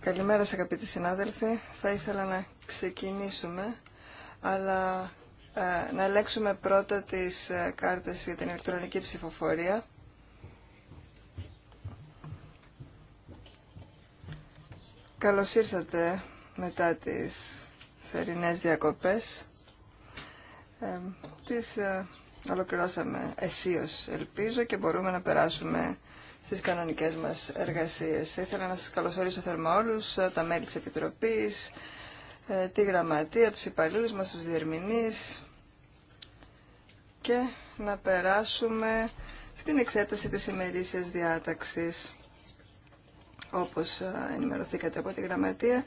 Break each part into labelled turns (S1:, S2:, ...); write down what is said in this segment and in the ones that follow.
S1: Καλημέρα σας αγαπητοί συνάδελφοι. Θα ήθελα να ξεκινήσουμε, αλλά ε, να ελέγξουμε πρώτα τις ε, για την ηλεκτρονική ψηφοφορία. Καλώς ήρθατε μετά τις θερινές διακοπές. Ε, τις, ε, ολοκληρώσαμε αισίως ελπίζω και μπορούμε να περάσουμε στις κανονικές μας εργασίες. Θα ήθελα να σας καλωσορίσω θερμά όλους, ε, τα μέλη της Επιτροπής, ε, τη Γραμματεία, τους υπαλλήλους μας, τους διερμηνείς και να περάσουμε στην εξέταση της ημερήσιας διάταξης. Όπως ε, ενημερωθήκατε από τη Γραμματεία,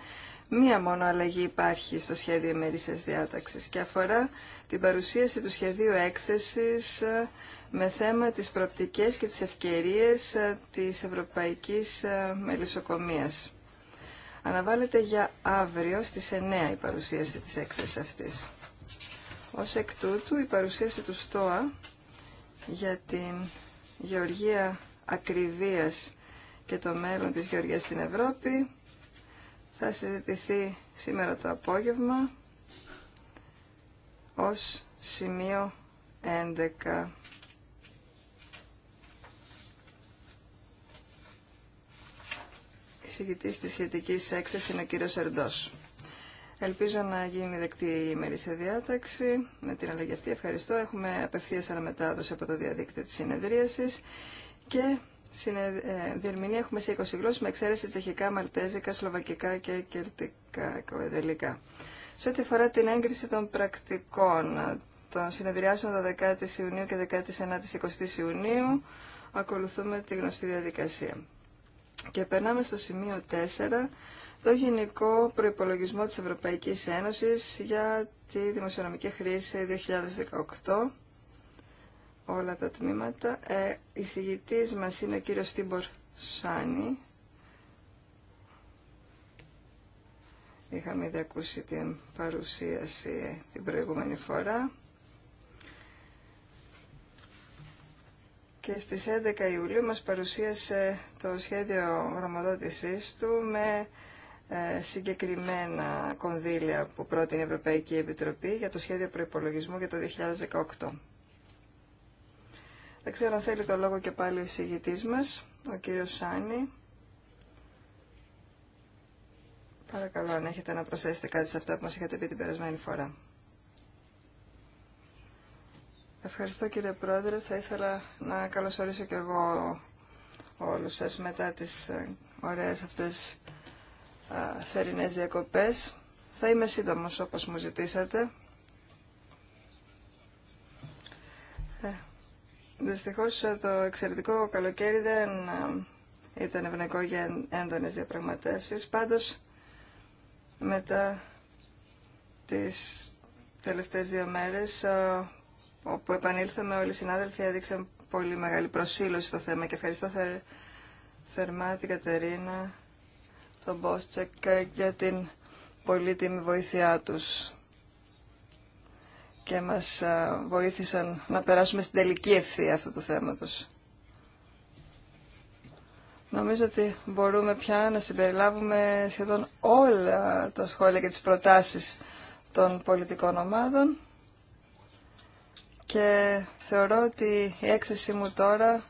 S1: Μία μόνο αλλαγή υπάρχει στο σχέδιο ημερήσιας διάταξης και αφορά την παρουσίαση του σχεδίου έκθεσης με θέμα τις προπτικές και τις ευκαιρίες ε, της ευρωπαϊκής ε, μελισσοκομείας. Αναβάλλεται για αύριο στις 9 η παρουσίαση της έκθεσης αυτής. Ως εκ τούτου η παρουσίαση του ΣΤΟΑ για την γεωργία ακριβίας και το μέλλον της γεωργίας στην Ευρώπη θα συζητηθεί σήμερα το απόγευμα ως σημείο 11. εξηγητή τη σχετική έκθεση είναι ο κύριο Ερντό. Ελπίζω να γίνει δεκτή η ημερήσια διάταξη. Με την αλλαγή αυτή ευχαριστώ. Έχουμε απευθεία αναμετάδοση από το διαδίκτυο τη συνεδρίασης και ε, διερμηνία έχουμε σε 20 γλώσσε με εξαίρεση τσεχικά, μαλτέζικα, σλοβακικά και κερτικά, κοεδελικά. Σε ό,τι αφορά την έγκριση των πρακτικών των συνεδριάσεων 12 Ιουνίου και 19 20 Ιουνίου, ακολουθούμε τη γνωστή διαδικασία. Και περνάμε στο σημείο 4, το Γενικό Προϋπολογισμό της Ευρωπαϊκής Ένωσης για τη Δημοσιονομική Χρήση 2018. Όλα τα τμήματα. Ε, η συγητής μας είναι ο κύριος Τίμπορ Σάνι. Είχαμε ήδη ακούσει την παρουσίαση την προηγούμενη φορά. και στις 11 Ιουλίου μας παρουσίασε το σχέδιο γραμματότησής του με ε, συγκεκριμένα κονδύλια που πρότεινε η Ευρωπαϊκή Επιτροπή για το σχέδιο προϋπολογισμού για το 2018. Δεν ξέρω αν θέλει το λόγο και πάλι ο εισηγητής μας, ο κύριος Σάνι. Παρακαλώ αν έχετε να προσθέσετε κάτι σε αυτά που μας είχατε πει την περασμένη φορά. Ευχαριστώ κύριε Πρόεδρε. Θα ήθελα να καλωσορίσω και εγώ όλους σας μετά τις ε, ωραίες αυτές α, θερινές διακοπές. Θα είμαι σύντομος όπως μου ζητήσατε. Ε, δυστυχώς ε, το εξαιρετικό καλοκαίρι δεν ε, ήταν ευνοϊκό για έντονες διαπραγματεύσεις. Πάντως μετά τις τελευταίες δύο μέρες όπου επανήλθαμε όλοι οι συνάδελφοι έδειξαν πολύ μεγάλη προσήλωση στο θέμα και ευχαριστώ θερ, θερμά την Κατερίνα, τον και για την πολύτιμη βοήθειά τους και μας βοήθησαν να περάσουμε στην τελική ευθεία αυτού του θέματος. Νομίζω ότι μπορούμε πια να συμπεριλάβουμε σχεδόν όλα τα σχόλια και τις προτάσεις των πολιτικών ομάδων και θεωρώ ότι η έκθεση μου τώρα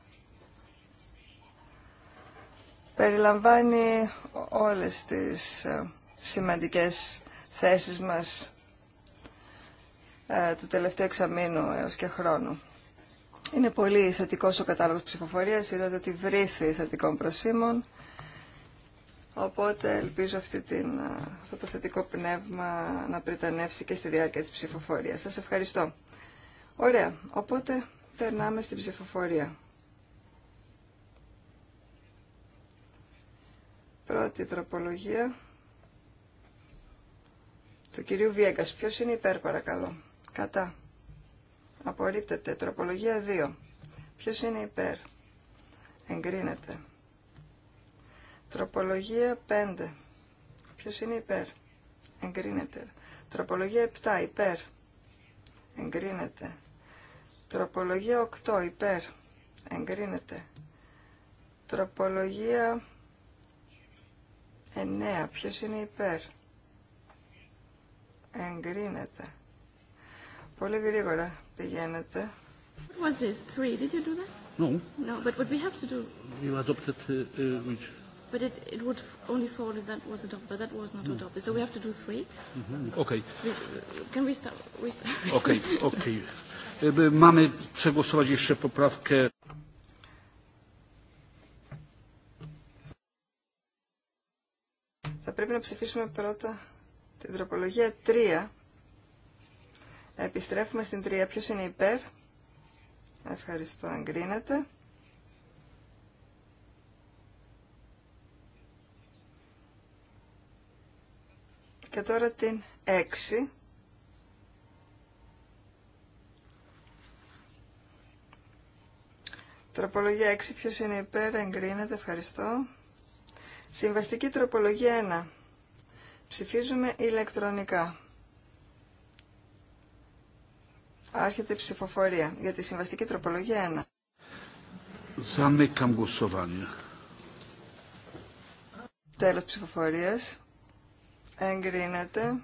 S1: περιλαμβάνει όλες τις ε, σημαντικές θέσεις μας ε, του τελευταίου εξαμήνου έως και χρόνου. Είναι πολύ θετικό ο κατάλογος ψηφοφορίας, είδατε ότι βρήθη θετικών προσήμων, οπότε ελπίζω αυτή την, ε, αυτό το θετικό πνεύμα να πρετανεύσει και στη διάρκεια της ψηφοφορίας. Σας ευχαριστώ. Ωραία, οπότε περνάμε στην ψηφοφορία. Πρώτη τροπολογία του κυρίου Βιέγκας. Ποιος είναι υπέρ παρακαλώ. Κατά. Απορρίπτεται. Τροπολογία 2. Ποιος είναι υπέρ. Εγκρίνεται. Τροπολογία 5. Ποιος είναι υπέρ. Εγκρίνεται. Τροπολογία 7. Υπέρ. Εγκρίνεται. Τροπολογία 8 υπέρ. Εγκρίνεται. Τροπολογία 9. Ποιος είναι υπέρ. Εγκρίνεται. Πολύ γρήγορα πηγαίνετε.
S2: What was this? Three? Did you do that? No. No, but what we have to do.
S3: You adopted uh, which?
S2: But it, it would only fall if that was adopted, but that was not adopted. So we have to do three.
S3: Mm Okay.
S2: can we start? We start. Okay, okay. Mamy przegłosować jeszcze poprawkę.
S1: Θα πρέπει να ψηφίσουμε πρώτα την τροπολογία 3. Επιστρέφουμε στην 3. Ποιος είναι υπέρ. Ευχαριστώ. Εγκρίνεται. Και τώρα την 6 Τροπολογία 6. Ποιο είναι υπέρ. Εγκρίνεται. Ευχαριστώ. Συμβαστική τροπολογία 1. Ψηφίζουμε ηλεκτρονικά. Άρχεται η ψηφοφορία για τη συμβαστική τροπολογία
S3: 1. Τέλο ψηφοφορία.
S1: Τέλος ψηφοφορίας. Εγκρίνεται.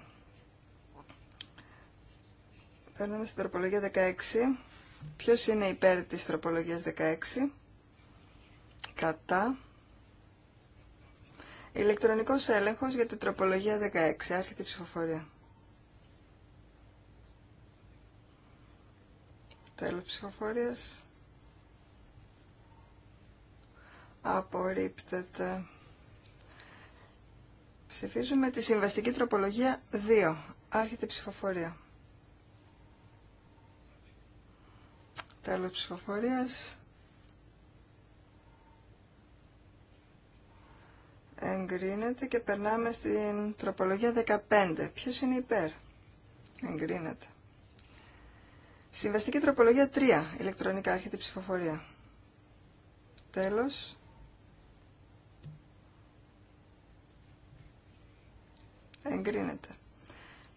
S1: Παίρνουμε στην τροπολογία 16. Ποιος είναι υπέρ της τροπολογίας 16. Κατά. Ηλεκτρονικός έλεγχος για την τροπολογία 16. Άρχεται η ψηφοφορία. Τέλος ψηφοφορίας. Απορρίπτεται. Ψηφίζουμε τη συμβαστική τροπολογία 2. Άρχεται η ψηφοφορία. Τέλος ψηφοφορίας. Εγκρίνεται και περνάμε στην τροπολογία 15. Ποιος είναι υπέρ. Εγκρίνεται. Συμβαστική τροπολογία 3. Ηλεκτρονικά έρχεται ψηφοφορία. Τέλος. Εγκρίνεται.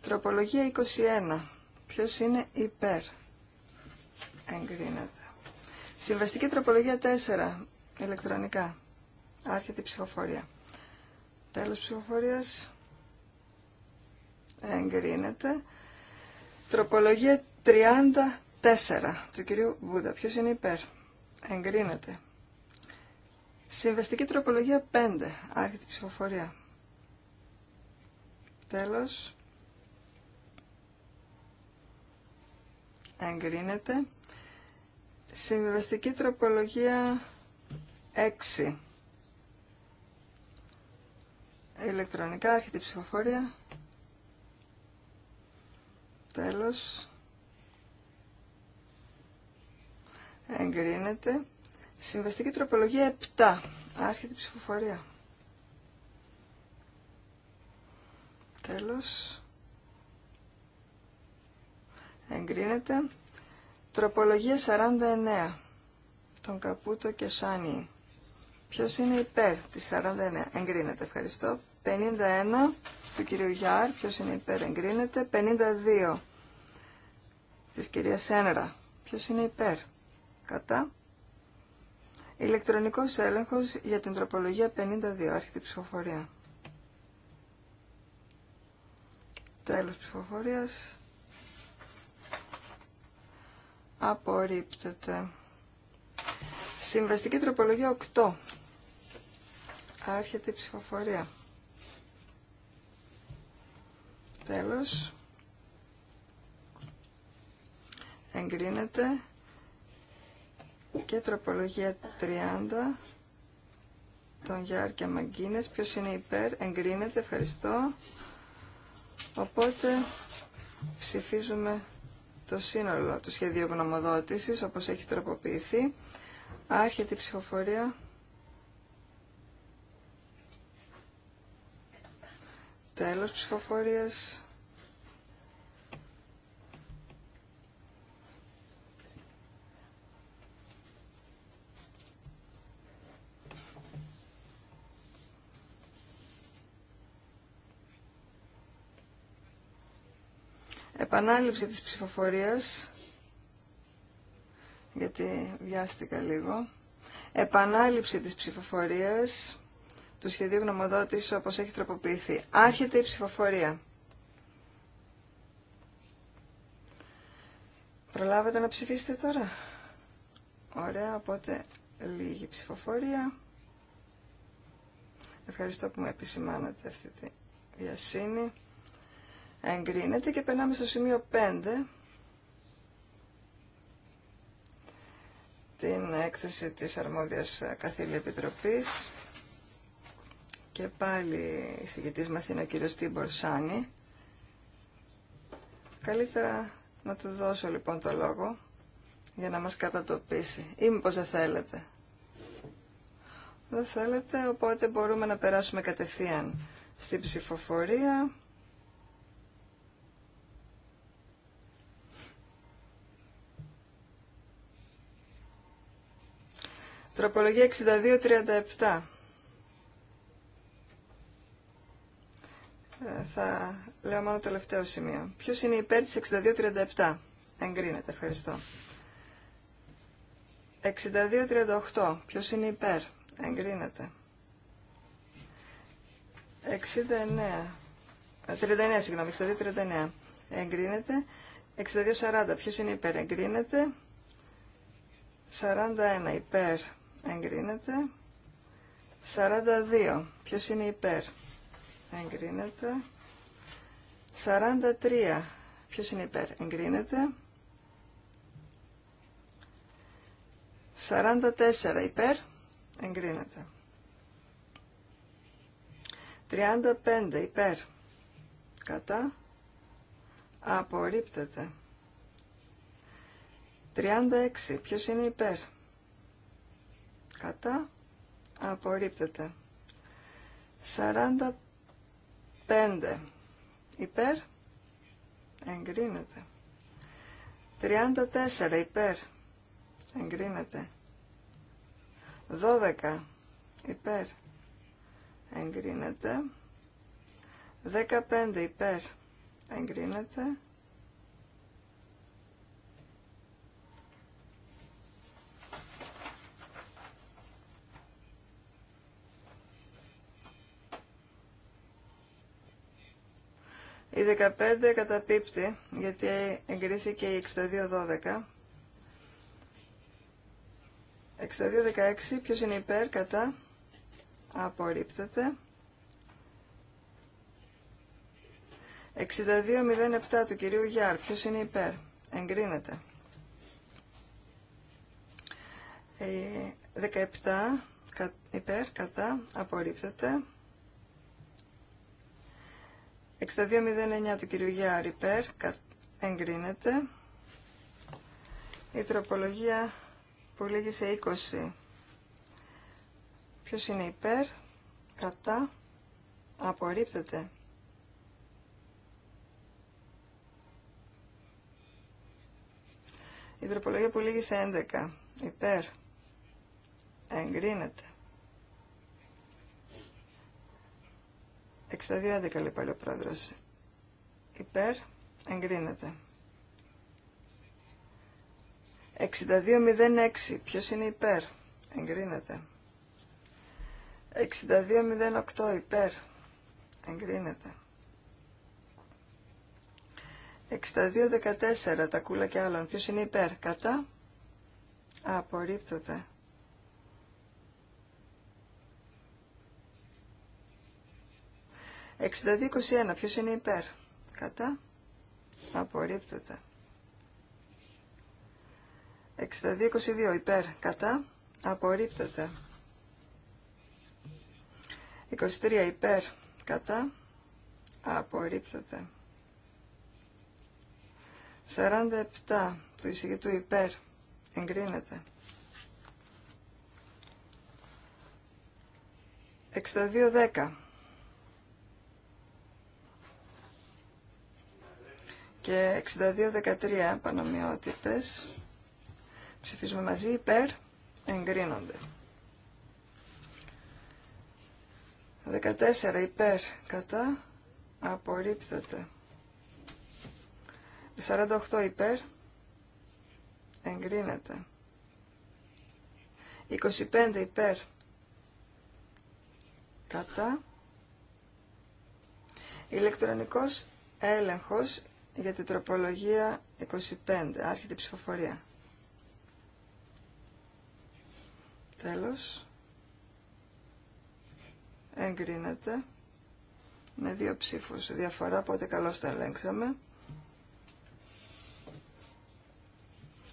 S1: Τροπολογία 21. Ποιος είναι υπέρ εγκρίνεται. Συμβαστική τροπολογία 4. Ηλεκτρονικά. Άρχεται η ψηφοφορία. Τέλος ψηφοφορίας. Εγκρίνεται. Τροπολογία 34 του κυρίου Βούδα. Ποιος είναι υπέρ. Εγκρίνεται. Συμβαστική τροπολογία 5. Άρχεται η ψηφοφορία. Τέλος. Εγκρίνεται. Συμβιβαστική τροπολογία 6. Ηλεκτρονικά έρχεται η ψηφοφορία. Τέλος. Εγκρίνεται. Συμβαστική τροπολογία 7. Άρχεται η ψηφοφορία. Τέλος. Εγκρίνεται. Τροπολογία 49 τον Καπούτο και Σάνι. Ποιος είναι υπέρ της 49. Εγκρίνεται. Ευχαριστώ. 51 του κυρίου Γιάρ. Ποιος είναι υπέρ. Εγκρίνεται. 52 της κυρίας Ένερα. Ποιος είναι υπέρ. Κατά. Ηλεκτρονικός έλεγχος για την τροπολογία 52. Άρχεται ψηφοφορία. Τέλος ψηφοφορίας απορρίπτεται. Συμβαστική τροπολογία 8. Άρχεται η ψηφοφορία. Τέλος. Εγκρίνεται. Και τροπολογία 30 τον Γιάρ και Μαγκίνες. Ποιος είναι υπέρ. Εγκρίνεται. Ευχαριστώ. Οπότε ψηφίζουμε το σύνολο του σχεδίου γνωμοδότησης, όπως έχει τροποποιηθεί. Άρχεται η ψηφοφορία. Τέλος ψηφοφορίας. επανάληψη της ψηφοφορίας, γιατί βιάστηκα λίγο, επανάληψη της ψηφοφορίας του σχεδίου γνωμοδότης όπως έχει τροποποιηθεί. Άρχεται η ψηφοφορία. Προλάβετε να ψηφίσετε τώρα. Ωραία, οπότε λίγη ψηφοφορία. Ευχαριστώ που με επισημάνατε αυτή τη βιασύνη εγκρίνεται και περνάμε στο σημείο 5 την έκθεση της αρμόδιας καθήλη επιτροπής και πάλι η συγκεκριτής μας είναι ο κύριος Τίμπορ Σάνι καλύτερα να του δώσω λοιπόν το λόγο για να μας κατατοπίσει ή μήπως δεν θέλετε δεν θέλετε οπότε μπορούμε να περάσουμε κατευθείαν στην ψηφοφορία Τροπολογία 62-37. Ε, θα λέω μόνο το τελευταίο σημείο. Ποιος είναι υπέρ τη 62-37. Εγκρίνεται. Ευχαριστώ. 62-38. Ποιος είναι υπέρ. Εγκρίνεται. 69. 39, συγγνώμη. 62-39. Εγκρίνεται. 62-40. Ποιος είναι υπέρ. Εγκρίνεται. 41 υπέρ εγκρίνεται. 42. Ποιος είναι υπέρ. Εγκρίνεται. 43. Ποιος είναι υπέρ. Εγκρίνεται. 44 υπέρ. Εγκρίνεται. 35 υπέρ. Κατά. Απορρίπτεται. 36. Ποιος είναι υπέρ κατά απορρίπτεται 45 υπέρ εγκρίνεται 34 υπέρ εγκρίνεται 12 υπέρ εγκρίνεται 15 υπέρ εγκρίνεται Η 15 καταπίπτει, γιατί εγκρίθηκε η 62-12. 62-16, ποιος είναι υπέρ, κατά, απορρίπτεται. 62-07 του κυρίου Γιάρ, ποιος είναι υπέρ, εγκρίνεται. 17 υπέρ, κατά, απορρίπτεται. 6209 του κυρίου Γιάρη Περ εγκρίνεται. Η τροπολογία που λύγει σε 20. Ποιος είναι υπέρ, κατά, απορρίπτεται. Η τροπολογία που λύγει σε 11. Υπέρ. Εγκρίνεται. 62-11 λέει πάλι υπερ Υπέρ, εγκρίνεται. 62-06, ποιος είναι υπέρ, εγκρίνεται. 62-08, υπέρ, εγκρίνεται. 62-14, τα κούλα και άλλων, ποιος είναι υπέρ, κατά, απορρίπτεται. 62-21. Ποιος είναι υπέρ. Κατά. Απορρίπτεται. 62-22. Υπέρ. Κατά. Απορρίπτεται. 23. Υπέρ. Κατά. Απορρίπτεται. 47. Του εισηγητού υπέρ. Εγκρίνεται. 62-10. και 62-13 πανομοιότυπες. Ψηφίζουμε μαζί υπέρ, εγκρίνονται. 14 υπέρ, κατά, απορρίπτεται. 48 υπέρ, εγκρίνεται. 25 υπέρ, κατά. Ηλεκτρονικός έλεγχος για την τροπολογία 25. Άρχεται ψηφοφορία. Τέλος. Εγκρίνεται με δύο ψήφους διαφορά, οπότε καλώς τα ελέγξαμε.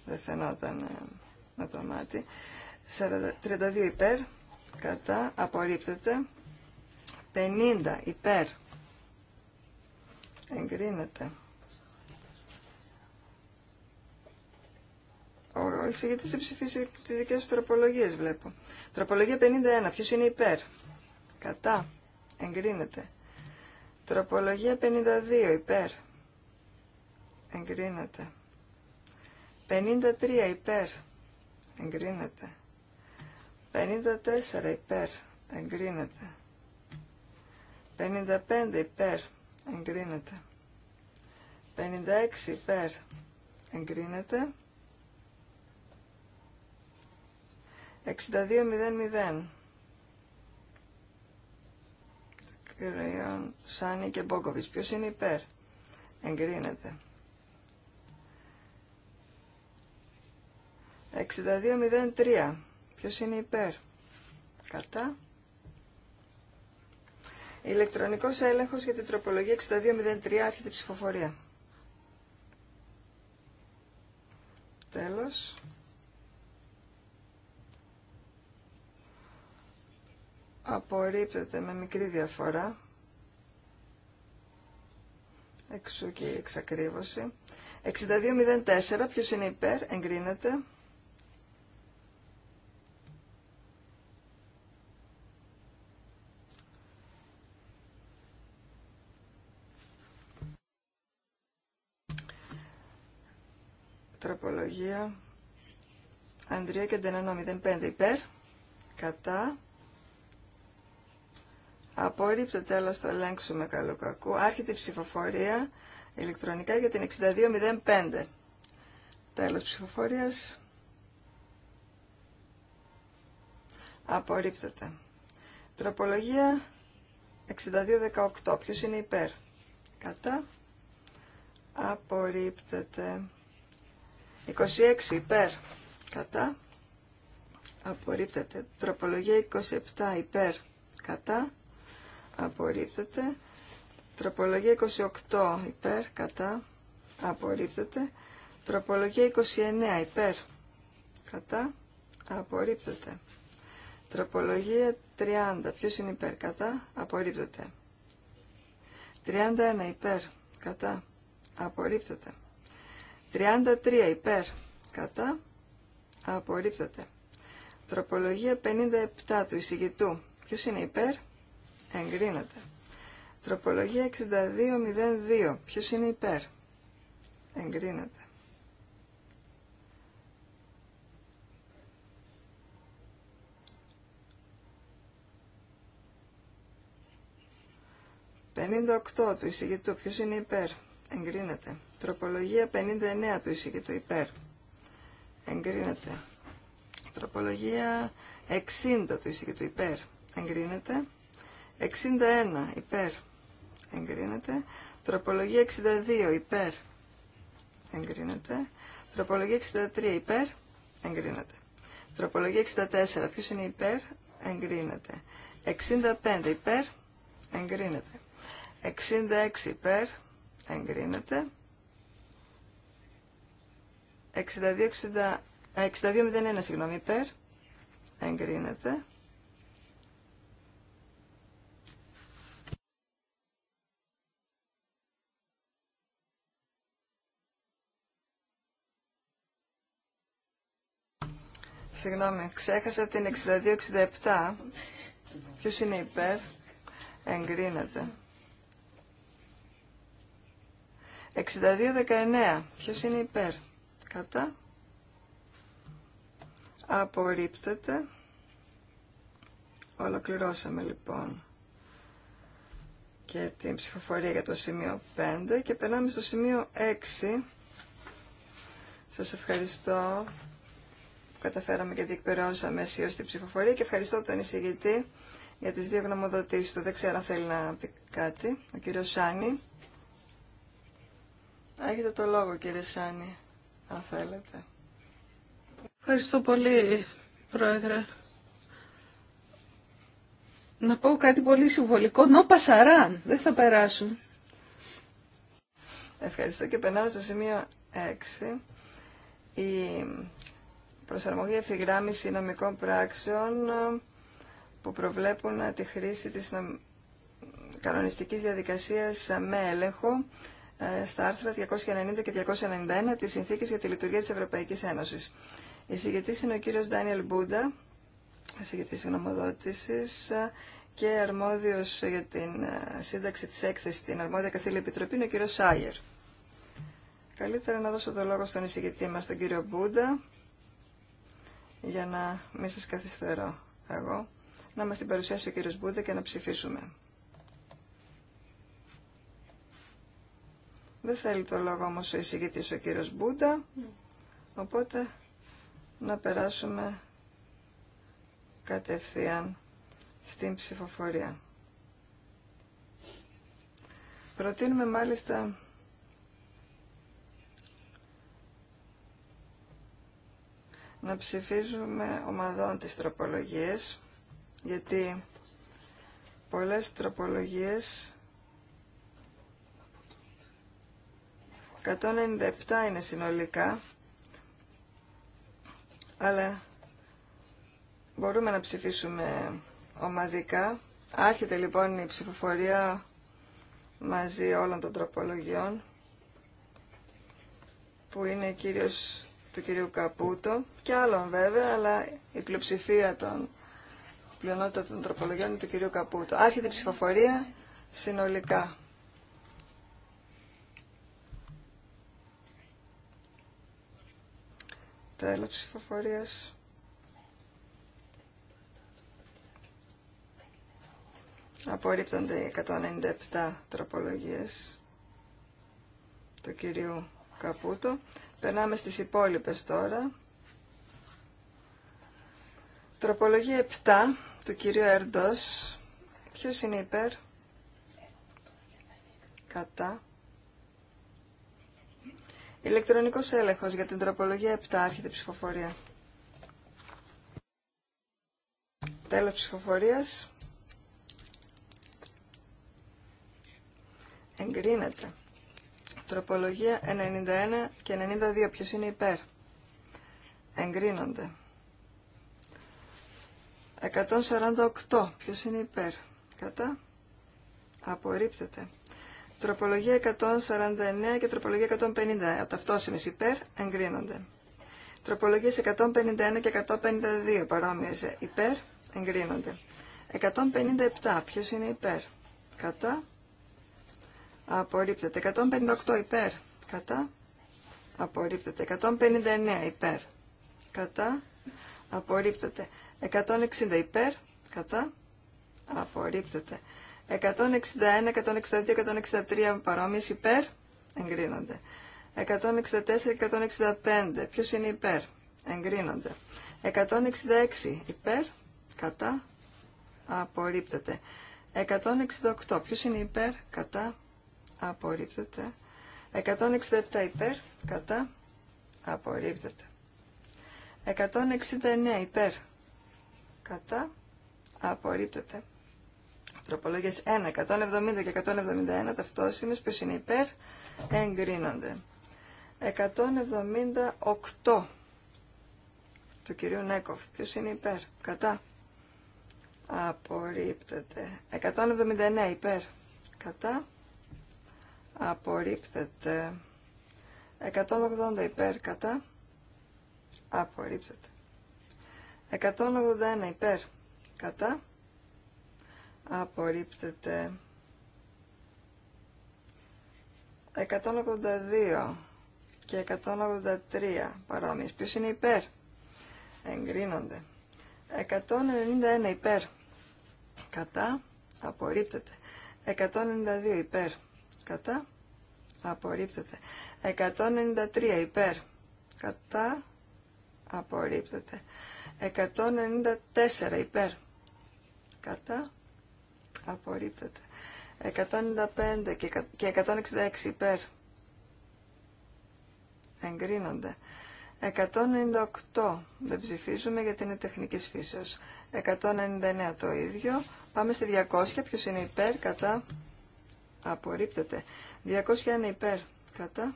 S1: Δεν φαινόταν ε, με το μάτι. 32 υπέρ, κατά, απορρίπτεται. 50 υπέρ, εγκρίνεται. Ο εισηγητή δεν ψηφίζει τις δικές του τροπολογίες, βλέπω. Τροπολογία 51. Ποιος είναι υπέρ. Κατά. Εγκρίνεται. Τροπολογία 52. Υπέρ. Εγκρίνεται. 53. Υπέρ. Εγκρίνεται. 54. Υπέρ. Εγκρίνεται. 55. Υπέρ. Εγκρίνεται. 56. Υπέρ. Εγκρίνεται. 62 62.00. Κυρίων Σάνι και Μπόκοβιτς. Ποιος είναι υπέρ. Εγκρίνεται. 3. Ποιος είναι υπέρ. Κατά. Ηλεκτρονικός έλεγχος για την τροπολογία 62.03. Άρχεται η ψηφοφορία. Τέλος. απορρίπτεται με μικρή διαφορά εξού και η εξακρίβωση 62.04 ποιος είναι υπέρ εγκρίνεται τροπολογία Ανδρία και 05 υπέρ κατά Απορρίπτεται, τέλο στο ελέγξουμε καλού κακού. Άρχεται η ψηφοφορία ηλεκτρονικά για την 6205. Τέλο ψηφοφορίας. Απορρίπτεται. Τροπολογία 6218. Ποιο είναι υπέρ. Κατά. Απορρίπτεται. 26 υπέρ. Κατά. Απορρίπτεται. Τροπολογία 27 υπέρ. Κατά απορρίπτεται. Τροπολογία 28 υπέρ, κατά, απορρίπτεται. Τροπολογία 29 υπέρ, κατά, απορρίπτεται. Τροπολογία 30, ποιος είναι υπέρ, κατά, απορρίπτεται. 31 υπέρ, κατά, απορρίπτεται. 33 υπέρ, κατά, απορρίπτεται. Τροπολογία 57 του εισηγητού, ποιος είναι υπέρ, Εγκρίνεται. Τροπολογία 6202. Ποιος είναι υπέρ. Εγκρίνεται. «58 του εισηγητού. Ποιος είναι υπέρ. Εγκρίνεται. Τροπολογία 59 του εισηγητού. Υπέρ. Εγκρίνεται. Τροπολογία 60 του εισηγητού. Υπέρ. Εγκρίνεται. 61 υπέρ εγκρίνεται. Τροπολογία 62 υπέρ εγκρίνεται. Τροπολογία 63 υπέρ εγκρίνεται. Τροπολογία 64 ποιος είναι υπέρ εγκρίνεται. 65 υπέρ εγκρίνεται. 66 υπέρ εγκρίνεται. 62-01 ε, συγγνώμη υπέρ εγκρίνεται. συγγνώμη, ξέχασα την 62-67. Ποιος είναι υπέρ, εγκρίνεται. 62-19, ποιος είναι υπέρ, κατά, απορρίπτεται. Ολοκληρώσαμε λοιπόν και την ψηφοφορία για το σημείο 5 και περνάμε στο σημείο 6. Σας ευχαριστώ καταφέραμε και διεκπαιρεώσαμε αισίως την ψηφοφορία και ευχαριστώ τον εισηγητή για τις δύο γνωμοδοτήσεις του. Δεν ξέρω αν θέλει να πει κάτι. Ο κύριο Σάνι. Έχετε το λόγο κύριε Σάνι, αν θέλετε. Ευχαριστώ πολύ, Πρόεδρε. Να πω κάτι
S3: πολύ συμβολικό. Νο πασαράν, δεν θα περάσουν.
S1: Ευχαριστώ και περνάω στο σημείο 6. Η προσαρμογή ευθυγράμμιση νομικών πράξεων ε, που προβλέπουν ε, τη χρήση της κανονιστικής διαδικασίας ε, με έλεγχο στα άρθρα 290 και 291 της Συνθήκης για τη Λειτουργία της Ευρωπαϊκής Ένωσης. Η συγκεκριτής είναι ο κύριος Ντάνιελ Μπούντα, συγκεκριτή γνωμοδότησης και αρμόδιος για την σύνταξη της έκθεσης στην αρμόδια καθήλη επιτροπή είναι ο κύριος Σάιερ. Καλύτερα να δώσω το λόγο στον εισηγητή μας, τον κύριο Μπούντα, για να μην σας καθυστερώ εγώ, να μας την παρουσιάσει ο κύριος Μπούντα και να ψηφίσουμε. Δεν θέλει το λόγο όμως ο εισηγητής ο κύριος Μπούντα, οπότε να περάσουμε κατευθείαν στην ψηφοφορία. Προτείνουμε μάλιστα να ψηφίζουμε ομαδών τις τροπολογίες, γιατί πολλές τροπολογίες 197 είναι συνολικά, αλλά μπορούμε να ψηφίσουμε ομαδικά. Άρχεται λοιπόν η ψηφοφορία μαζί όλων των τροπολογιών, που είναι κυρίως του κυρίου Καπούτο και άλλων βέβαια, αλλά η πλειοψηφία των πλειονότητα των τροπολογιών του κυρίου Καπούτο. Άρχεται η ψηφοφορία συνολικά. Τέλος ψηφοφορίας. Απορρίπτονται 197 τροπολογίες του κυρίου Καπούτο. Περνάμε στις υπόλοιπες τώρα. Τροπολογία 7 του κυρίου Ερντός. Ποιος είναι υπέρ? Κατά. Ηλεκτρονικός έλεγχος για την τροπολογία 7 άρχεται ψηφοφορία. Τέλος ψηφοφορίας. Εγκρίνεται. Τροπολογία 91 και 92. Ποιος είναι υπέρ. Εγκρίνονται. 148. Ποιος είναι υπέρ. Κατά. Απορρίπτεται. Τροπολογία 149 και τροπολογία 150. Από ταυτόσημες υπέρ. Εγκρίνονται. Τροπολογίες 151 και 152 παρόμοιε υπέρ. Εγκρίνονται. 157. Ποιος είναι υπέρ. Κατά απορρίπτεται 158 υπέρ κατά απορρίπτεται 159 υπέρ κατά απορρίπτεται 160 υπέρ κατά απορρίπτεται 161, 162, 163 παρόμοιε υπέρ εγκρίνονται 164, 165 Ποιο είναι υπέρ εγκρίνονται 166 υπέρ κατά απορρίπτεται 168 Ποιο είναι υπέρ κατά απορρίπτεται. 167 υπέρ, κατά, απορρίπτεται. 169 υπέρ, κατά, απορρίπτεται. Τροπολόγες 1, 170 και 171 ταυτόσημες, ποιος είναι υπέρ, εγκρίνονται. 178 του κυρίου Νέκοφ, ποιος είναι υπέρ, κατά, απορρίπτεται. 179 υπέρ, κατά, απορρίπτεται. 180 υπέρ κατά απορρίπτεται. 181 υπέρ κατά απορρίπτεται. 182 και 183 παρόμοιες. Ποιος είναι υπέρ. Εγκρίνονται. 191 υπέρ. Κατά. Απορρίπτεται. 192 υπέρ κατά, απορρίπτεται. 193 υπέρ, κατά, απορρίπτεται. 194 υπέρ, κατά, απορρίπτεται. 195 και 166 υπέρ, εγκρίνονται. 198 δεν ψηφίζουμε γιατί είναι τεχνική φύσεως. 199 το ίδιο. Πάμε στη 200. Ποιος είναι υπέρ, κατά, απορρίπτεται. 201 υπέρ, κατά,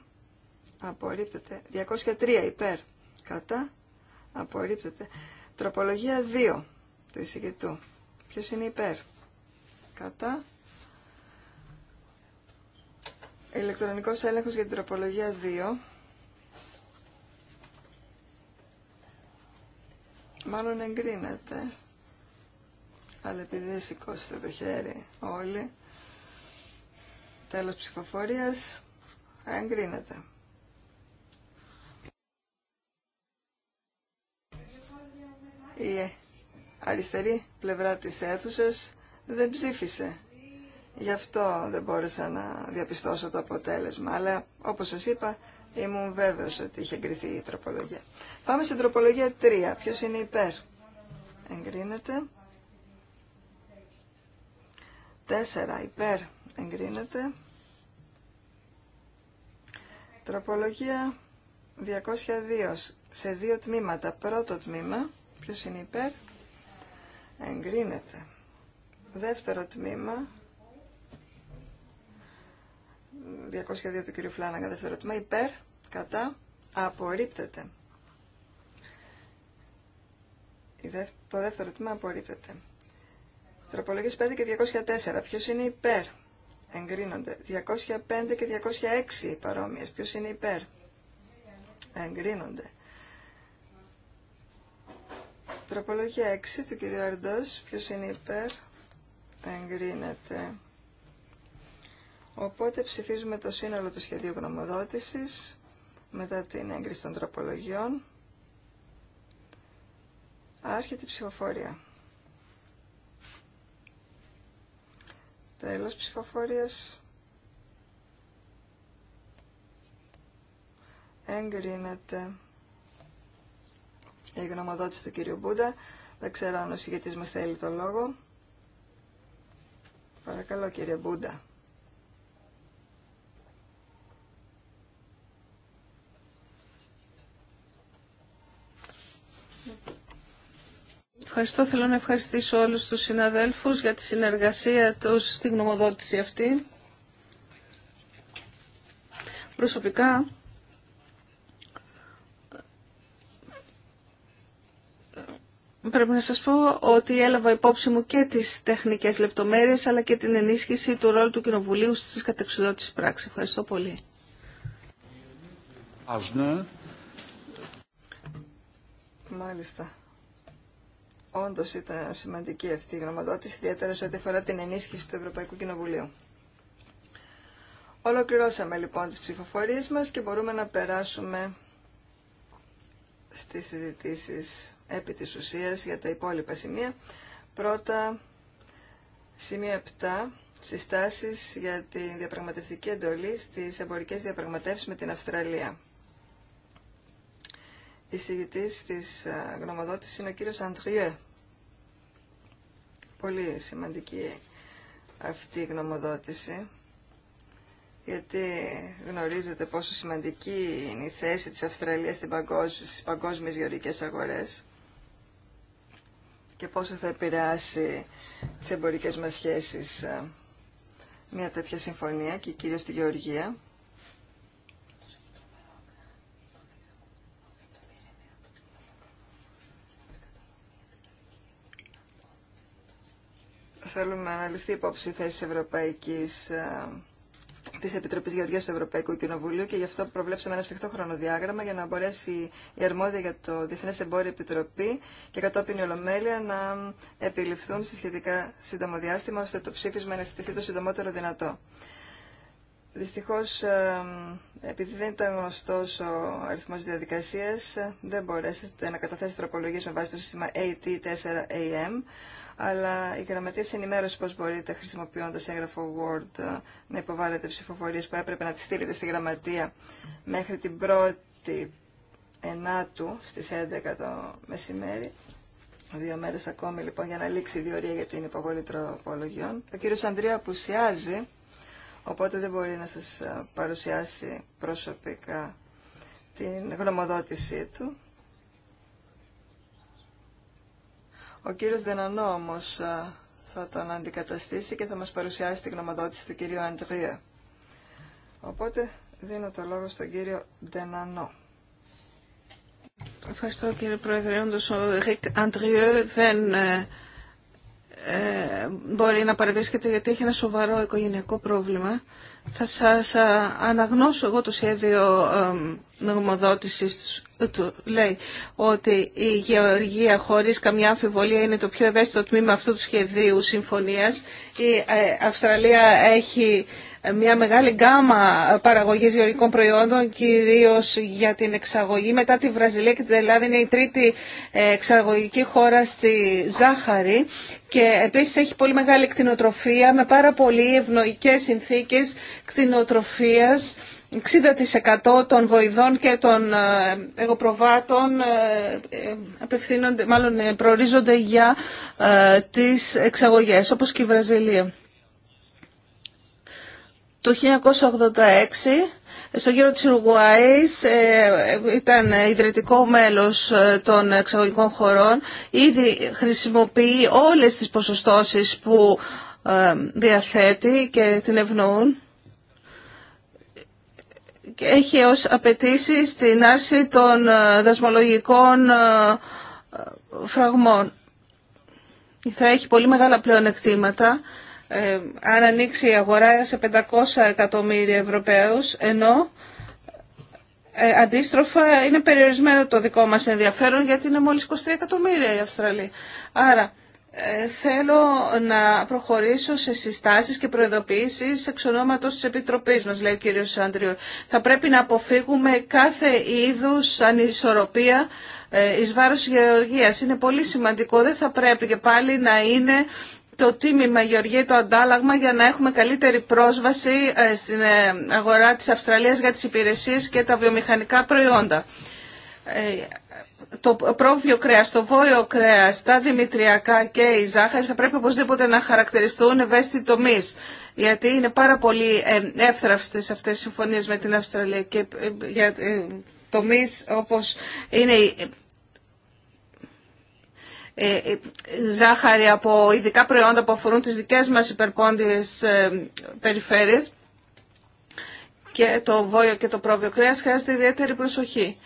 S1: απορρίπτεται. 203 υπέρ, κατά, απορρίπτεται. Τροπολογία 2 του εισηγητού. Ποιος είναι υπέρ, κατά. Ηλεκτρονικός έλεγχος για την τροπολογία 2. Μάλλον εγκρίνεται. Αλλά επειδή σηκώσετε το χέρι όλοι, Τέλος ψηφοφορίας. Εγκρίνεται. Η αριστερή πλευρά της αίθουσας δεν ψήφισε. Γι' αυτό δεν μπόρεσα να διαπιστώσω το αποτέλεσμα. Αλλά όπως σας είπα ήμουν βέβαιος ότι είχε εγκριθεί η τροπολογία. Πάμε στην τροπολογία 3. Ποιος είναι υπέρ. Εγκρίνεται. 4. Υπέρ εγκρίνεται. Τροπολογία 202 σε δύο τμήματα. Πρώτο τμήμα, ποιος είναι υπέρ, εγκρίνεται. Δεύτερο τμήμα, 202 του κ. Φλάναγκα, δεύτερο τμήμα, υπέρ, κατά, απορρίπτεται. Το δεύτερο τμήμα απορρίπτεται. Τροπολογίες 5 και 204. Ποιος είναι υπέρ εγκρίνονται. 205 και 206 παρόμοιες. Ποιος είναι υπέρ. Εγκρίνονται. Τροπολογία 6 του κυρίου Αρντός. Ποιος είναι υπέρ. Εγκρίνεται. Οπότε ψηφίζουμε το σύνολο του σχεδίου γνωμοδότησης μετά την έγκριση των τροπολογιών. Άρχεται η ψηφοφορία. Τέλος ψηφοφορίας. Εγκρίνεται η γνωμοδότηση του κύριου Μπούντα. Δεν ξέρω αν ο συγγετής μας θέλει το λόγο. Παρακαλώ κύριε Μπούντα.
S3: Ευχαριστώ. Θέλω να ευχαριστήσω όλους τους συναδέλφους για τη συνεργασία τους στη γνωμοδότηση αυτή. Προσωπικά, πρέπει να σας πω ότι έλαβα υπόψη μου και τις τεχνικές λεπτομέρειες, αλλά και την ενίσχυση του ρόλου του Κοινοβουλίου στις κατεξουδότησης πράξης. Ευχαριστώ πολύ.
S1: Μάλιστα. Όντω ήταν σημαντική αυτή η γνωμοδότηση, ιδιαίτερα σε ό,τι αφορά την ενίσχυση του Ευρωπαϊκού Κοινοβουλίου. Ολοκληρώσαμε λοιπόν τις ψηφοφορίες μας και μπορούμε να περάσουμε στις συζητήσεις επί της ουσίας για τα υπόλοιπα σημεία. Πρώτα, σημείο 7, συστάσεις για τη διαπραγματευτική εντολή στις εμπορικές διαπραγματεύσεις με την Αυστραλία εισηγητής της ε, Γνωμοδότηση είναι ο κύριο Αντριέ. Πολύ σημαντική αυτή η γνωμοδότηση, γιατί γνωρίζετε πόσο σημαντική είναι η θέση της Αυστραλίας στις παγκόσμιες γεωρικές αγορές και πόσο θα επηρεάσει τις εμπορικές μας σχέσεις ε, μια τέτοια συμφωνία και κυρίως τη Γεωργία. θέλουμε να αναλυθεί υπόψη η θέση Ευρωπαϊκής, ε, της Επιτροπής Γεωργίας του Ευρωπαϊκού Κοινοβουλίου και γι' αυτό προβλέψαμε ένα σφιχτό χρονοδιάγραμμα για να μπορέσει η αρμόδια για το Διεθνές Εμπόριο Επιτροπή και κατόπιν η Ολομέλεια να επιληφθούν σε σχετικά σύντομο διάστημα ώστε το ψήφισμα να το συντομότερο δυνατό. Δυστυχώς, ε, επειδή δεν ήταν γνωστός ο αριθμός διαδικασίας, δεν μπορέσετε να καταθέσετε τροπολογίες με βάση το σύστημα AT4AM, αλλά οι Γραμματεία ενημέρωση πώ μπορείτε χρησιμοποιώντα έγγραφο Word να υποβάλλετε ψηφοφορίε που έπρεπε να τι στείλετε στη γραμματεία μέχρι την 1η Ενάτου στι 11 το μεσημέρι. Δύο μέρε ακόμη λοιπόν για να λήξει η διορία για την υποβολή τροπολογιών. Ο κύριο Ανδρέα απουσιάζει, οπότε δεν μπορεί να σα παρουσιάσει προσωπικά την γνωμοδότησή του. Ο κύριος Δενανό όμως θα τον αντικαταστήσει και θα μας παρουσιάσει την γνωμοδότηση του κυρίου Αντρία. Οπότε δίνω το λόγο στον κύριο Δενανό.
S3: Ευχαριστώ κύριε Πρόεδρε. Όντως ο Ρικ Αντριέ δεν ε, ε, μπορεί να παρευρίσκεται γιατί έχει ένα σοβαρό οικογενειακό πρόβλημα. Θα σας αναγνώσω εγώ το σχέδιο νομοδότησης του. Λέει ότι η γεωργία χωρίς καμιά αμφιβολία είναι το πιο ευαίσθητο τμήμα αυτού του σχεδίου συμφωνίας. Η ε, Αυστραλία έχει μια μεγάλη γκάμα παραγωγή γεωργικών προϊόντων, κυρίως για την εξαγωγή. Μετά τη Βραζιλία και την Ελλάδα είναι η τρίτη ε, εξαγωγική χώρα στη ζάχαρη και επίσης έχει πολύ μεγάλη κτηνοτροφία με πάρα πολύ ευνοϊκές συνθήκες κτηνοτροφίας. 60% των βοηδών και των ε, εγωπροβάτων ε, απευθύνονται, μάλλον προορίζονται για τις εξαγωγές, όπως και η Βραζιλία. Το 1986 στον κύριο της Ουρουγουάης ε, ήταν ιδρυτικό μέλος ε, των εξαγωγικών χωρών. Ήδη χρησιμοποιεί όλες τις ποσοστώσεις που ε, διαθέτει και την ευνοούν. Έχει ως απαιτήσει την άρση των δασμολογικών φραγμών. Θα έχει πολύ μεγάλα πλεονεκτήματα ε, αν ανοίξει η αγορά σε 500 εκατομμύρια Ευρωπαίους, ενώ ε, αντίστροφα είναι περιορισμένο το δικό μας ενδιαφέρον γιατί είναι μόλις 23 εκατομμύρια οι Αυστραλοί. Άρα ε, θέλω να προχωρήσω σε συστάσεις και προειδοποιήσεις εξ ονόματος της Επιτροπής μας, λέει ο κύριος Αντριού. Θα πρέπει να αποφύγουμε κάθε είδους ανισορροπία ε, εις βάρος γεωργίας. Είναι πολύ σημαντικό, δεν θα πρέπει και πάλι να είναι το τίμημα, Γεωργία, το αντάλλαγμα για να έχουμε καλύτερη πρόσβαση ε, στην ε, αγορά της Αυστραλίας για τις υπηρεσίες και τα βιομηχανικά προϊόντα. Ε, το πρόβιο κρέας, το βόλιο κρέας, τα δημητριακά και η ζάχαρη θα πρέπει οπωσδήποτε να χαρακτηριστούν ευαίσθητοι τομεί. Γιατί είναι πάρα πολύ εύθραυστες αυτές οι συμφωνίες με την Αυστραλία και για τομείς όπως είναι ε, ε, ζάχαρη από ειδικά προϊόντα που αφορούν τις δικές μας υπερπόντιες ε, περιφέρειες και το βόλιο και το πρόβιο κρέας χρειάζεται ιδιαίτερη προσοχή.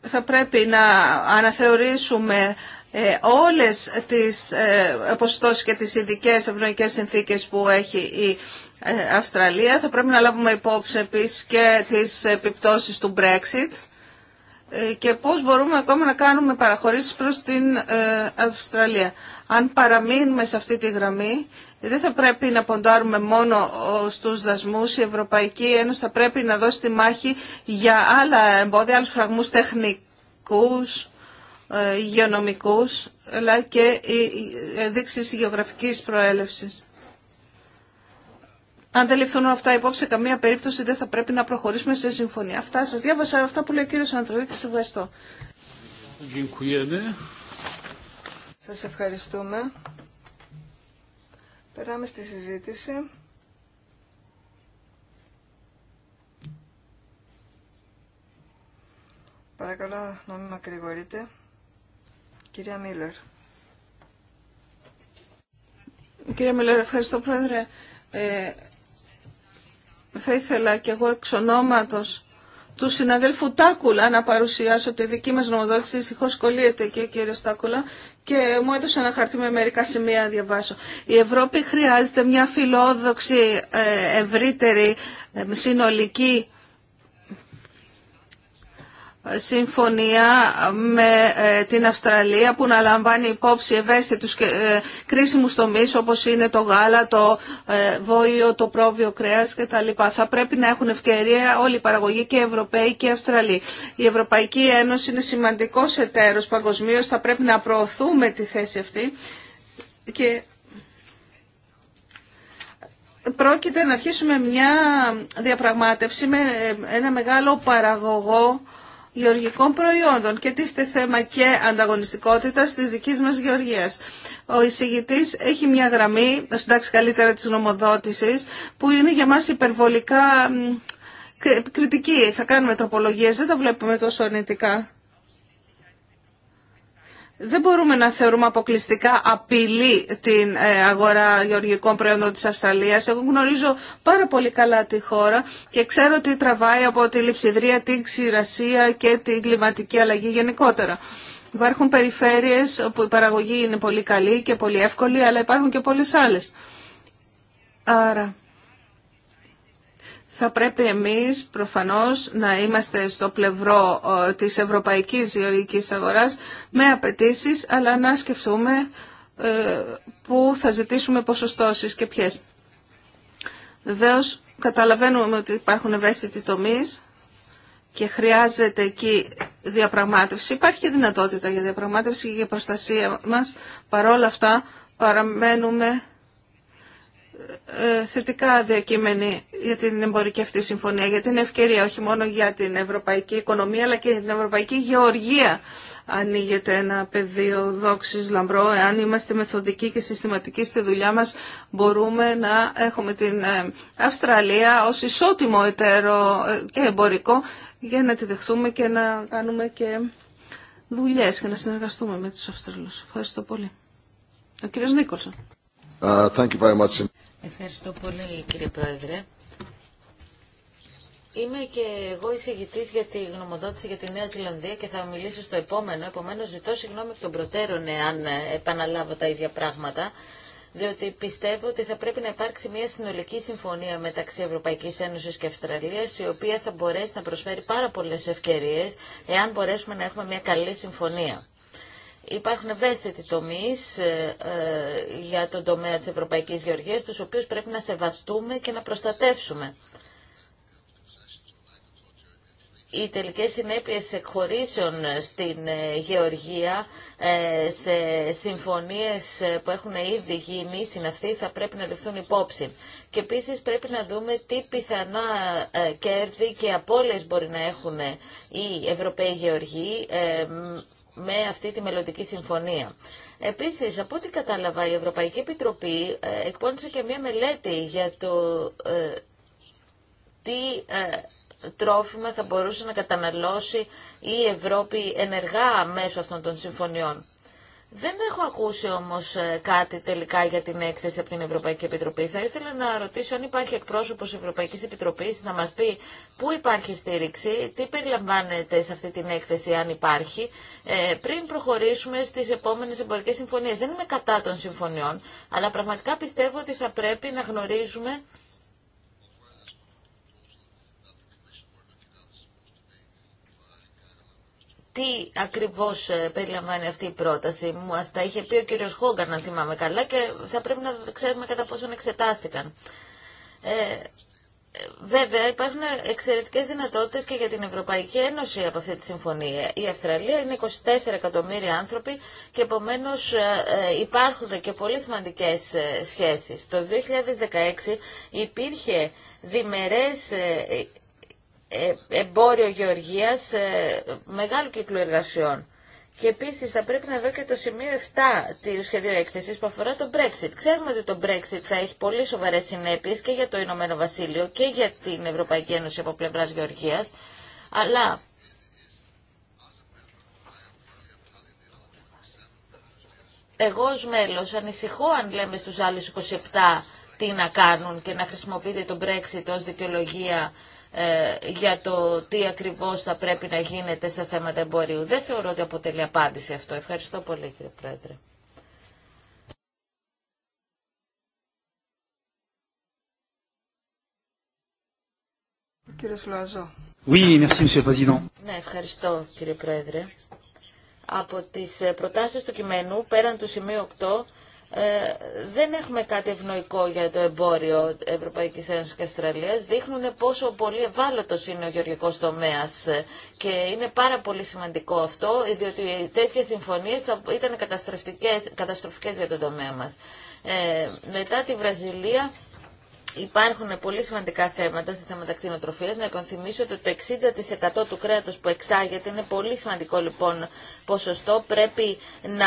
S3: Θα πρέπει να αναθεωρήσουμε όλες τις αποστώσεις και τις ειδικέ ευνοϊκές συνθήκες που έχει η Αυστραλία. Θα πρέπει να λάβουμε υπόψη επίσης και τις επιπτώσεις του Brexit και πώς μπορούμε ακόμα να κάνουμε παραχωρήσεις προς την Αυστραλία. Αν παραμείνουμε σε αυτή τη γραμμή, δεν θα πρέπει να ποντάρουμε μόνο στους δασμούς. Η Ευρωπαϊκή Ένωση θα πρέπει να δώσει τη μάχη για άλλα εμπόδια, άλλους φραγμούς τεχνικούς, υγειονομικούς, αλλά και δείξεις γεωγραφικής προέλευσης αν δεν ληφθούν αυτά υπόψη, σε καμία περίπτωση δεν θα πρέπει να προχωρήσουμε σε συμφωνία. Αυτά σας διάβασα, αυτά που λέει ο κύριος Ανατολή και ευχαριστώ.
S1: Σας ευχαριστούμε. Περάμε στη συζήτηση. Παρακαλώ να μην μακρηγορείτε. Κυρία Μίλλερ. Κυρία Μίλλερ, ευχαριστώ
S3: πρόεδρε. Ε, θα ήθελα κι εγώ εξ ονόματος του συναδέλφου Τάκουλα να παρουσιάσω τη δική μας νομοδότηση. Συχώς κολλείεται και ο κύριος Τάκουλα και μου έδωσε ένα χαρτί με μερικά σημεία να διαβάσω. Η Ευρώπη χρειάζεται μια φιλόδοξη, ε, ευρύτερη, ε, συνολική συμφωνία με ε, την Αυστραλία που να λαμβάνει υπόψη ευαίσθητους και ε, κρίσιμους τομείς όπως είναι το γάλα, το ε, βόηο, το πρόβιο κρέας κτλ. Θα πρέπει να έχουν ευκαιρία όλοι οι παραγωγοί και οι Ευρωπαίοι και οι Αυστραλοί. Η Ευρωπαϊκή Ένωση είναι σημαντικός εταίρος παγκοσμίω, θα πρέπει να προωθούμε τη θέση αυτή και πρόκειται να αρχίσουμε μια διαπραγμάτευση με ένα μεγάλο παραγωγό γεωργικών προϊόντων και είστε θέμα και ανταγωνιστικότητα τη δική μας γεωργίας. Ο εισηγητή έχει μια γραμμή, να συντάξει καλύτερα της νομοδότηση, που είναι για μας υπερβολικά κριτική. Θα κάνουμε τροπολογίες, δεν τα βλέπουμε τόσο αρνητικά δεν μπορούμε να θεωρούμε αποκλειστικά απειλή την ε, αγορά γεωργικών προϊόντων της Αυστραλίας. Εγώ γνωρίζω πάρα πολύ καλά τη χώρα και ξέρω τι τραβάει από τη λειψιδρία, την ξηρασία και την κλιματική αλλαγή γενικότερα. Υπάρχουν περιφέρειες όπου η παραγωγή είναι πολύ καλή και πολύ εύκολη, αλλά υπάρχουν και πολλές άλλες. Άρα θα πρέπει εμείς προφανώς να είμαστε στο πλευρό ε, της ευρωπαϊκής γεωργικής αγοράς με απαιτήσει, αλλά να σκεφτούμε ε, που θα ζητήσουμε ποσοστώσεις και ποιες. Βεβαίω καταλαβαίνουμε ότι υπάρχουν ευαίσθητοι τομείς και χρειάζεται εκεί διαπραγμάτευση. Υπάρχει και δυνατότητα για διαπραγμάτευση και για προστασία μας. Παρόλα αυτά παραμένουμε ε, θετικά διακείμενη για την εμπορική αυτή συμφωνία, για την ευκαιρία όχι μόνο για την ευρωπαϊκή οικονομία αλλά και για την ευρωπαϊκή γεωργία ανοίγεται ένα πεδίο δόξης λαμπρό. Εάν είμαστε μεθοδικοί και συστηματικοί στη δουλειά μας μπορούμε να έχουμε την ε, Αυστραλία ως ισότιμο εταίρο ε, και εμπορικό για να τη δεχτούμε και να κάνουμε και δουλειές και να συνεργαστούμε με τους Αυστραλούς. Ευχαριστώ πολύ. Ο κύριος Νίκολσον. Uh, thank you very much.
S2: Ευχαριστώ πολύ κύριε Πρόεδρε. Είμαι και εγώ εισηγητή για τη γνωμοδότηση για τη Νέα Ζηλανδία και θα μιλήσω στο επόμενο. Επομένω, ζητώ συγγνώμη εκ των προτέρων εάν ε, επαναλάβω τα ίδια πράγματα, διότι πιστεύω ότι θα πρέπει να υπάρξει μια συνολική συμφωνία μεταξύ Ευρωπαϊκή Ένωση και Αυστραλία, η οποία θα μπορέσει να προσφέρει πάρα πολλέ ευκαιρίε, εάν μπορέσουμε να έχουμε μια καλή συμφωνία. Υπάρχουν ευαίσθητοι τομεί ε, ε, για τον τομέα της Ευρωπαϊκής Γεωργίας, τους οποίους πρέπει να σεβαστούμε και να προστατεύσουμε. Οι τελικές συνέπειες εκχωρήσεων στην ε, γεωργία σε συμφωνίες που έχουν ήδη γίνει, συναυτοί, θα πρέπει να λεφθούν υπόψη. Και επίσης πρέπει να δούμε τι πιθανά κέρδη και απώλειες μπορεί να έχουν οι Ευρωπαίοι γεωργοί με αυτή τη μελλοντική συμφωνία. Επίσης, από ό,τι κατάλαβα, η Ευρωπαϊκή Επιτροπή ε, εκπώνησε και μία μελέτη για το ε, τι ε, τρόφιμα θα μπορούσε να καταναλώσει η Ευρώπη ενεργά μέσω αυτών των συμφωνιών. Δεν έχω ακούσει όμως ε, κάτι τελικά για την έκθεση από την Ευρωπαϊκή Επιτροπή. Θα ήθελα να ρωτήσω αν υπάρχει εκπρόσωπος Ευρωπαϊκή Επιτροπή να μας πει πού υπάρχει στήριξη, τι περιλαμβάνεται σε αυτή την έκθεση αν υπάρχει, ε, πριν προχωρήσουμε στις επόμενες εμπορικές συμφωνίες. Δεν είμαι κατά των συμφωνιών, αλλά πραγματικά πιστεύω ότι θα πρέπει να γνωρίζουμε τι ακριβώς ε, περιλαμβάνει αυτή η πρόταση. Μου τα είχε πει ο κύριος Χόγκαν, αν θυμάμαι καλά, και θα πρέπει να ξέρουμε κατά πόσον εξετάστηκαν. Ε, Βέβαια, υπάρχουν εξαιρετικέ δυνατότητε και για την Ευρωπαϊκή Ένωση από αυτή τη συμφωνία. Η Αυστραλία είναι 24 εκατομμύρια άνθρωποι και επομένω ε, ε, υπάρχουν και πολύ σημαντικέ σχέσει. Το 2016 υπήρχε διμερές ε, εμπόριο γεωργίας ε, μεγάλου κύκλου εργασιών. Και επίσης θα πρέπει να δω και το σημείο 7 του σχεδίου έκθεσης που αφορά το Brexit. Ξέρουμε ότι το Brexit θα έχει πολύ σοβαρές συνέπειες και για το Ηνωμένο Βασίλειο και για την Ευρωπαϊκή Ένωση από πλευράς Γεωργίας. Αλλά εγώ ως μέλος ανησυχώ αν λέμε στους άλλους 27 τι να κάνουν και να χρησιμοποιείτε το Brexit ως δικαιολογία ε, για το τι ακριβώς θα πρέπει να γίνεται σε θέματα εμπορίου. Δεν θεωρώ ότι αποτελεί απάντηση αυτό. Ευχαριστώ πολύ κύριε Πρόεδρε. Oui, merci, monsieur Président. Ναι, ευχαριστώ κύριε Πρόεδρε. Από τις ε, προτάσεις του κειμένου, πέραν του σημείου 8, ε, δεν έχουμε κάτι ευνοϊκό για το εμπόριο Ευρωπαϊκής Ένωσης και Αυστραλίας. Δείχνουν πόσο πολύ ευάλωτο είναι ο γεωργικό τομέα ε, και είναι πάρα πολύ σημαντικό αυτό, διότι τέτοιες συμφωνίες θα ήταν καταστροφικές, για τον τομέα μα. Ε, μετά τη Βραζιλία υπάρχουν πολύ σημαντικά θέματα στη θέματα κτηνοτροφίας. Να υπενθυμίσω ότι το 60% του κρέατος που εξάγεται είναι πολύ σημαντικό λοιπόν ποσοστό. Πρέπει να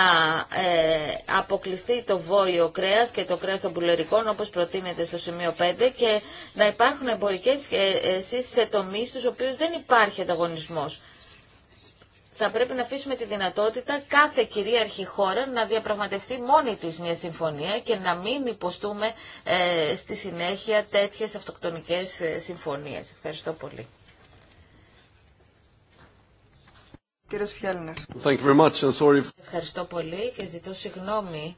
S2: ε, αποκλειστεί το βόηο κρέας και το κρέας των πουλερικών όπως προτείνεται στο σημείο 5 και να υπάρχουν εμπορικές σχέσεις σε τομείς στους οποίους δεν υπάρχει ανταγωνισμός θα πρέπει να αφήσουμε τη δυνατότητα κάθε κυρίαρχη χώρα να διαπραγματευτεί μόνη τη μια συμφωνία και να μην υποστούμε ε, στη συνέχεια τέτοιες αυτοκτονικές ε, συμφωνίε. Ευχαριστώ πολύ. Thank Ευχαριστώ πολύ και ζητώ συγγνώμη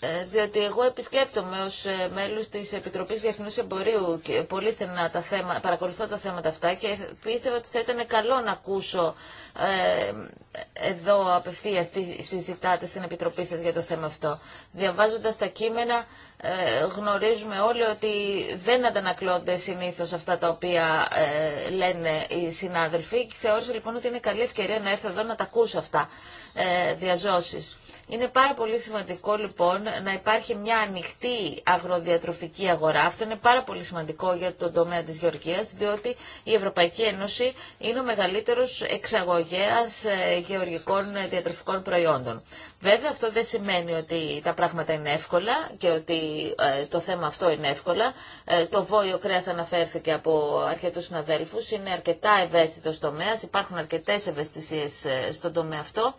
S2: ε, διότι εγώ επισκέπτομαι ως ε, μέλος της Επιτροπής Διεθνούς Εμπορίου και πολύ στενά τα θέματα, παρακολουθώ τα θέματα αυτά και πίστευα ότι θα ήταν καλό να ακούσω ε, εδώ απευθείας τι συζητάτε στην Επιτροπή σας για το θέμα αυτό. Διαβάζοντας τα κείμενα ε, γνωρίζουμε όλοι ότι δεν αντανακλώνται συνήθως αυτά τα οποία λένε οι συνάδελφοι και θεώρησα λοιπόν ότι είναι καλή ευκαιρία να έρθω εδώ να τα ακούσω αυτά διαζώσεις. Είναι πάρα πολύ σημαντικό λοιπόν να υπάρχει μια ανοιχτή αγροδιατροφική αγορά. Αυτό είναι πάρα πολύ σημαντικό για τον τομέα της γεωργίας, διότι η Ευρωπαϊκή Ένωση είναι ο μεγαλύτερος εξαγωγέας ε, γεωργικών ε, διατροφικών προϊόντων. Βέβαια αυτό δεν σημαίνει ότι τα πράγματα είναι εύκολα και ότι ε, το θέμα αυτό είναι εύκολα. Ε, το βόλιο κρέας αναφέρθηκε από αρκετούς συναδέλφους, είναι αρκετά ευαίσθητος τομέας, υπάρχουν αρκετές ευαισθησίες στον τομέα αυτό.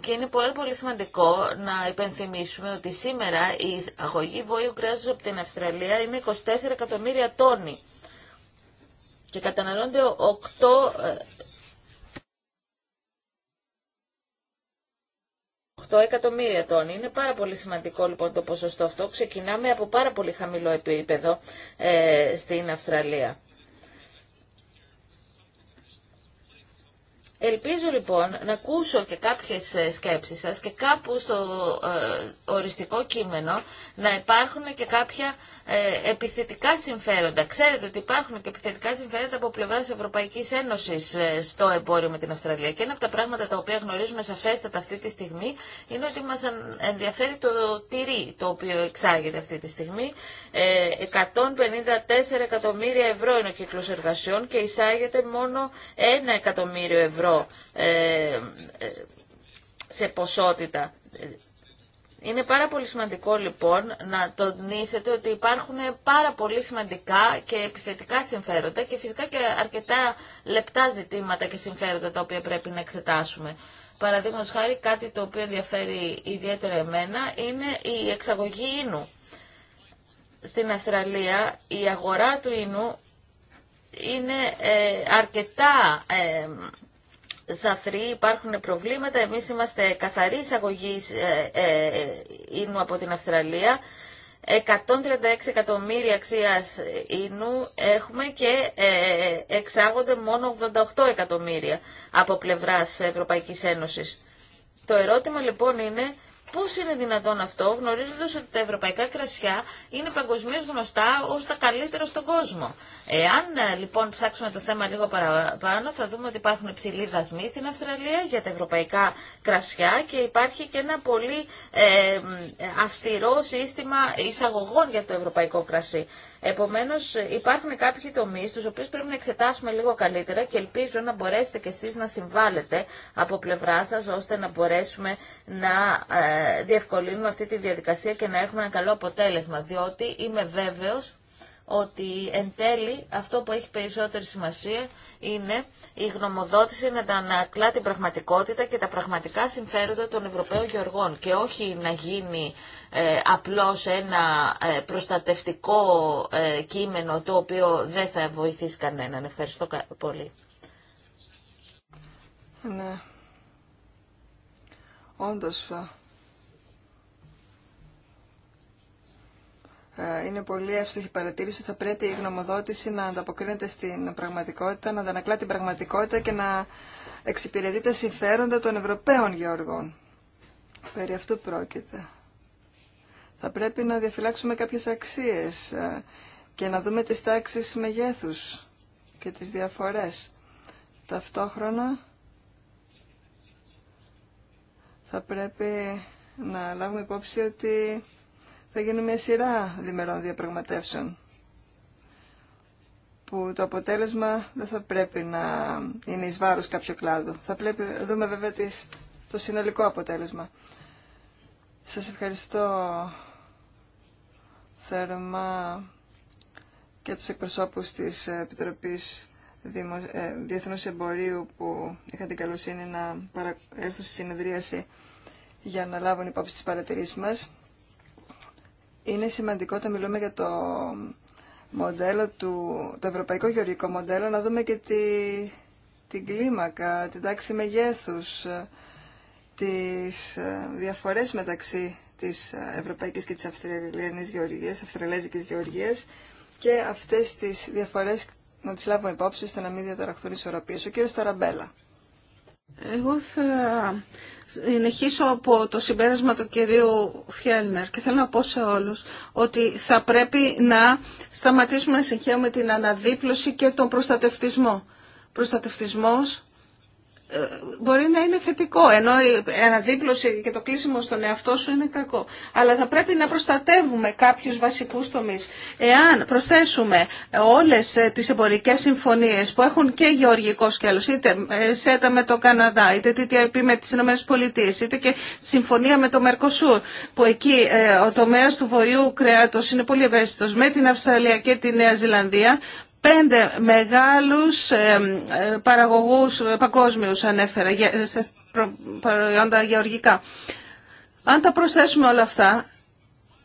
S2: Και είναι πολύ πολύ σημαντικό να υπενθυμίσουμε ότι σήμερα η αγωγή βόηου κρέας από την Αυστραλία είναι 24 εκατομμύρια τόνοι και καταναλώνται 8 8 ε, εκατομμύρια τόνοι. Είναι πάρα πολύ σημαντικό λοιπόν το ποσοστό αυτό. Ξεκινάμε από πάρα πολύ χαμηλό επίπεδο ε, στην Αυστραλία. Ελπίζω λοιπόν να ακούσω και κάποιες ε, σκέψεις σας και κάπου στο ε, οριστικό κείμενο να υπάρχουν και κάποια ε, επιθετικά συμφέροντα. Ξέρετε ότι υπάρχουν και επιθετικά συμφέροντα από πλευρά Ευρωπαϊκή Ένωση ε, στο εμπόριο με την Αυστραλία. Και ένα από τα πράγματα τα οποία γνωρίζουμε σαφέστατα αυτή τη στιγμή είναι ότι μα ενδιαφέρει το τυρί το οποίο εξάγεται αυτή τη στιγμή. Ε, 154 εκατομμύρια ευρώ είναι ο κύκλο εργασιών και εισάγεται μόνο 1 εκατομμύριο ευρώ ε, ε σε ποσότητα είναι πάρα πολύ σημαντικό λοιπόν να τονίσετε ότι υπάρχουν πάρα πολύ σημαντικά και επιθετικά συμφέροντα και φυσικά και αρκετά λεπτά ζητήματα και συμφέροντα τα οποία πρέπει να εξετάσουμε. Παραδείγματο χάρη κάτι το οποίο ενδιαφέρει ιδιαίτερα εμένα είναι η εξαγωγή ίνου. Στην Αυστραλία η αγορά του ίνου είναι ε, αρκετά ε, Ζαθροί, υπάρχουν προβλήματα. Εμείς είμαστε καθαρή εισαγωγή ε, ε, ε, ίνου από την Αυστραλία. 136 εκατομμύρια αξίας ίνου έχουμε και εξάγονται μόνο 88 εκατομμύρια από πλευράς Ευρωπαϊκής Ένωσης. Το ερώτημα λοιπόν είναι Πώ είναι δυνατόν αυτό, γνωρίζοντα ότι τα ευρωπαϊκά κρασιά είναι παγκοσμίω γνωστά ως τα καλύτερα στον κόσμο. Εάν ε, λοιπόν ψάξουμε το θέμα λίγο παραπάνω, θα δούμε ότι υπάρχουν υψηλοί δασμοί στην Αυστραλία για τα ευρωπαϊκά κρασιά και υπάρχει και ένα πολύ ε, αυστηρό σύστημα εισαγωγών για το ευρωπαϊκό κρασί. Επομένως υπάρχουν κάποιοι τομείς τους οποίους πρέπει να εξετάσουμε λίγο καλύτερα και ελπίζω να μπορέσετε κι εσείς να συμβάλλετε από πλευρά σας ώστε να μπορέσουμε να ε, διευκολύνουμε αυτή τη διαδικασία και να έχουμε ένα καλό αποτέλεσμα διότι είμαι βέβαιος ότι εν τέλει αυτό που έχει περισσότερη σημασία είναι η γνωμοδότηση να τα ανακλά την πραγματικότητα και τα πραγματικά συμφέροντα των Ευρωπαίων Γεωργών και όχι να γίνει ε, απλώς ένα ε, προστατευτικό ε, κείμενο το οποίο δεν θα βοηθήσει κανέναν. Ευχαριστώ πολύ. Ναι. Όντως,
S1: είναι πολύ εύστοχη παρατήρηση θα πρέπει η γνωμοδότηση να ανταποκρίνεται στην πραγματικότητα, να αντανακλά την πραγματικότητα και να εξυπηρετεί τα συμφέροντα των Ευρωπαίων γεωργών. Περί αυτού πρόκειται θα πρέπει να διαφυλάξουμε κάποιες αξίες ε, και να δούμε τις τάξεις μεγέθους και τις διαφορές. Ταυτόχρονα θα πρέπει να λάβουμε υπόψη ότι θα γίνει μια σειρά διμερών διαπραγματεύσεων που το αποτέλεσμα δεν θα πρέπει να είναι εις βάρος κάποιο κλάδο. Θα πρέπει να δούμε βέβαια το συνολικό αποτέλεσμα. Σας ευχαριστώ θερμά και τους εκπροσώπους της Επιτροπής ε, Διεθνούς Εμπορίου που είχαν την καλοσύνη να έρθουν στη συνεδρίαση για να λάβουν υπόψη τις παρατηρήσεις μας. Είναι σημαντικό όταν μιλούμε για το μοντέλο του, το ευρωπαϊκό γεωργικό μοντέλο, να δούμε και τη, την κλίμακα, την τάξη μεγέθους, ε, τις ε, διαφορές μεταξύ της Ευρωπαϊκής και της Αυστραλιανής Γεωργίας, Αυστραλέζικης Γεωργίας και αυτές τις διαφορές να τις λάβουμε υπόψη ώστε να μην διαταραχθούν οι ισορροπίες. Ο κύριος Ταραμπέλα. Εγώ θα
S3: συνεχίσω από το συμπέρασμα του κυρίου Φιέλνερ και θέλω να πω σε όλους ότι θα πρέπει να σταματήσουμε να συγχαίουμε την αναδίπλωση και τον προστατευτισμό. Προστατευτισμός μπορεί να είναι θετικό, ενώ η αναδίπλωση και το κλείσιμο στον εαυτό σου είναι κακό. Αλλά θα πρέπει να προστατεύουμε κάποιους βασικούς τομείς. Εάν προσθέσουμε όλες ε, τις εμπορικές συμφωνίες που έχουν και γεωργικό σκέλος, είτε ε, ΣΕΤΑ με το Καναδά, είτε TTIP με τις ΗΠΑ, είτε και συμφωνία με το Μερκοσούρ, που εκεί ε, ο τομέας του βοηού κρέατος είναι πολύ ευαίσθητος, με την Αυστραλία και τη Νέα Ζηλανδία, πέντε μεγάλους ε, ε, παραγωγούς παγκόσμιους ανέφερα σε προϊόντα γεωργικά. Αν τα προσθέσουμε όλα αυτά,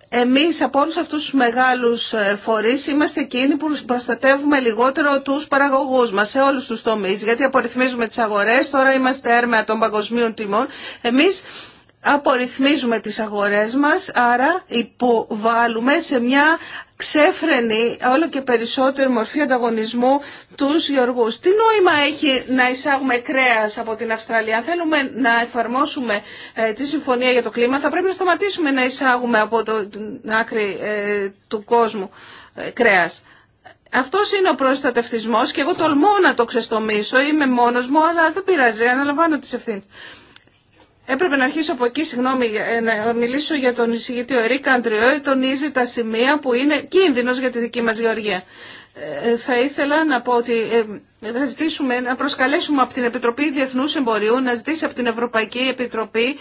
S3: εμείς από όλους αυτούς τους μεγάλους ε, φορείς είμαστε εκείνοι που προστατεύουμε λιγότερο τους παραγωγούς μας σε όλους τους τομείς, γιατί απορριθμίζουμε τις αγορές, τώρα είμαστε έρμεα των παγκοσμίων τιμών. Εμείς απορριθμίζουμε τις αγορές μας, άρα υποβάλλουμε σε μια ξέφρενη όλο και περισσότερη μορφή ανταγωνισμού τους γεωργούς. Τι νόημα έχει να εισάγουμε κρέας από την Αυστραλία. θέλουμε να εφαρμόσουμε ε, τη Συμφωνία για το Κλίμα, θα πρέπει να σταματήσουμε να εισάγουμε από το, την άκρη ε, του κόσμου ε, κρέας. Αυτό είναι ο προστατευτισμός και εγώ τολμώ να το ξεστομίσω, είμαι μόνος μου, αλλά δεν πειράζει, αναλαμβάνω τις ευθύνες. Έπρεπε να αρχίσω από εκεί, συγγνώμη, ε, να μιλήσω για τον εισηγητή. Ο Ρίκα Αντριώη, ε, τονίζει τα σημεία που είναι κίνδυνος για τη δική μας γεωργία. Ε, θα ήθελα να πω ότι ε, θα ζητήσουμε, να προσκαλέσουμε από την Επιτροπή Διεθνού Εμπορίου να ζητήσει από την Ευρωπαϊκή Επιτροπή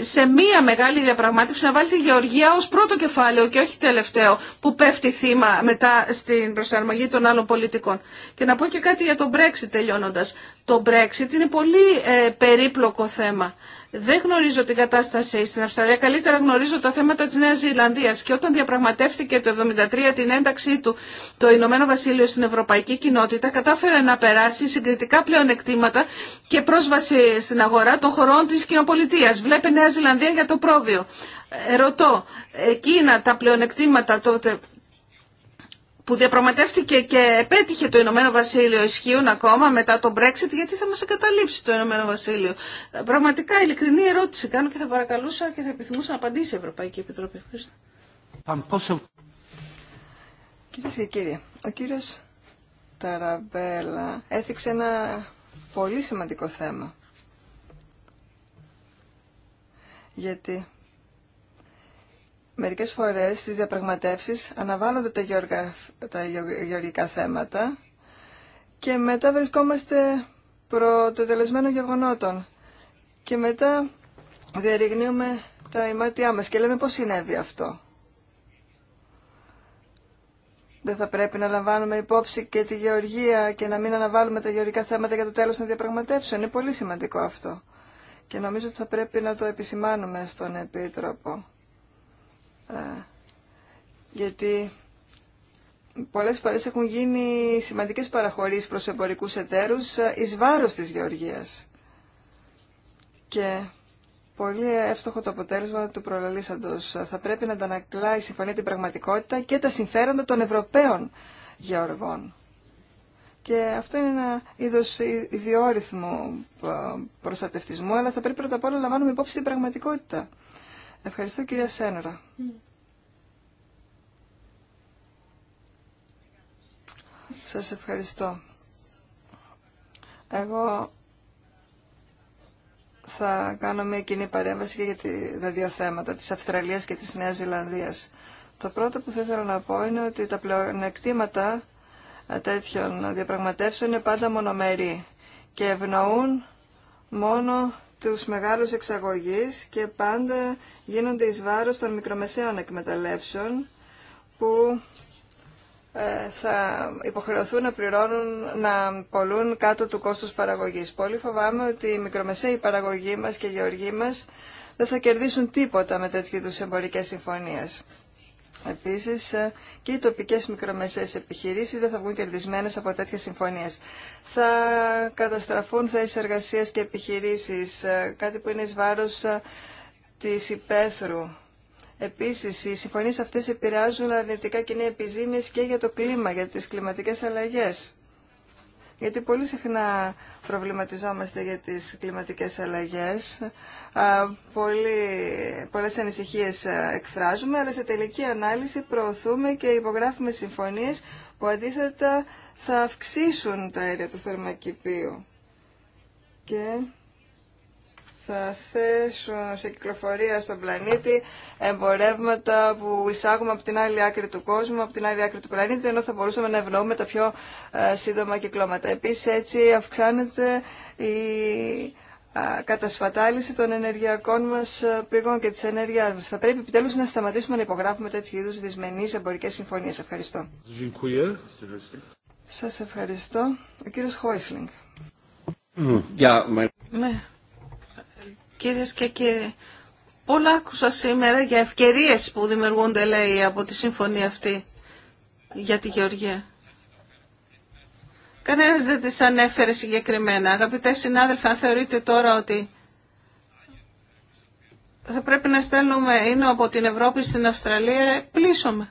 S3: σε μία μεγάλη διαπραγμάτευση να βάλει τη γεωργία ως πρώτο κεφάλαιο και όχι τελευταίο που πέφτει θύμα μετά στην προσαρμογή των άλλων πολιτικών. Και να πω και κάτι για τον Brexit τελειώνοντας. Το Brexit είναι πολύ περίπλοκο θέμα. Δεν γνωρίζω την κατάσταση στην Αυστραλία, καλύτερα γνωρίζω τα θέματα της Νέας Ζηλανδία. και όταν διαπραγματεύτηκε το 1973 την ένταξή του το Ηνωμένο Βασίλειο στην Ευρωπαϊκή Κοινότητα κατάφερε να περάσει συγκριτικά πλεονεκτήματα και πρόσβαση στην αγορά των χωρών τη κοινοπολιτεία. Βλέπει Νέα Ζηλανδία για το πρόβιο. Ε, ρωτώ, εκείνα τα πλεονεκτήματα τότε που διαπραγματεύτηκε και επέτυχε το Ηνωμένο Βασίλειο ισχύουν ακόμα μετά το Brexit γιατί θα μας εγκαταλείψει το Ηνωμένο Βασίλειο. Πραγματικά ειλικρινή ερώτηση κάνω και θα παρακαλούσα και θα επιθυμούσα να απαντήσει η Ευρωπαϊκή Επιτροπή. Ευχαριστώ.
S1: Κυρίες και κύριοι, ο κύριο Ταραμπέλα έθιξε ένα πολύ σημαντικό θέμα. Γιατί μερικές φορές στις διαπραγματεύσεις αναβάλλονται τα, γεωργα, γεωργικά θέματα και μετά βρισκόμαστε προ το τελεσμένο γεγονότων και μετά διαρριγνύουμε τα ημάτια μας και λέμε πώς συνέβη αυτό. Δεν θα πρέπει να λαμβάνουμε υπόψη και τη γεωργία και να μην αναβάλουμε τα γεωργικά θέματα για το τέλος των διαπραγματεύσεων. Είναι πολύ σημαντικό αυτό. Και νομίζω ότι θα πρέπει να το επισημάνουμε στον Επίτροπο γιατί πολλές φορές έχουν γίνει σημαντικές παραχωρήσεις προς εμπορικούς εταίρους εις βάρος της γεωργίας. Και πολύ εύστοχο το αποτέλεσμα του προλαλήσαντος. Θα πρέπει να αντανακλά η συμφωνία την πραγματικότητα και τα συμφέροντα των Ευρωπαίων γεωργών. Και αυτό είναι ένα είδο ιδιόρυθμου προστατευτισμού, αλλά θα πρέπει πρώτα απ' όλα να λαμβάνουμε υπόψη την πραγματικότητα. Ευχαριστώ κυρία Σένορα. Σας ευχαριστώ. Εγώ θα κάνω μια κοινή παρέμβαση και για τα δύο θέματα, της Αυστραλίας και της Νέας Ζηλανδίας. Το πρώτο που θα ήθελα να πω είναι ότι τα πλεονεκτήματα ε, τέτοιων διαπραγματεύσεων είναι πάντα μονομερή και ευνοούν μόνο τους μεγάλους εξαγωγείς και πάντα γίνονται εις βάρος των μικρομεσαίων εκμεταλλεύσεων που ε, θα υποχρεωθούν να πληρώνουν, να πολλούν κάτω του κόστους παραγωγής. Πολύ φοβάμαι ότι οι μικρομεσαίοι παραγωγοί μας και οι γεωργοί μας δεν θα κερδίσουν τίποτα με τέτοιου είδους εμπορικές συμφωνίες. Επίση, ε, και οι τοπικές μικρομεσαίες επιχειρήσεις δεν θα βγουν κερδισμένε από τέτοιε συμφωνίε. Θα καταστραφούν θέσει εργασία και επιχειρήσεις, ε, κάτι που είναι ει βάρο ε, της υπαίθρου. Επίσης, οι συμφωνίες αυτές επηρεάζουν αρνητικά και είναι και για το κλίμα, για τις κλιματικές αλλαγές γιατί πολύ συχνά προβληματιζόμαστε για τις κλιματικές αλλαγές. Πολύ, πολλές ανησυχίες εκφράζουμε, αλλά σε τελική ανάλυση προωθούμε και υπογράφουμε συμφωνίες που αντίθετα θα αυξήσουν τα αέρια του θερμακηπίου. Και θα θέσουν σε κυκλοφορία στον πλανήτη εμπορεύματα που εισάγουμε από την άλλη άκρη του κόσμου, από την άλλη άκρη του πλανήτη, ενώ θα μπορούσαμε να ευνοούμε τα πιο ε, σύντομα κυκλώματα. Επίσης έτσι αυξάνεται η κατασφατάληση των ενεργειακών μας ε, πηγών και της ενέργειάς μας. Θα πρέπει επιτέλους να σταματήσουμε να υπογράφουμε τέτοιου είδους δυσμενείς εμπορικές συμφωνίες. Ευχαριστώ. Σας ευχαριστώ. Ο κύριος Χόισλινγκ. Mm. Ναι.
S3: Κυρίες και κύριοι, πολλά άκουσα σήμερα για ευκαιρίες που δημιουργούνται, λέει, από τη συμφωνία αυτή για τη Γεωργία. Κανένας δεν τις ανέφερε συγκεκριμένα. Αγαπητέ συνάδελφοι, αν θεωρείτε τώρα ότι θα πρέπει να στέλνουμε είναι από την Ευρώπη στην Αυστραλία, πλήσωμε.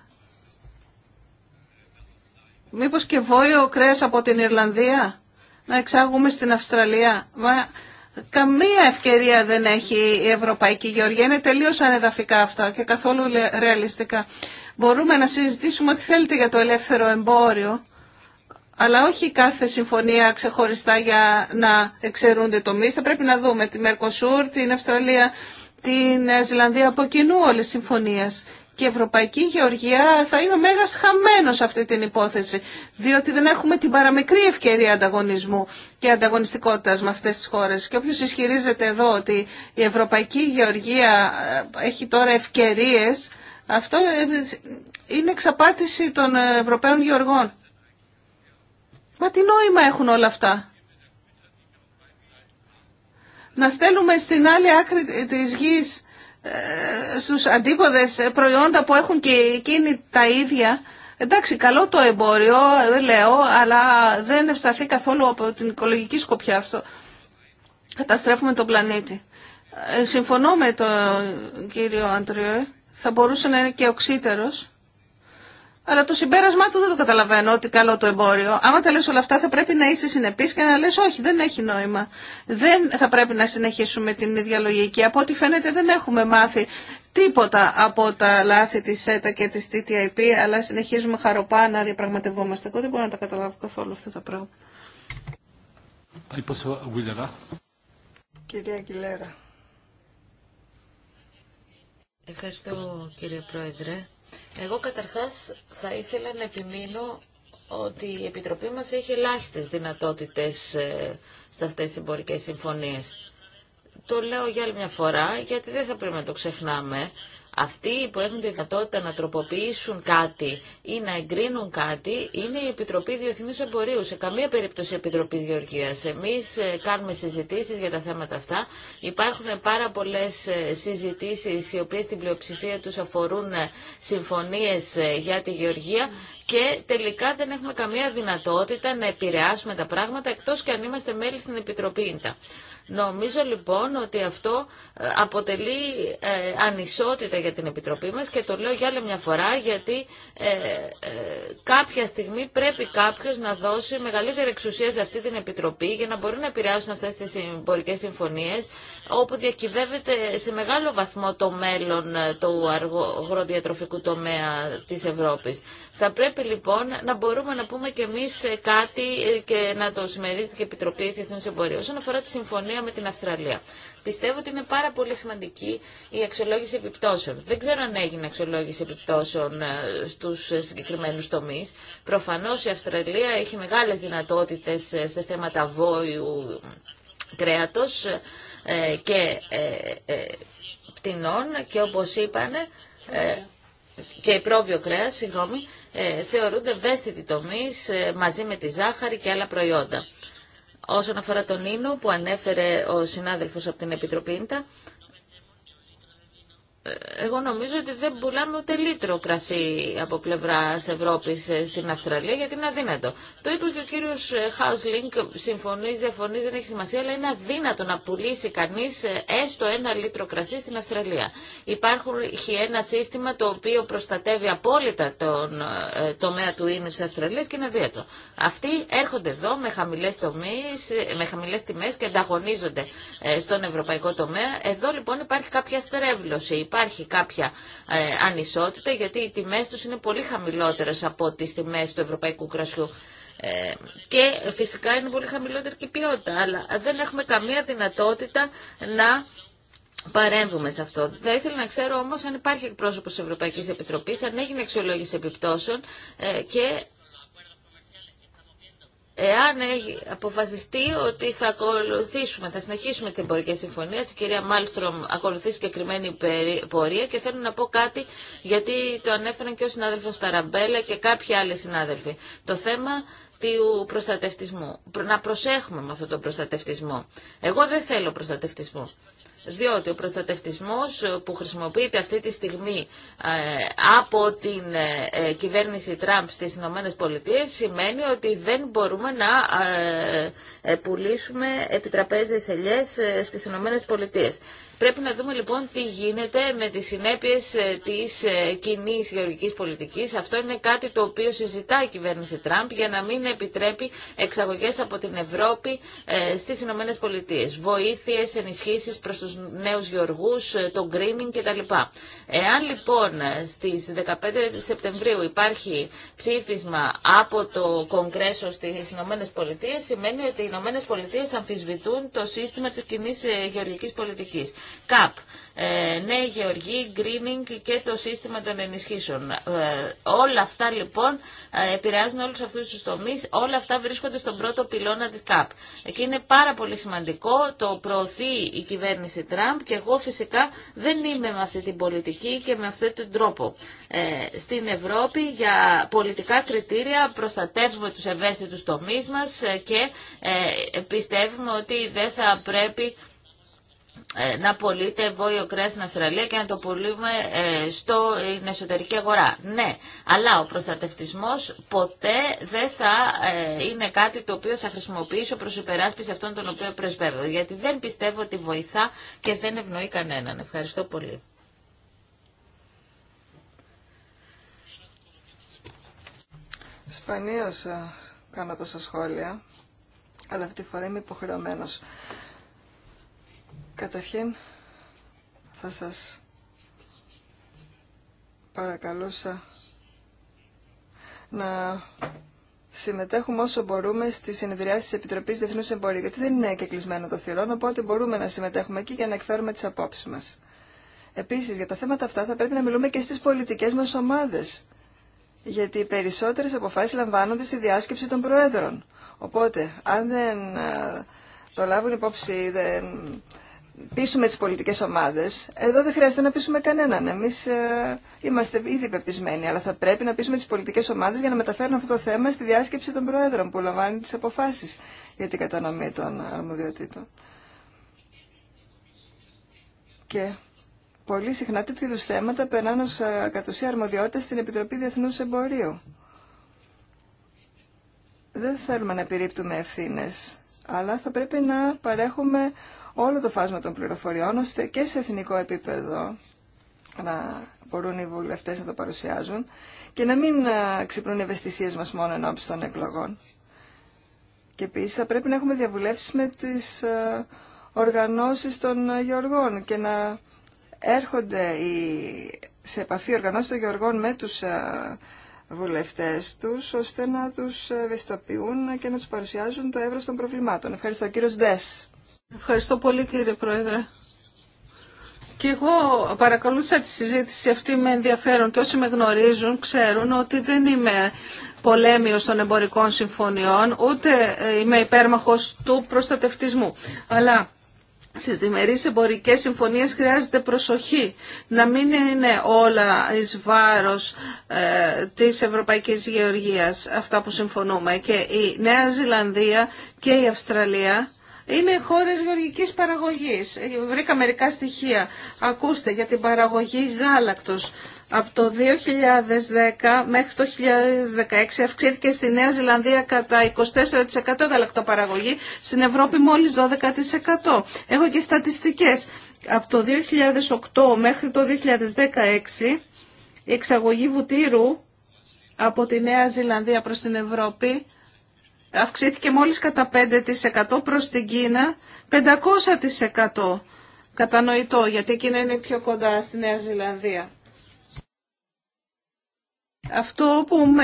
S3: Μήπως και βόηο κρέας από την Ιρλανδία να εξάγουμε στην Αυστραλία. Μα Καμία ευκαιρία δεν έχει η Ευρωπαϊκή Γεωργία. Είναι τελείως ανεδαφικά αυτά και καθόλου ρεαλιστικά. Μπορούμε να συζητήσουμε ό,τι θέλετε για το ελεύθερο εμπόριο, αλλά όχι κάθε συμφωνία ξεχωριστά για να εξαιρούνται τομεί. Θα πρέπει να δούμε τη Μερκοσούρ, την Αυστραλία, την Ζηλανδία από κοινού όλες συμφωνίες και η Ευρωπαϊκή Γεωργία θα είναι ο μέγας χαμένος αυτή την υπόθεση, διότι δεν έχουμε την παραμικρή ευκαιρία ανταγωνισμού και ανταγωνιστικότητας με αυτές τις χώρες. Και όποιος ισχυρίζεται εδώ ότι η Ευρωπαϊκή Γεωργία ε, έχει τώρα ευκαιρίες, αυτό ε, είναι εξαπάτηση των Ευρωπαίων Γεωργών. Μα τι νόημα έχουν όλα αυτά. Να στέλνουμε στην άλλη άκρη της γης ε, στους αντίποδες προϊόντα που έχουν και εκείνοι τα ίδια. Εντάξει, καλό το εμπόριο, δεν λέω, αλλά δεν ευσταθεί καθόλου από την οικολογική σκοπιά αυτό. Καταστρέφουμε τον πλανήτη. Ε, συμφωνώ με τον κύριο Αντριέ, θα μπορούσε να είναι και οξύτερος. Αλλά το συμπέρασμά του δεν το καταλαβαίνω ότι καλό το εμπόριο. Άμα τα λες όλα αυτά θα πρέπει να είσαι συνεπής και να λες όχι δεν έχει νόημα. Δεν θα πρέπει να συνεχίσουμε την ίδια λογική. Από ό,τι φαίνεται δεν έχουμε μάθει τίποτα από τα λάθη της ΣΕΤΑ και της TTIP αλλά συνεχίζουμε χαροπά να διαπραγματευόμαστε. Εγώ δεν μπορώ να τα καταλάβω καθόλου αυτά τα
S2: πράγματα. Κυρία Ευχαριστώ κύριε Πρόεδρε. Εγώ καταρχάς θα ήθελα να επιμείνω ότι η Επιτροπή μας έχει ελάχιστες δυνατότητες ε, σε αυτές τις εμπορικές συμφωνίες. Το λέω για άλλη μια φορά γιατί δεν θα πρέπει να το ξεχνάμε. Αυτοί που έχουν τη δυνατότητα να τροποποιήσουν κάτι ή να εγκρίνουν κάτι είναι η Επιτροπή Διεθνούς Εμπορίου. Σε καμία περίπτωση η Επιτροπή Γεωργίας. Εμείς ε, κάνουμε συζητήσεις για τα θέματα αυτά. Υπάρχουν πάρα πολλές ε, συζητήσεις οι οποίες στην πλειοψηφία τους αφορούν ε, συμφωνίες για τη Γεωργία και τελικά δεν έχουμε καμία δυνατότητα να επηρεάσουμε τα πράγματα εκτός και αν είμαστε μέλη στην Επιτροπή Ιντα. Νομίζω λοιπόν ότι αυτό ε, αποτελεί ε, ανισότητα για την Επιτροπή μας και το λέω για άλλη μια φορά γιατί ε, κάποια στιγμή πρέπει κάποιος να δώσει μεγαλύτερη εξουσία σε αυτή την Επιτροπή για να μπορεί να επηρεάσουν αυτές τις εμπορικές συμφωνίες όπου διακυβεύεται σε μεγάλο βαθμό το μέλλον του αγροδιατροφικού τομέα της Ευρώπης. Θα πρέπει λοιπόν να μπορούμε να πούμε και εμείς κάτι και να το συμμερίζεται και η Επιτροπή Διεθνούς Εμπορίου. Όσον αφορά τη συμφωνία με την Αυστραλία. Πιστεύω ότι είναι πάρα πολύ σημαντική η αξιολόγηση επιπτώσεων. Δεν ξέρω αν έγινε αξιολόγηση επιπτώσεων ε, στους συγκεκριμένους τομείς. Προφανώς η Αυστραλία έχει μεγάλες δυνατότητες ε, σε θέματα βόηου κρέατος ε, και πτηνών και όπως είπανε και η πρόβιο κρέας, συγγνώμη, θεωρούνται ευαίσθητοι τομείς μαζί με τη ζάχαρη και άλλα προϊόντα όσον αφορά τον Ίνο που ανέφερε ο συνάδελφος από την Επιτροπή Ίντα, εγώ νομίζω ότι δεν πουλάμε ούτε λίτρο κρασί από πλευρά Ευρώπη ε, στην Αυστραλία γιατί είναι αδύνατο. Το είπε και ο κύριο ε, Χάουσλινγκ, συμφωνεί, διαφωνεί, δεν έχει σημασία, αλλά είναι αδύνατο να πουλήσει κανεί ε, έστω ένα λίτρο κρασί στην Αυστραλία. Υπάρχει ένα σύστημα το οποίο προστατεύει απόλυτα τον τομέα του ίνου τη Αυστραλία και είναι αδύνατο. Αυτοί έρχονται εδώ με χαμηλέ με χαμηλές τιμέ και ανταγωνίζονται στον ευρωπαϊκό τομέα. Εδώ λοιπόν υπάρχει κάποια στρέβλωση υπάρχει κάποια ε, ανισότητα γιατί οι τιμές τους είναι πολύ χαμηλότερες από τις τιμές του ευρωπαϊκού κρασιού. Ε, και φυσικά είναι πολύ χαμηλότερη και η ποιότητα, αλλά δεν έχουμε καμία δυνατότητα να παρέμβουμε σε αυτό. Θα ήθελα να ξέρω όμως αν υπάρχει εκπρόσωπο της Ευρωπαϊκής Επιτροπής, αν έγινε αξιολόγηση επιπτώσεων ε, και Εάν αποφασιστεί ότι θα ακολουθήσουμε, θα συνεχίσουμε τι εμπορικέ συμφωνίε, η κυρία Μάλστρομ ακολουθεί συγκεκριμένη πορεία και θέλω να πω κάτι γιατί το ανέφεραν και ο συνάδελφος Ταραμπέλα και κάποιοι άλλοι συνάδελφοι. Το θέμα του προστατευτισμού. Να προσέχουμε με αυτόν τον προστατευτισμό. Εγώ δεν θέλω προστατευτισμό διότι ο προστατευτισμός που χρησιμοποιείται αυτή τη στιγμή ε, από την ε, ε, κυβέρνηση Τραμπ στις Ηνωμένε Πολιτείες σημαίνει ότι δεν μπορούμε να πουλήσουμε επιτραπέζιες ελιές στις Ηνωμένε Πολιτείες. Πρέπει να δούμε λοιπόν τι γίνεται με τις συνέπειες ε, της ε, κοινή γεωργικής πολιτικής. Αυτό είναι κάτι το οποίο συζητά η κυβέρνηση Τραμπ για να μην επιτρέπει εξαγωγές από την Ευρώπη ε, στις Ηνωμένες Πολιτείες. Βοήθειες, ενισχύσεις προς τους νέους γεωργούς, το greening κτλ. Εάν λοιπόν στις 15 Σεπτεμβρίου υπάρχει ψήφισμα από το Κογκρέσο στις Ηνωμένες Πολιτείες, σημαίνει ότι οι Ηνωμένες Πολιτείες αμφισβητούν το σύστημα της κοινή γεωργικής πολιτικής. ΚΑΠ, ε, Νέοι Γεωργοί, Greening και το σύστημα των ενισχύσεων. Ε, όλα αυτά λοιπόν ε, επηρεάζουν όλους αυτούς τους τομείς, όλα αυτά βρίσκονται στον πρώτο πυλώνα της ΚΑΠ. Και είναι πάρα πολύ σημαντικό, το προωθεί η κυβέρνηση Τραμπ και εγώ φυσικά δεν είμαι με αυτή την πολιτική και με αυτόν τον τρόπο. Ε, στην Ευρώπη για πολιτικά κριτήρια προστατεύουμε τους ευαίσθητους τομείς μας και πιστεύουμε ότι δεν θα πρέπει ε, να πωλείται βόλιο κρέα στην Αυστραλία και να το πουλούμε ε, στην εσωτερική αγορά. Ναι, αλλά ο προστατευτισμός ποτέ δεν θα ε, είναι κάτι το οποίο θα χρησιμοποιήσω προς υπεράσπιση αυτών τον οποίο πρεσβεύω, γιατί δεν πιστεύω ότι βοηθά και δεν ευνοεί κανέναν. Ευχαριστώ πολύ. Σπανίως κάνω τόσα σχόλια,
S1: αλλά αυτή τη φορά είμαι υποχρεωμένος. Καταρχήν θα σας παρακαλούσα να συμμετέχουμε όσο μπορούμε στις συνεδριάσεις της Επιτροπής Διεθνούς Εμπορίου, γιατί δεν είναι κεκλεισμένο το θηρόν, οπότε μπορούμε να συμμετέχουμε εκεί για να εκφέρουμε τις απόψεις μας. Επίσης, για τα θέματα αυτά θα πρέπει να μιλούμε και στις πολιτικές μας ομάδες, γιατί οι περισσότερες αποφάσεις λαμβάνονται στη διάσκεψη των Προέδρων. Οπότε, αν δεν ε, το λάβουν υπόψη, δεν πείσουμε τις πολιτικές ομάδες. Εδώ δεν χρειάζεται να πείσουμε κανέναν. Εμείς ε, είμαστε ήδη πεπισμένοι, αλλά θα πρέπει να πείσουμε τις πολιτικές ομάδες για να μεταφέρουν αυτό το θέμα στη διάσκεψη των Προέδρων που λαμβάνει τις αποφάσεις για την κατανομή των αρμοδιοτήτων. Και πολύ συχνά τέτοιου είδου θέματα περνάνε ως ε, κατ' αρμοδιότητα στην Επιτροπή Διεθνούς Εμπορίου. Δεν θέλουμε να επιρρύπτουμε ευθύνε, αλλά θα πρέπει να παρέχουμε όλο το φάσμα των πληροφοριών, ώστε και σε εθνικό επίπεδο να μπορούν οι βουλευτές να το παρουσιάζουν και να μην ξυπνούν οι ευαισθησίες μας μόνο ενώπιση των εκλογών. Και επίσης θα πρέπει να έχουμε διαβουλεύσεις με τις οργανώσεις των γεωργών και να έρχονται οι, σε επαφή οργανώσεις των γεωργών με τους βουλευτές τους, ώστε να τους ευαισθητοποιούν και να τους παρουσιάζουν το εύρος των προβλημάτων. Ευχαριστώ. Κύριος Ντες. Ευχαριστώ πολύ κύριε Πρόεδρε.
S3: Και εγώ παρακολούθησα τη συζήτηση αυτή με ενδιαφέρον και όσοι με γνωρίζουν ξέρουν ότι δεν είμαι πολέμιος των εμπορικών συμφωνιών, ούτε είμαι υπέρμαχος του προστατευτισμού. Αλλά στις διμερείς εμπορικές συμφωνίες χρειάζεται προσοχή να μην είναι όλα εις βάρος ε, της Ευρωπαϊκής Γεωργίας αυτά που συμφωνούμε και η Νέα Ζηλανδία και η Αυστραλία είναι χώρε γεωργικής παραγωγής. Βρήκα μερικά στοιχεία. Ακούστε για την παραγωγή γάλακτος. Από το 2010 μέχρι το 2016 αυξήθηκε στη Νέα Ζηλανδία κατά 24% γαλακτοπαραγωγή, στην Ευρώπη μόλις 12%. Έχω και στατιστικές. Από το 2008 μέχρι το 2016 η εξαγωγή βουτύρου από τη Νέα Ζηλανδία προς την Ευρώπη αυξήθηκε μόλις κατά 5% προς την Κίνα 500% κατανοητό γιατί η Κίνα είναι πιο κοντά στη Νέα Ζηλανδία. Αυτό που με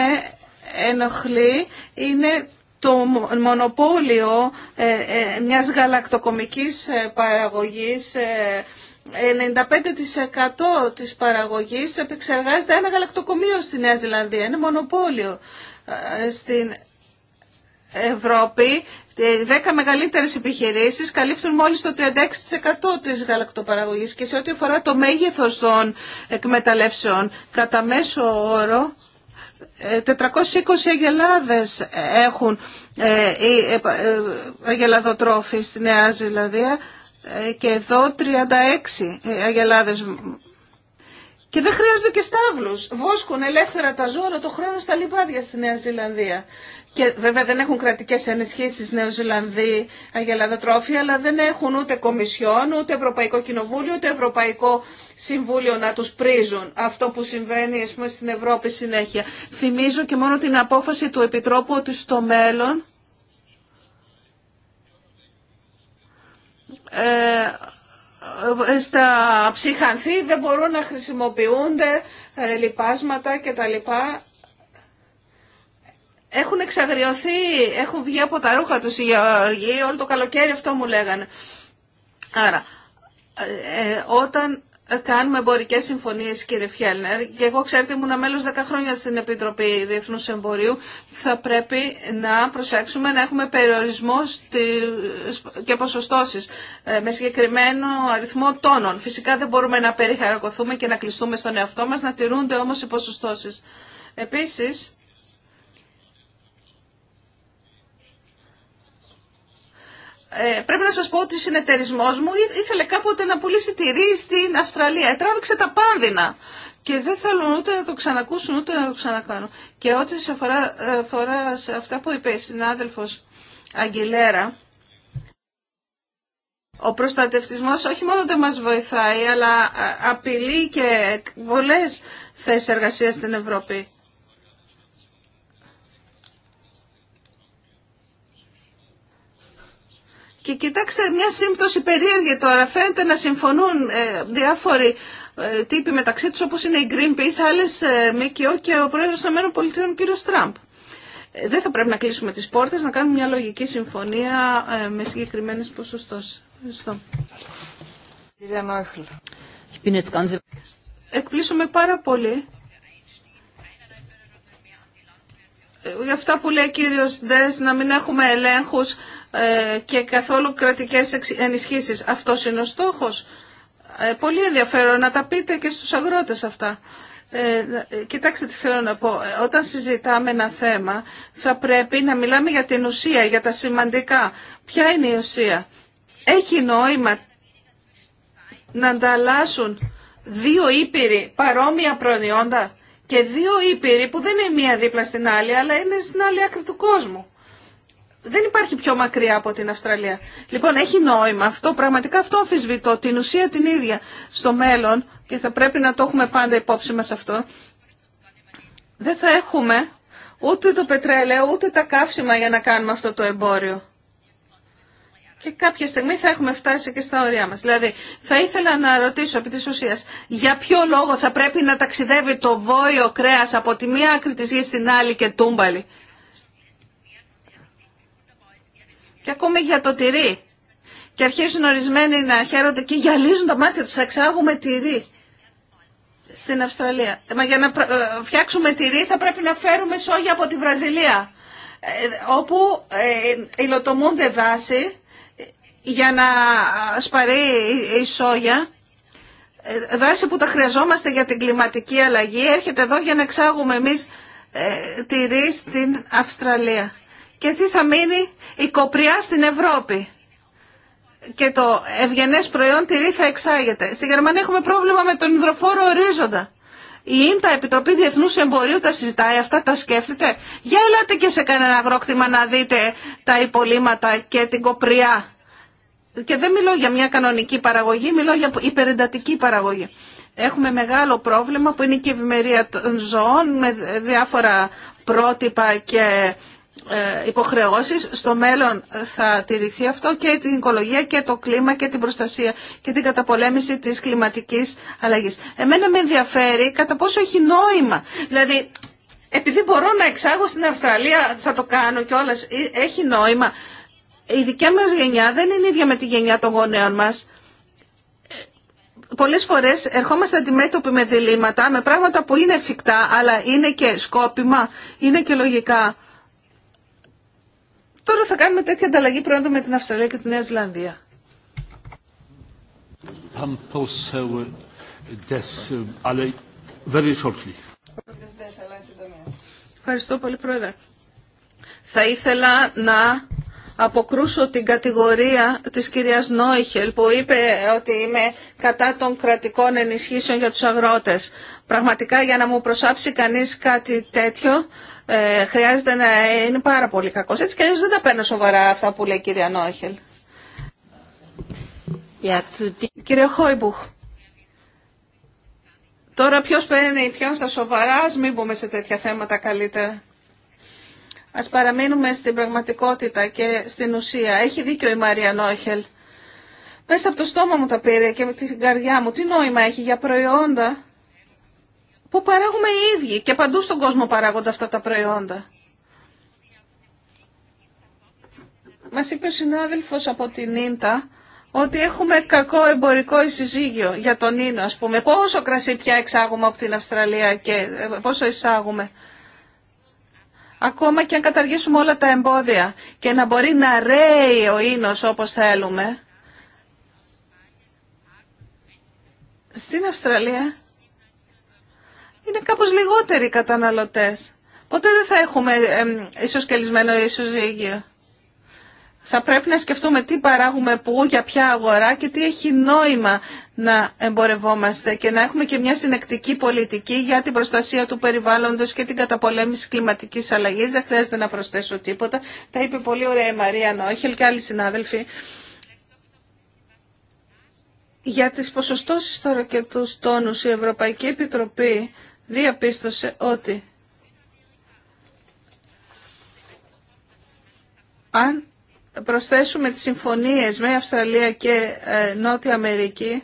S3: ενοχλεί είναι το μονοπόλιο ε, ε, μιας γαλακτοκομικής ε, παραγωγής 95% της παραγωγής επεξεργάζεται ένα γαλακτοκομείο στη Νέα Ζηλανδία, είναι μονοπόλιο. Στην Ευρώπη, 10 μεγαλύτερες επιχειρήσεις καλύπτουν μόλις το 36% της γαλακτοπαραγωγής και σε ό,τι αφορά το μέγεθος των εκμεταλλεύσεων, κατά μέσο όρο 420 ε, αγελάδες έχουν ε, οι ε, αγελαδοτρόφοι στη Νέα Ζηλανδία και εδώ 36 αγελάδες και δεν χρειάζονται και στάβλους. Βόσκουν ελεύθερα τα ζώα το χρόνο στα λιβάδια στη Νέα Ζηλανδία. Και βέβαια δεν έχουν κρατικές ενισχύσεις Νέο Ζηλανδοί για λαδοτρόφια, αλλά δεν έχουν ούτε Κομισιόν, ούτε Ευρωπαϊκό Κοινοβούλιο, ούτε Ευρωπαϊκό Συμβούλιο να τους πρίζουν. Αυτό που συμβαίνει πούμε, στην Ευρώπη συνέχεια. Θυμίζω και μόνο την απόφαση του Επιτρόπου ότι στο μέλλον ε, ε στα ψυχανθή δεν μπορούν να χρησιμοποιούνται ε, κτλ., έχουν εξαγριωθεί, έχουν βγει από τα ρούχα τους οι Γεωργοί, όλο το καλοκαίρι αυτό μου λέγανε. Άρα, ε, ε, όταν κάνουμε εμπορικέ συμφωνίες κύριε Φιέλνερ, και εγώ ξέρετε ήμουν μέλος 10 χρόνια στην Επιτροπή Διεθνούς Εμπορίου, θα πρέπει να προσέξουμε να έχουμε περιορισμό και ποσοστώσει ε, με συγκεκριμένο αριθμό τόνων. Φυσικά δεν μπορούμε να περιχαρακωθούμε και να κλειστούμε στον εαυτό μας να τηρούνται όμως οι ποσοστώσεις Επίση, Ε, πρέπει να σας πω ότι ο συνεταιρισμός μου ήθελε κάποτε να πουλήσει τυρί στην Αυστραλία. Τράβηξε τα πάνδυνα και δεν θέλουν ούτε να το ξανακούσουν ούτε να το ξανακάνουν. Και ό,τι αφορά, ε, αφορά σε αυτά που είπε η συνάδελφος Αγγιλέρα, ο προστατευτισμός όχι μόνο δεν μας βοηθάει, αλλά ε, απειλεί και πολλές θέσεις εργασίας στην Ευρώπη. Και κοιτάξτε, μια σύμπτωση περίεργη τώρα. Φαίνεται να συμφωνούν ε, διάφοροι ε, τύποι μεταξύ τους, όπως είναι η Greenpeace, άλλες ε, ΜΚΟ και ο πρόεδρος των ο κύριο Τραμπ. Ε, δεν θα πρέπει να κλείσουμε τις πόρτες, να κάνουμε μια λογική συμφωνία με συγκεκριμένες ποσοστό. Ευχαριστώ. Κυρία Νόχλ. πάρα πολύ για αυτά που λέει ο κύριος Ντες, να μην έχουμε ελέγχους ε, και καθόλου κρατικές ενισχύσεις. Αυτός είναι ο στόχος. Ε, πολύ ενδιαφέρον να τα πείτε και στους αγρότες αυτά. Ε, κοιτάξτε τι θέλω να πω. Ε, όταν συζητάμε ένα θέμα θα πρέπει να μιλάμε για την ουσία, για τα σημαντικά. Ποια είναι η ουσία. Έχει νόημα να ανταλλάσσουν δύο ήπειροι παρόμοια προϊόντα και δύο ήπειροι που δεν είναι μία δίπλα στην άλλη, αλλά είναι στην άλλη άκρη του κόσμου. Δεν υπάρχει πιο μακριά από την Αυστραλία. Λοιπόν, έχει νόημα αυτό, πραγματικά αυτό αμφισβητώ, την ουσία την ίδια στο μέλλον και θα πρέπει να το έχουμε πάντα υπόψη μας αυτό. Δεν θα έχουμε ούτε το πετρέλαιο, ούτε τα καύσιμα για να κάνουμε αυτό το εμπόριο και κάποια στιγμή θα έχουμε φτάσει και στα ωριά μας. Δηλαδή, θα ήθελα να ρωτήσω επί της ουσίας, για ποιο λόγο θα πρέπει να ταξιδεύει το βόηο κρέας από τη μία άκρη της γης στην άλλη και τούμπαλη. Και ακόμη για το τυρί. Και αρχίζουν ορισμένοι να χαίρονται και γυαλίζουν τα μάτια τους, θα εξάγουμε τυρί στην Αυστραλία. Ε, μα για να ε, φτιάξουμε τυρί θα πρέπει να φέρουμε σόγια από τη Βραζιλία, ε, όπου υλοτομούνται δάση για να σπαρεί η σόγια, ε, δάση που τα χρειαζόμαστε για την κλιματική αλλαγή, έρχεται εδώ για να εξάγουμε εμείς ε, τυρί στην Αυστραλία. Και τι θα μείνει η κοπριά στην Ευρώπη. Και το ευγενές προϊόν τυρί θα εξάγεται. Στη Γερμανία έχουμε πρόβλημα με τον υδροφόρο ορίζοντα. Η ΙΝΤΑ, Επιτροπή Διεθνούς Εμπορίου, τα συζητάει αυτά, τα σκέφτεται. Για ελάτε και σε κανένα αγρόκτημα να δείτε τα υπολείμματα και την κοπριά και δεν μιλώ για μια κανονική παραγωγή, μιλώ για υπερεντατική παραγωγή. Έχουμε μεγάλο πρόβλημα που είναι και η ευημερία των ζώων με διάφορα πρότυπα και ε, υποχρεώσεις. Στο μέλλον θα τηρηθεί αυτό και την οικολογία και το κλίμα και την προστασία και την καταπολέμηση της κλιματικής αλλαγής. Εμένα με ενδιαφέρει κατά πόσο έχει νόημα. Δηλαδή, επειδή μπορώ να εξάγω στην Αυστραλία, θα το κάνω κιόλας, ε, έχει νόημα η δικιά μας γενιά δεν είναι ίδια με τη γενιά των γονέων μας. Πολλές φορές ερχόμαστε αντιμέτωποι με διλήμματα, με πράγματα που είναι εφικτά, αλλά είναι και σκόπιμα, είναι και λογικά. Τώρα θα κάνουμε τέτοια ανταλλαγή προϊόντων με την Αυστραλία και τη Νέα Ζηλανδία. Ευχαριστώ πολύ, Πρόεδρε. Θα ήθελα να αποκρούσω την κατηγορία της κυρίας Νόιχελ που είπε ότι είμαι κατά των κρατικών ενισχύσεων για τους αγρότες. Πραγματικά για να μου προσάψει κανείς κάτι τέτοιο ε, χρειάζεται να είναι πάρα πολύ κακός. Έτσι και αλλιώς δεν τα παίρνω σοβαρά αυτά που λέει η κυρία Νόιχελ. Κύριε Χόιμπουχ, τώρα ποιος παίρνει ποιον στα σοβαρά, ας μην μπούμε σε τέτοια θέματα καλύτερα. Ας παραμείνουμε στην πραγματικότητα και στην ουσία. Έχει δίκιο η Μαρία Νόχελ. πές από το στόμα μου τα πήρε και με την καρδιά μου. Τι νόημα έχει για προϊόντα που παράγουμε οι ίδιοι και παντού στον κόσμο παράγονται αυτά τα προϊόντα. Μα είπε ο συνάδελφος από την Ίντα ότι έχουμε κακό εμπορικό συζύγιο για τον Ίνο, ας πούμε. Πόσο κρασί πια εξάγουμε από την Αυστραλία και ε, πόσο εισάγουμε ακόμα και αν καταργήσουμε όλα τα εμπόδια και να μπορεί να ρέει ο ίνος όπως θέλουμε. Στην Αυστραλία είναι κάπως λιγότεροι καταναλωτές. Ποτέ δεν θα έχουμε κελισμένο ισοσκελισμένο ισοζύγιο θα πρέπει να σκεφτούμε τι παράγουμε πού, για ποια αγορά και τι έχει νόημα να εμπορευόμαστε και να έχουμε και μια συνεκτική πολιτική για την προστασία του περιβάλλοντος και την καταπολέμηση κλιματικής αλλαγής. Δεν χρειάζεται να προσθέσω τίποτα. Τα είπε πολύ ωραία η Μαρία Νόχελ και άλλοι συνάδελφοι. Για τις ποσοστώσεις τώρα και τους τόνους η Ευρωπαϊκή Επιτροπή διαπίστωσε ότι αν προσθέσουμε τις συμφωνίες με Αυστραλία και ε, Νότια Αμερική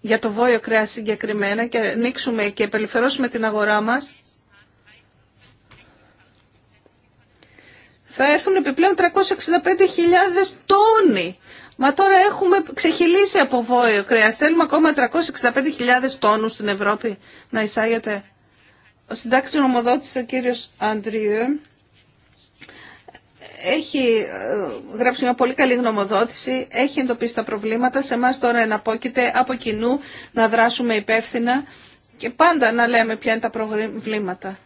S3: για το βόλιο κρέας συγκεκριμένα και ανοίξουμε και επελευθερώσουμε την αγορά μας, θα έρθουν επιπλέον 365.000 τόνοι. Μα τώρα έχουμε ξεχυλήσει από βόλιο κρέας. Θέλουμε ακόμα 365.000 τόνους στην Ευρώπη να εισάγεται. Ο συντάξης νομοδότης ο κύριος Αντριού έχει ε, γράψει μια πολύ καλή γνωμοδότηση, έχει εντοπίσει τα προβλήματα. Σε εμά τώρα εναπόκειται από κοινού να δράσουμε υπεύθυνα και πάντα να λέμε ποια είναι τα προβλήματα.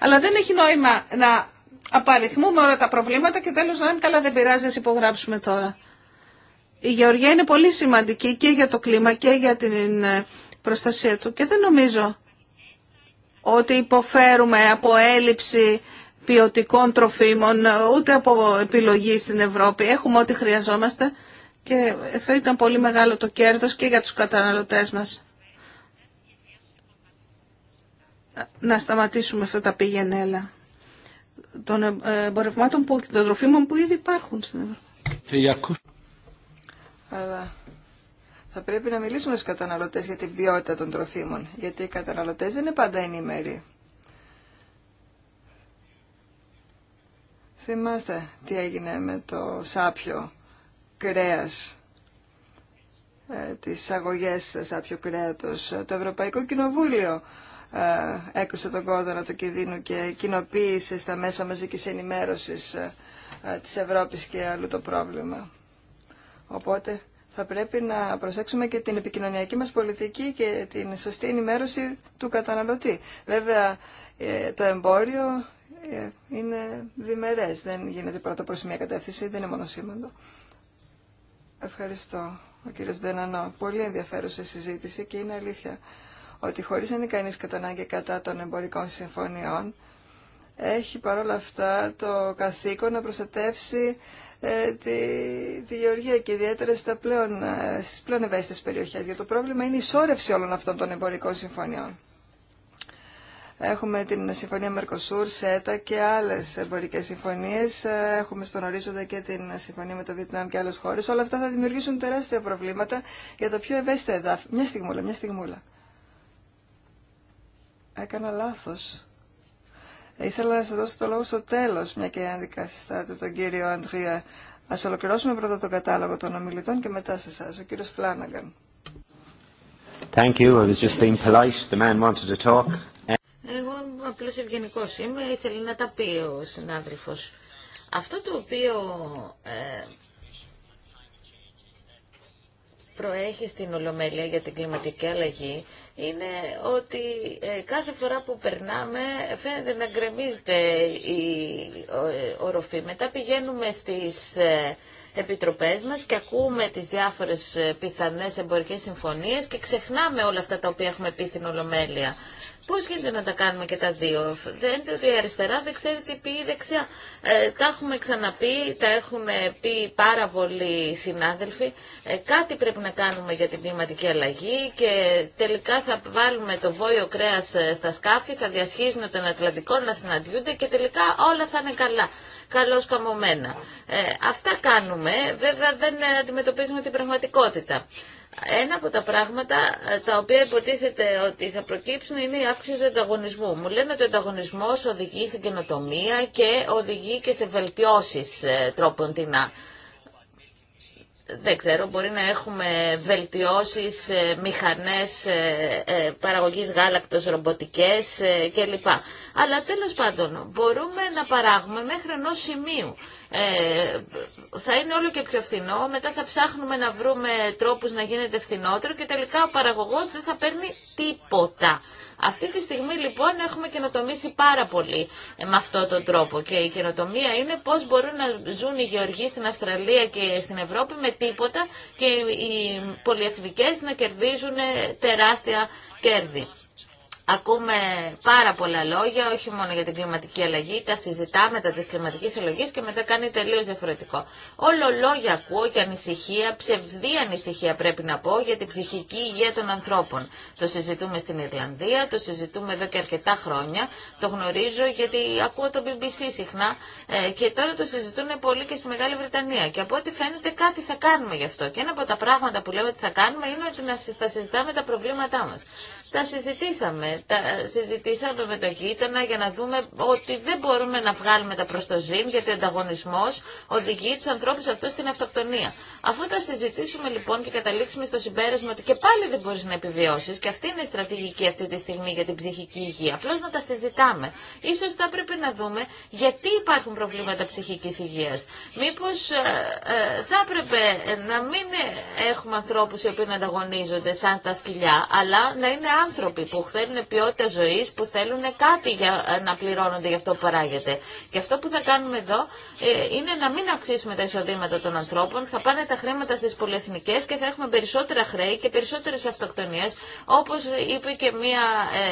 S3: Αλλά δεν έχει νόημα να απαριθμούμε όλα τα προβλήματα και τέλος να λέμε καλά δεν πειράζει, ας υπογράψουμε τώρα. Η γεωργία είναι πολύ σημαντική και για το κλίμα και για την ε, προστασία του και δεν νομίζω ότι υποφέρουμε από έλλειψη ποιοτικών τροφίμων, ούτε από επιλογή στην Ευρώπη. Έχουμε ό,τι χρειαζόμαστε και θα ήταν πολύ μεγάλο το κέρδος και για τους καταναλωτές μας. Να σταματήσουμε αυτά τα πηγενέλα των εμπορευμάτων που, των τροφίμων που ήδη υπάρχουν στην
S2: Ευρώπη.
S1: Θα πρέπει να μιλήσουμε στους καταναλωτές για την ποιότητα των τροφίμων, γιατί οι καταναλωτές δεν είναι πάντα ενήμεροι. Θυμάστε τι έγινε με το σάπιο κρέας, ε, τις αγωγές σάπιο κρέατος. Το Ευρωπαϊκό Κοινοβούλιο ε, έκρουσε τον κόδωνα του κινδύνου και κοινοποίησε στα μέσα μαζικής ενημέρωσης ε, της Ευρώπης και αλλού το πρόβλημα. Οπότε θα πρέπει να προσέξουμε και την επικοινωνιακή μας πολιτική και την σωστή ενημέρωση του καταναλωτή. Βέβαια, ε, το εμπόριο ε, είναι διμερές, δεν γίνεται πρώτα προς μια κατεύθυνση, δεν είναι σήμαντο. Ευχαριστώ, ο κύριος Δενανό. Πολύ ενδιαφέρουσα συζήτηση και είναι αλήθεια ότι χωρίς να είναι κανείς κατά κατά των εμπορικών συμφωνιών, έχει παρόλα αυτά το καθήκον να προστατεύσει ε, τη, τη γεωργία και ιδιαίτερα στα πλέον, ε, στις πλέον ευαίσθητες περιοχές. για το πρόβλημα είναι η σώρευση όλων αυτών των εμπορικών συμφωνιών. Έχουμε την συμφωνία Μερκοσούρ, ΣΕΤΑ και άλλες εμπορικές συμφωνίες. Ε, έχουμε στον ορίζοντα και την συμφωνία με το Βιετνάμ και άλλες χώρες. Όλα αυτά θα δημιουργήσουν τεράστια προβλήματα για τα πιο ευαίσθητα εδάφη. Μια στιγμούλα, μια στιγμούλα. Έκανα λάθος. Ήθελα να σα δώσω το λόγο στο τέλο μια και αντικαθιστάτε τον κύριο Αντρία. Ας ολοκληρώσουμε πρώτα τον κατάλογο των ομιλητών και μετά σε εσά, ο κύριος Φλάναγκαν. Thank you. I was just being The man wanted to talk.
S2: Εγώ απλώ ευγενικό είμαι, ήθελε να τα πει ο συνάδελφο. Αυτό το οποίο ε, προέχει στην Ολομέλεια για την κλιματική αλλαγή είναι ότι ε, κάθε φορά που περνάμε φαίνεται να γκρεμίζεται η ε, οροφή. Μετά πηγαίνουμε στις ε, επιτροπές μας και ακούμε τις διάφορες πιθανές εμπορικές συμφωνίες και ξεχνάμε όλα αυτά τα οποία έχουμε πει στην Ολομέλεια. Πώς γίνεται να τα κάνουμε και τα δύο. είναι ότι η αριστερά δεν ξέρει τι πει η δεξιά. Ε, τα έχουμε ξαναπεί, τα έχουν πει πάρα πολλοί συνάδελφοι. Ε, κάτι πρέπει να κάνουμε για την κλιματική αλλαγή και τελικά θα βάλουμε το βόλιο κρέας ε, στα σκάφη, θα διασχίζουν τον Ατλαντικό να συναντιούνται και τελικά όλα θα είναι καλά. καλώ καμωμένα. Ε, αυτά κάνουμε, βέβαια δεν αντιμετωπίζουμε την πραγματικότητα ένα από τα πράγματα ε, τα οποία υποτίθεται ότι θα προκύψουν είναι η αύξηση του ανταγωνισμού. Μου λένε ότι ο ανταγωνισμό οδηγεί σε καινοτομία και οδηγεί και σε βελτιώσει ε, τρόπων την δεν ξέρω, μπορεί να έχουμε βελτιώσεις, ε, μηχανές παραγωγής γάλακτος, ρομποτικές κλπ. Αλλά τέλος πάντων, μπορούμε να παράγουμε μέχρι ενό σημείου ε, θα είναι όλο και πιο φθηνό, μετά θα ψάχνουμε να βρούμε τρόπους να γίνεται φθηνότερο και τελικά ο παραγωγός δεν θα παίρνει τίποτα. Αυτή τη στιγμή λοιπόν έχουμε καινοτομήσει πάρα πολύ ε, με αυτόν τον τρόπο και η καινοτομία είναι πώς μπορούν να ζουν οι γεωργοί στην Αυστραλία και στην Ευρώπη με τίποτα και οι πολυεθνικές να κερδίζουν ε, τεράστια κέρδη. Ακούμε πάρα πολλά λόγια, όχι μόνο για την κλιματική αλλαγή, τα συζητάμε μετά τη κλιματική αλλαγή και μετά κάνει τελείω διαφορετικό. Όλο λόγια ακούω και ανησυχία, ψευδή ανησυχία πρέπει να πω, για την ψυχική υγεία των ανθρώπων. Το συζητούμε στην Ιρλανδία, το συζητούμε εδώ και αρκετά χρόνια, το γνωρίζω γιατί ακούω το BBC συχνά ε, και τώρα το συζητούν πολύ και στη Μεγάλη Βρετανία. Και από ό,τι φαίνεται κάτι θα κάνουμε γι' αυτό. Και ένα από τα πράγματα που λέμε ότι θα κάνουμε είναι ότι θα συζητάμε τα προβλήματά μα τα συζητήσαμε. Τα συζητήσαμε με τον γείτονα για να δούμε ότι δεν μπορούμε να βγάλουμε τα το ζήν γιατί ο ανταγωνισμός οδηγεί τους ανθρώπους αυτούς στην αυτοκτονία. Αφού τα συζητήσουμε λοιπόν και καταλήξουμε στο συμπέρασμα ότι και πάλι δεν μπορείς να επιβιώσεις και αυτή είναι η στρατηγική αυτή τη στιγμή για την ψυχική υγεία. Απλώς να τα συζητάμε. Ίσως θα πρέπει να δούμε γιατί υπάρχουν προβλήματα ψυχικής υγείας. Μήπως ε, ε, θα έπρεπε να μην έχουμε ανθρώπους οι οποίοι να ανταγωνίζονται σαν τα σκυλιά, αλλά να είναι άνθρωποι που θέλουν ποιότητα ζωή, που θέλουν κάτι για ε, να πληρώνονται για αυτό που παράγεται. Και αυτό που θα κάνουμε εδώ ε, είναι να μην αυξήσουμε τα εισοδήματα των ανθρώπων, θα πάνε τα χρήματα στι πολυεθνικέ και θα έχουμε περισσότερα χρέη και περισσότερε αυτοκτονίε. Όπω είπε και μια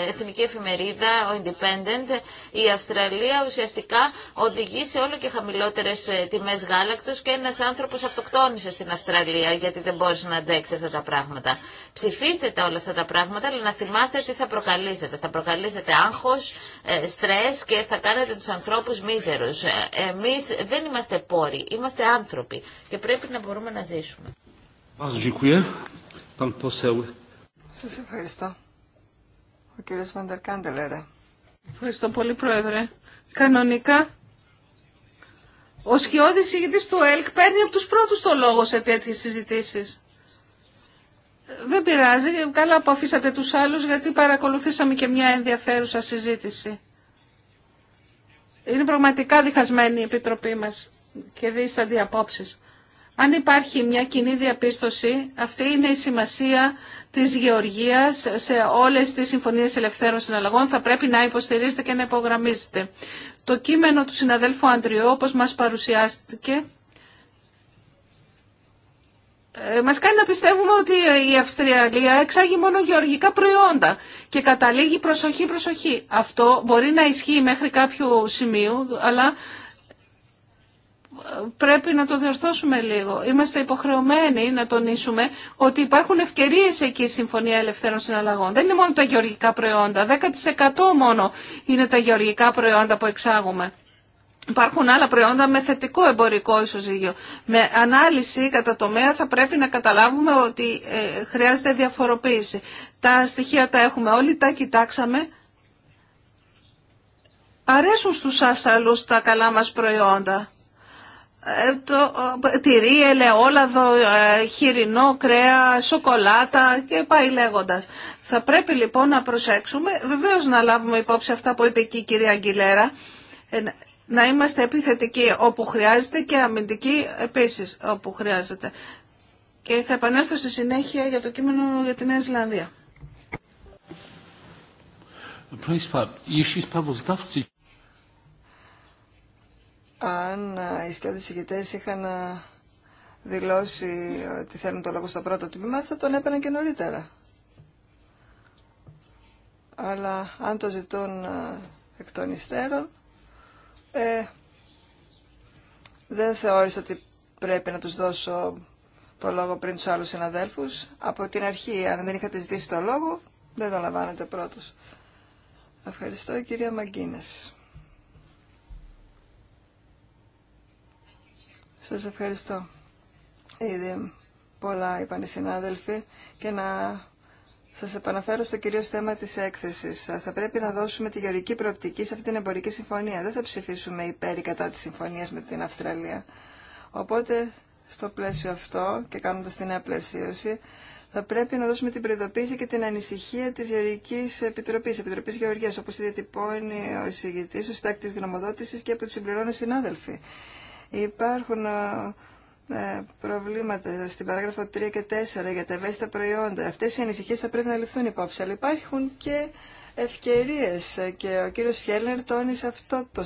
S2: ε, εθνική εφημερίδα, ο Independent, η Αυστραλία ουσιαστικά οδηγεί σε όλο και χαμηλότερε τιμέ γάλακτο και ένα άνθρωπο αυτοκτόνησε στην Αυστραλία γιατί δεν μπόρεσε να αντέξει αυτά τα πράγματα. Ψηφίστε όλα αυτά τα πράγματα, αλλά θυμάστε τι θα προκαλήσετε. Θα προκαλήσετε άγχος, ε, στρες και θα κάνετε τους ανθρώπους μίζερους. Ε, εμείς δεν είμαστε πόροι, είμαστε άνθρωποι και πρέπει να μπορούμε να ζήσουμε. Σας ευχαριστώ.
S1: Ο κύριος Βαντερκάντελερα. Ευχαριστώ πολύ, Πρόεδρε. Κανονικά,
S3: ο σκιώδης ηγητής του ΕΛΚ παίρνει από τους πρώτους το λόγο σε τέτοιες συζητήσεις. Δεν πειράζει, καλά που αφήσατε τους άλλους γιατί παρακολουθήσαμε και μια ενδιαφέρουσα συζήτηση. Είναι πραγματικά διχασμένη η Επιτροπή μας και δίστανται απόψεις. Αν υπάρχει μια κοινή διαπίστωση, αυτή είναι η σημασία της γεωργίας σε όλες τις συμφωνίες ελευθέρων συναλλαγών. Θα πρέπει να υποστηρίζετε και να υπογραμμίζετε. Το κείμενο του συναδέλφου Αντριού, όπως μας παρουσιάστηκε, ε, μας κάνει να πιστεύουμε ότι η Αυστριαλία εξάγει μόνο γεωργικά προϊόντα και καταλήγει προσοχή, προσοχή. Αυτό μπορεί να ισχύει μέχρι κάποιο σημείο, αλλά ε, πρέπει να το διορθώσουμε λίγο. Είμαστε υποχρεωμένοι να τονίσουμε ότι υπάρχουν ευκαιρίες εκεί η Συμφωνία Ελευθέρων Συναλλαγών. Δεν είναι μόνο τα γεωργικά προϊόντα, 10% μόνο είναι τα γεωργικά προϊόντα που εξάγουμε. Υπάρχουν άλλα προϊόντα με θετικό εμπορικό ισοζύγιο. Με ανάλυση κατά τομέα θα πρέπει να καταλάβουμε ότι ε, χρειάζεται διαφοροποίηση. Τα στοιχεία τα έχουμε όλοι, τα κοιτάξαμε. Αρέσουν στους αυσαλούς τα καλά μας προϊόντα. Ε, το, ε, τυρί, ελαιόλαδο, χοιρινό, κρέα, σοκολάτα και πάει λέγοντας. Θα πρέπει λοιπόν να προσέξουμε, βεβαίως να λάβουμε υπόψη αυτά που είπε εκεί η κυρία Αγγιλέρα, να είμαστε επιθετικοί όπου χρειάζεται και αμυντικοί επίσης όπου χρειάζεται. Και θα επανέλθω στη συνέχεια για το κείμενο για τη Νέα Ισλανδία.
S1: Αν οι σκιώδεις είχαν ε, δηλώσει ότι θέλουν το λόγο στο πρώτο τμήμα, θα τον έπαιρναν και νωρίτερα. Αλλά αν το ζητούν ε, εκ των υστέρων, ε, δεν θεώρησα ότι πρέπει να τους δώσω το λόγο πριν τους άλλους συναδέλφους. Από την αρχή, αν δεν είχατε ζητήσει το λόγο, δεν το λαμβάνετε πρώτος. Ευχαριστώ, κυρία Μαγκίνες. Σας ευχαριστώ. Ήδη πολλά είπαν οι συνάδελφοι και να σας επαναφέρω στο κυρίω θέμα της έκθεσης. Θα πρέπει να δώσουμε τη γεωρική προοπτική σε αυτή την εμπορική συμφωνία. Δεν θα ψηφίσουμε υπέρ ή κατά τη συμφωνίας με την Αυστραλία. Οπότε, στο πλαίσιο αυτό και κάνοντα την απλασίωση, θα πρέπει να δώσουμε την προειδοποίηση και την ανησυχία της Γεωργικής Επιτροπής, Επιτροπής Γεωργίας, όπως τη διατυπώνει ο εισηγητή, ο συντάκτη γνωμοδότησης και από τις συμπληρώνει συνάδελφοι. Υπάρχουν ε, προβλήματα στην παράγραφο 3 και 4 για τα ευαίσθητα προϊόντα. Αυτέ οι ανησυχίε θα πρέπει να ληφθούν υπόψη, αλλά υπάρχουν και ευκαιρίε και ο κύριο Φιέλνερ τόνισε αυτό το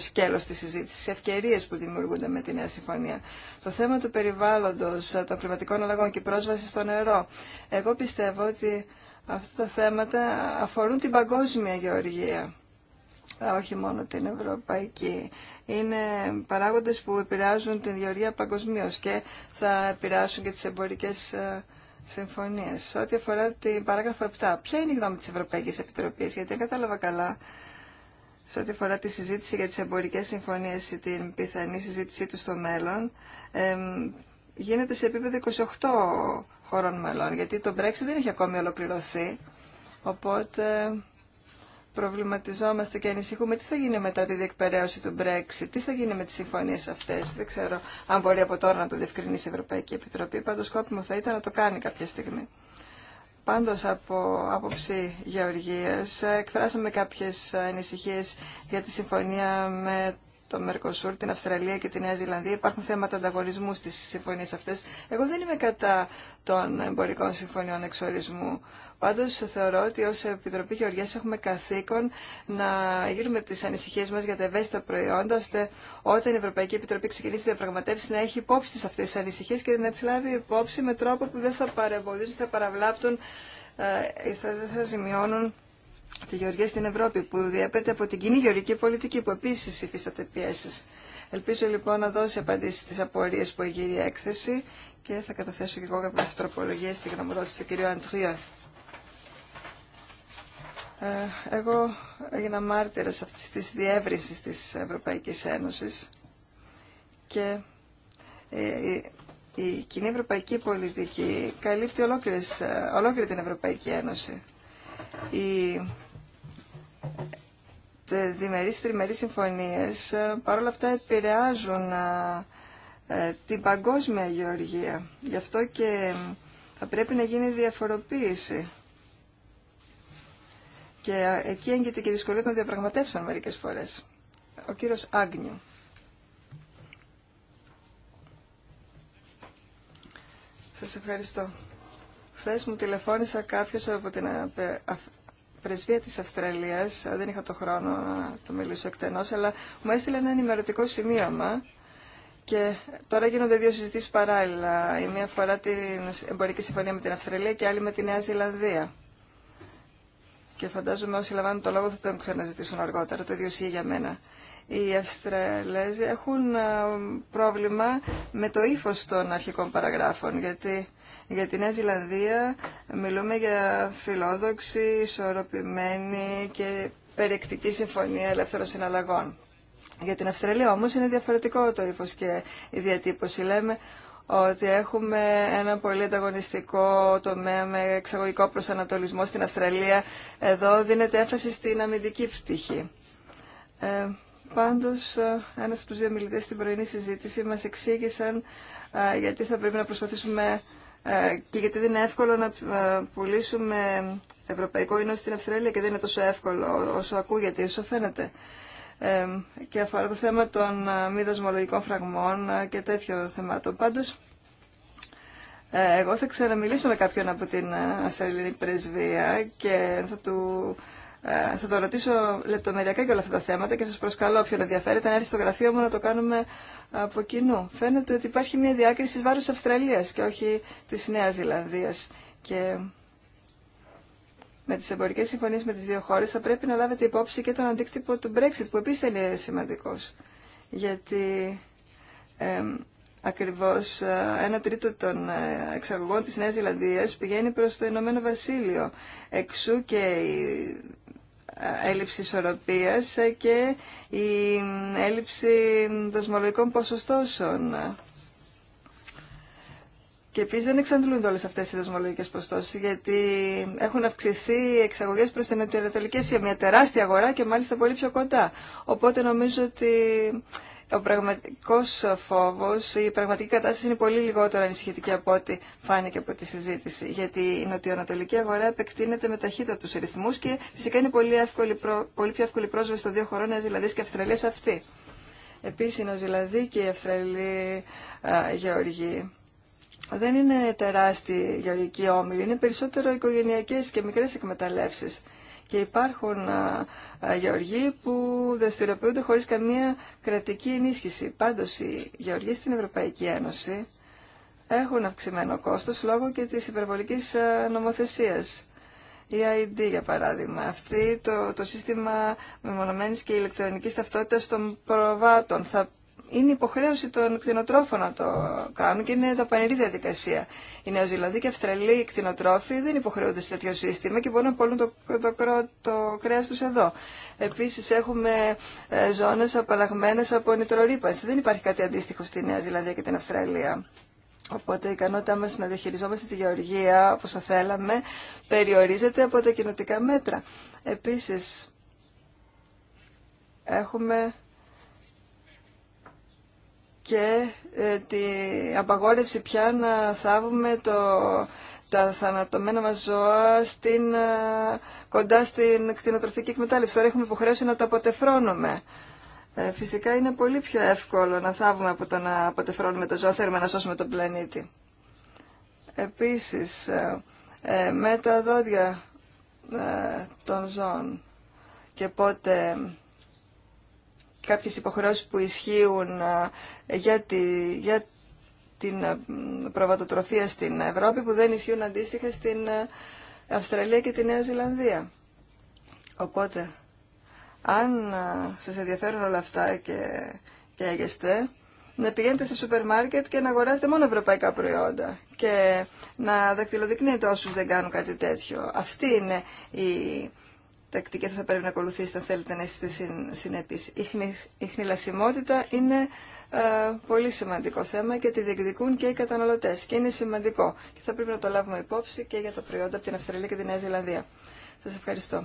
S1: τη συζήτηση. Οι Ευκαιρίε που δημιουργούνται με τη Νέα Συμφωνία. Το θέμα του περιβάλλοντο, των κλιματικών αλλαγών και πρόσβαση στο νερό. Εγώ πιστεύω ότι αυτά τα θέματα αφορούν την παγκόσμια γεωργία, όχι μόνο την ευρωπαϊκή είναι παράγοντες που επηρεάζουν την γεωργία παγκοσμίω και θα επηρεάσουν και τις εμπορικές ε, συμφωνίες. Ό,τι αφορά την παράγραφο 7, ποια είναι η γνώμη της Ευρωπαϊκής Επιτροπής, γιατί δεν κατάλαβα καλά σε ό,τι αφορά τη συζήτηση για τις εμπορικές συμφωνίες ή την πιθανή συζήτησή του στο μέλλον, γίνεται σε επίπεδο 28 χωρών μελών, γιατί το Brexit δεν έχει ακόμη ολοκληρωθεί, οπότε προβληματιζόμαστε και ανησυχούμε τι θα γίνει μετά τη διεκπαιρέωση του Brexit, τι θα γίνει με τις συμφωνίες αυτές. Δεν ξέρω αν μπορεί από τώρα να το διευκρινίσει η Ευρωπαϊκή Επιτροπή, πάντως σκόπιμο θα ήταν να το κάνει κάποια στιγμή. Πάντως από άποψη γεωργίας εκφράσαμε κάποιες ανησυχίες για τη συμφωνία με το Μερκοσούρ, την Αυστραλία και τη Νέα Ζηλανδία. Υπάρχουν θέματα ανταγωνισμού στις συμφωνίες αυτέ. Εγώ δεν είμαι κατά των εμπορικών συμφωνιών εξορισμού. Πάντω θεωρώ ότι ω Επιτροπή Γεωργίας έχουμε καθήκον να γύρουμε τι ανησυχίε μα για τα ευαίσθητα προϊόντα, ώστε όταν η Ευρωπαϊκή Επιτροπή ξεκινήσει τη διαπραγματεύση να έχει υπόψη τι αυτέ τι ανησυχίε και να τι λάβει υπόψη με τρόπο που δεν θα παρεμποδίζουν, θα παραβλάπτουν, ε, θα, θα ζημιώνουν τη γεωργία στην Ευρώπη που διέπεται από την κοινή γεωργική πολιτική που επίση υφίσταται πιέσει. Ελπίζω λοιπόν να δώσει απαντήσει στις απορίε που έγινε η έκθεση και θα καταθέσω και εγώ κάποιε τροπολογίε στη γνωμοδότηση του κ. Αντρία. Ε, εγώ έγινα μάρτυρας αυτή τη διεύρυνση τη Ευρωπαϊκή Ένωση. και ε, η κοινή ευρωπαϊκή πολιτική καλύπτει ε, ολόκληρη την Ευρωπαϊκή Ένωση οι διμερείς τριμερείς συμφωνίες ε, παρόλα αυτά επηρεάζουν ε, ε, την παγκόσμια γεωργία. Γι' αυτό και θα πρέπει να γίνει διαφοροποίηση. Και εκεί έγκυται και η δυσκολία των διαπραγματεύσεων μερικές φορές. Ο κύριος Άγνιου. Σας ευχαριστώ. Χθε μου τηλεφώνησα κάποιο από την πρεσβεία τη Αυστραλία, δεν είχα το χρόνο να το μιλήσω εκτενώς, αλλά μου έστειλε ένα ενημερωτικό σημείωμα και τώρα γίνονται δύο συζητήσει παράλληλα. Η μία αφορά την εμπορική συμφωνία με την Αυστραλία και άλλη με τη Νέα Ζηλανδία. Και φαντάζομαι όσοι λαμβάνουν το λόγο θα τον ξαναζητήσουν αργότερα. Το ίδιο ισχύει για μένα. Οι Αυστραλέζοι έχουν πρόβλημα με το ύφο των αρχικών παραγράφων, γιατί για τη Νέα Ζηλανδία μιλούμε για φιλόδοξη, ισορροπημένη και περιεκτική συμφωνία ελεύθερων συναλλαγών. Για την Αυστραλία όμως είναι διαφορετικό το ύφος και η διατύπωση. Λέμε ότι έχουμε ένα πολύ ανταγωνιστικό τομέα με εξαγωγικό προσανατολισμό στην Αυστραλία. Εδώ δίνεται έμφαση στην αμυντική πτυχή. Ε, πάντως, ε, ένας από τους δύο μιλητές στην πρωινή συζήτηση μας εξήγησαν ε, γιατί θα πρέπει να προσπαθήσουμε ε, και γιατί δεν είναι εύκολο να ε, πουλήσουμε ευρωπαϊκό ίνο στην Αυστραλία και δεν είναι τόσο εύκολο όσο ακούγεται, όσο φαίνεται. Ε, και αφορά το θέμα των μη δασμολογικών φραγμών και τέτοιο θεμάτων. Πάντως, εγώ θα ξαναμιλήσω με κάποιον από την Αυστραλινή Πρεσβεία και θα του ε, θα το ρωτήσω λεπτομεριακά για όλα αυτά τα θέματα και σας προσκαλώ όποιον ενδιαφέρεται να έρθει στο γραφείο μου να το κάνουμε από κοινού. Φαίνεται ότι υπάρχει μια διάκριση βάρους Αυστραλίας και όχι της Νέας Ζηλανδίας. Και με τις εμπορικές συμφωνίες με τις δύο χώρες θα πρέπει να λάβετε υπόψη και τον αντίκτυπο του Brexit που επίση είναι σημαντικός. Γιατί ε, ακριβώς ένα τρίτο των ε, εξαγωγών της Νέας Ζηλανδίας πηγαίνει προς το Ηνωμένο Βασίλειο. Εξού και έλλειψη ισορροπίας και η έλλειψη δοσμολογικών ποσοστώσεων. Και επίση δεν εξαντλούνται όλε αυτέ οι δασμολογικέ προστώσει, γιατί έχουν αυξηθεί οι εξαγωγέ προ την Ανατολική Ασία, μια τεράστια αγορά και μάλιστα πολύ πιο κοντά. Οπότε νομίζω ότι ο πραγματικό φόβο, η πραγματική κατάσταση είναι πολύ λιγότερο ανησυχητική από ό,τι φάνηκε από τη συζήτηση. Γιατί η νοτιοανατολική αγορά επεκτείνεται με ταχύτητα του ρυθμού και φυσικά είναι πολύ, εύκολη, πολύ πιο εύκολη πρόσβαση των δύο χωρών, Νέα δηλαδή και σε αυτή. Επίσης, η Νοζηλανδία και η Αυστραλία Γεωργία δεν είναι τεράστιοι γεωργικοί όμιλοι, είναι περισσότερο οικογενειακέ και μικρέ εκμεταλλεύσει. Και υπάρχουν γεωργοί που δραστηριοποιούνται χωρίς καμία κρατική ενίσχυση. Πάντως οι γεωργοί στην Ευρωπαϊκή Ένωση έχουν αυξημένο κόστος λόγω και της υπερβολικής νομοθεσίας. Η ID για παράδειγμα, αυτή το, το σύστημα μεμονωμένης και ηλεκτρονικής ταυτότητας των προβάτων θα είναι υποχρέωση των κτηνοτρόφων να το κάνουν και είναι δαπανηρή διαδικασία. Οι Νεοζηλανδοί και Αυστραλοί κτηνοτρόφοι δεν υποχρεούνται σε τέτοιο σύστημα και μπορούν να πολλούν το, το, το, κρέα του εδώ. Επίση, έχουμε ε, ζώνε απαλλαγμένε από νητρορύπανση. Δεν υπάρχει κάτι αντίστοιχο στη Νέα Ζηλανδία και την Αυστραλία. Οπότε η ικανότητά μα να διαχειριζόμαστε τη γεωργία όπω θα θέλαμε περιορίζεται από τα κοινοτικά μέτρα. Επίση έχουμε και ε, την απαγόρευση πια να θάβουμε το, τα θανατωμένα μας ζώα στην, ε, κοντά στην κτηνοτροφική εκμετάλλευση. Τώρα έχουμε υποχρέωση να τα αποτεφρώνουμε. Ε, φυσικά είναι πολύ πιο εύκολο να θάβουμε από το να αποτεφρώνουμε τα ζώα, θέλουμε να σώσουμε τον πλανήτη. Επίσης, με τα δόντια των ζώων και πότε κάποιες υποχρεώσεις που ισχύουν ε, για, τη, για την ε, προβατοτροφία στην Ευρώπη που δεν ισχύουν αντίστοιχα στην ε, Αυστραλία και τη Νέα Ζηλανδία. Οπότε, αν σας ενδιαφέρουν όλα αυτά και, και να πηγαίνετε σε σούπερ μάρκετ και να αγοράσετε μόνο ευρωπαϊκά προϊόντα και να δακτυλοδεικνύετε όσους δεν κάνουν κάτι τέτοιο. Αυτή είναι η τακτική θα πρέπει να ακολουθήσετε αν θέλετε να είστε συνεπείς. Η χνηλασιμότητα είναι ε, πολύ σημαντικό θέμα και τη διεκδικούν και οι καταναλωτές και είναι σημαντικό και θα πρέπει να το λάβουμε υπόψη και για τα προϊόντα από την Αυστραλία και τη Νέα Ζηλανδία. Σας ευχαριστώ.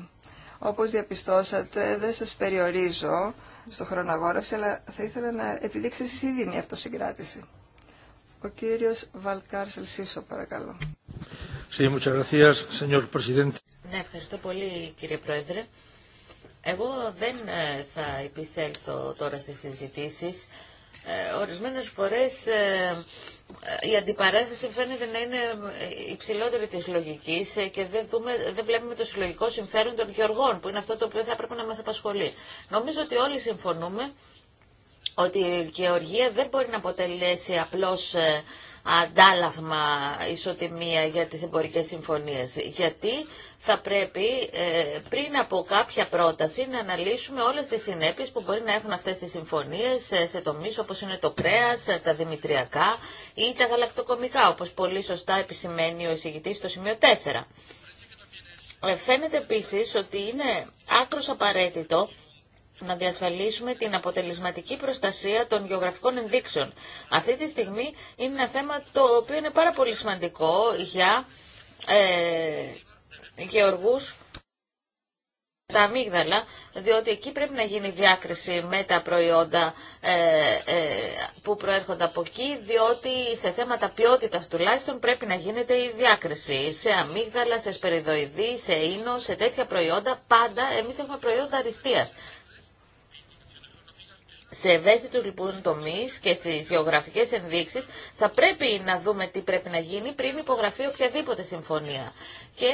S1: Όπως διαπιστώσατε δεν σας περιορίζω στο χρόνο αγόρευση αλλά θα ήθελα να επιδείξετε εσείς ήδη μια αυτοσυγκράτηση. Ο κύριος Βαλκάρ Σελσίσο,
S2: παρακαλώ. Ναι, ευχαριστώ πολύ κύριε Πρόεδρε. Εγώ δεν ε, θα επισέλθω τώρα σε συζητήσεις. Ε, ορισμένες φορές ε, η αντιπαράθεση φαίνεται να είναι υψηλότερη της λογικής και δεν, δούμε, δεν βλέπουμε το συλλογικό συμφέρον των γεωργών, που είναι αυτό το οποίο θα πρέπει να μας απασχολεί. Νομίζω ότι όλοι συμφωνούμε ότι η γεωργία δεν μπορεί να αποτελέσει απλώς αντάλλαγμα ισοτιμία για τις εμπορικές συμφωνίες. Γιατί θα πρέπει ε, πριν από κάποια πρόταση να αναλύσουμε όλες τις συνέπειες που μπορεί να έχουν αυτές τις συμφωνίες ε, σε τομείς όπως είναι το κρέας, ε, τα δημητριακά ή τα γαλακτοκομικά, όπως πολύ σωστά επισημαίνει ο εισηγητής στο σημείο 4. Φαίνεται επίσης ότι είναι άκρος απαραίτητο να διασφαλίσουμε την αποτελεσματική προστασία των γεωγραφικών ενδείξεων. Αυτή τη στιγμή είναι ένα θέμα το οποίο είναι πάρα πολύ σημαντικό για ε, γεωργούς τα αμύγδαλα, διότι εκεί πρέπει να γίνει διάκριση με τα προϊόντα ε, ε που προέρχονται από εκεί, διότι σε θέματα ποιότητας τουλάχιστον πρέπει να γίνεται η διάκριση σε αμύγδαλα, σε σπεριδοειδή, σε ίνο, σε τέτοια προϊόντα. Πάντα εμείς έχουμε προϊόντα αριστείας σε ευαίσθητου λοιπόν τομεί και στις γεωγραφικές ενδείξει, θα πρέπει να δούμε τι πρέπει να γίνει πριν υπογραφεί οποιαδήποτε συμφωνία. Και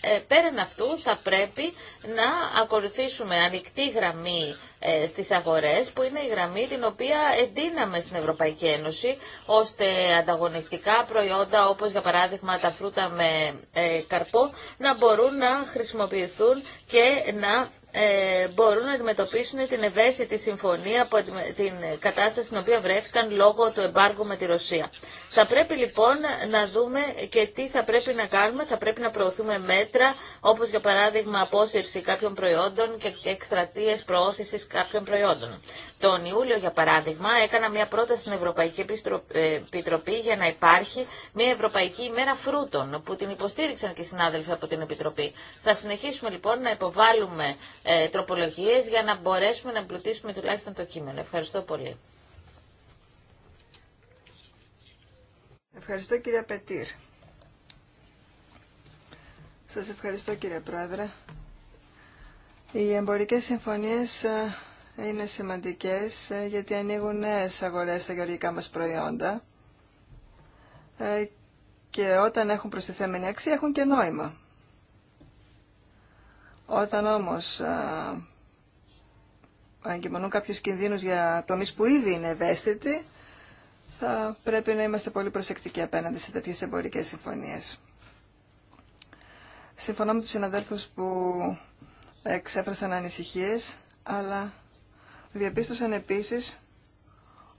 S2: ε, πέραν αυτού θα πρέπει να ακολουθήσουμε ανοιχτή γραμμή ε, στις αγορές που είναι η γραμμή την οποία εντείναμε στην Ευρωπαϊκή Ένωση ώστε ανταγωνιστικά προϊόντα όπως για παράδειγμα τα φρούτα με ε, καρπό να μπορούν να χρησιμοποιηθούν και να ε, μπορούν να αντιμετωπίσουν την ευαίσθητη συμφωνία, την κατάσταση στην οποία βρέθηκαν λόγω του εμπάργου με τη Ρωσία. Θα πρέπει λοιπόν να δούμε και τι θα πρέπει να κάνουμε. Θα πρέπει να προωθούμε μέτρα, όπως για παράδειγμα απόσυρση κάποιων προϊόντων και εκστρατείες προώθησης κάποιων προϊόντων. Τον Ιούλιο, για παράδειγμα, έκανα μια πρόταση στην Ευρωπαϊκή ε, Επιτροπή για να υπάρχει μια Ευρωπαϊκή ημέρα φρούτων, που την υποστήριξαν και οι συνάδελφοι από την Επιτροπή. Θα συνεχίσουμε λοιπόν να υποβάλουμε ε, τροπολογίες για να μπορέσουμε να εμπλουτίσουμε τουλάχιστον το κείμενο. Ευχαριστώ πολύ. Ευχαριστώ
S1: κυρία Πετήρ. Σας ευχαριστώ κύριε Πρόεδρε. Οι εμπορικές συμφωνίες ε, είναι σημαντικές ε, γιατί ανοίγουν νέες αγορές στα γεωργικά μας προϊόντα ε, και όταν έχουν προστιθέμενη αξία έχουν και νόημα. Όταν όμως αγκυμονούν κάποιους κινδύνους για τομείς που ήδη είναι ευαίσθητοι, θα πρέπει να είμαστε πολύ προσεκτικοί απέναντι σε τέτοιες εμπορικές συμφωνίες. Συμφωνώ με τους συναδέλφους που εξέφρασαν ανησυχίες, αλλά διαπίστωσαν επίσης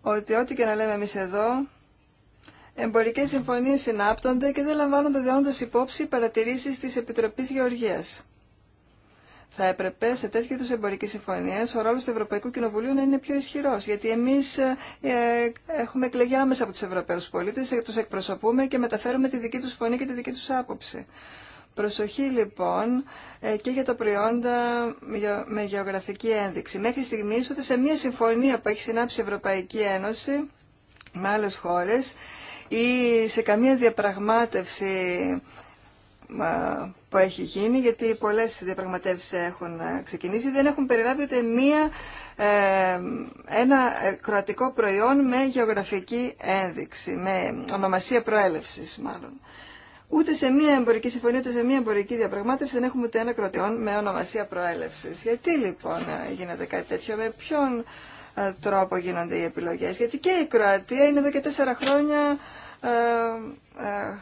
S1: ότι ό,τι και να λέμε εμείς εδώ, εμπορικές συμφωνίες συνάπτονται και δεν λαμβάνονται διόντως υπόψη παρατηρήσεις της Επιτροπής Γεωργίας θα έπρεπε σε τέτοιου είδου εμπορική συμφωνία ο ρόλο του Ευρωπαϊκού Κοινοβουλίου να είναι πιο ισχυρό. Γιατί εμεί ε, ε, έχουμε εκλεγεί άμεσα από του Ευρωπαίου πολίτε, ε, του εκπροσωπούμε και μεταφέρουμε τη δική του φωνή και τη δική του άποψη. Προσοχή λοιπόν και για τα προϊόντα με γεωγραφική ένδειξη. Μέχρι στιγμή ούτε σε μία συμφωνία που έχει συνάψει η Ευρωπαϊκή Ένωση με άλλε χώρε ή σε καμία διαπραγμάτευση που έχει γίνει, γιατί πολλές διαπραγματεύσεις έχουν ε, ξεκινήσει. Δεν έχουν περιλάβει ούτε μία, ε, ένα ε, κροατικό προϊόν με γεωγραφική ένδειξη, με ονομασία προέλευσης μάλλον. Ούτε σε μία εμπορική συμφωνία, ούτε σε μία εμπορική διαπραγμάτευση δεν έχουμε ούτε ένα κρατιόν με ονομασία προέλευση. Γιατί λοιπόν γίνεται κάτι τέτοιο, με ποιον τρόπο γίνονται οι επιλογέ. Γιατί και η Κροατία είναι εδώ και τέσσερα χρόνια ε, ε,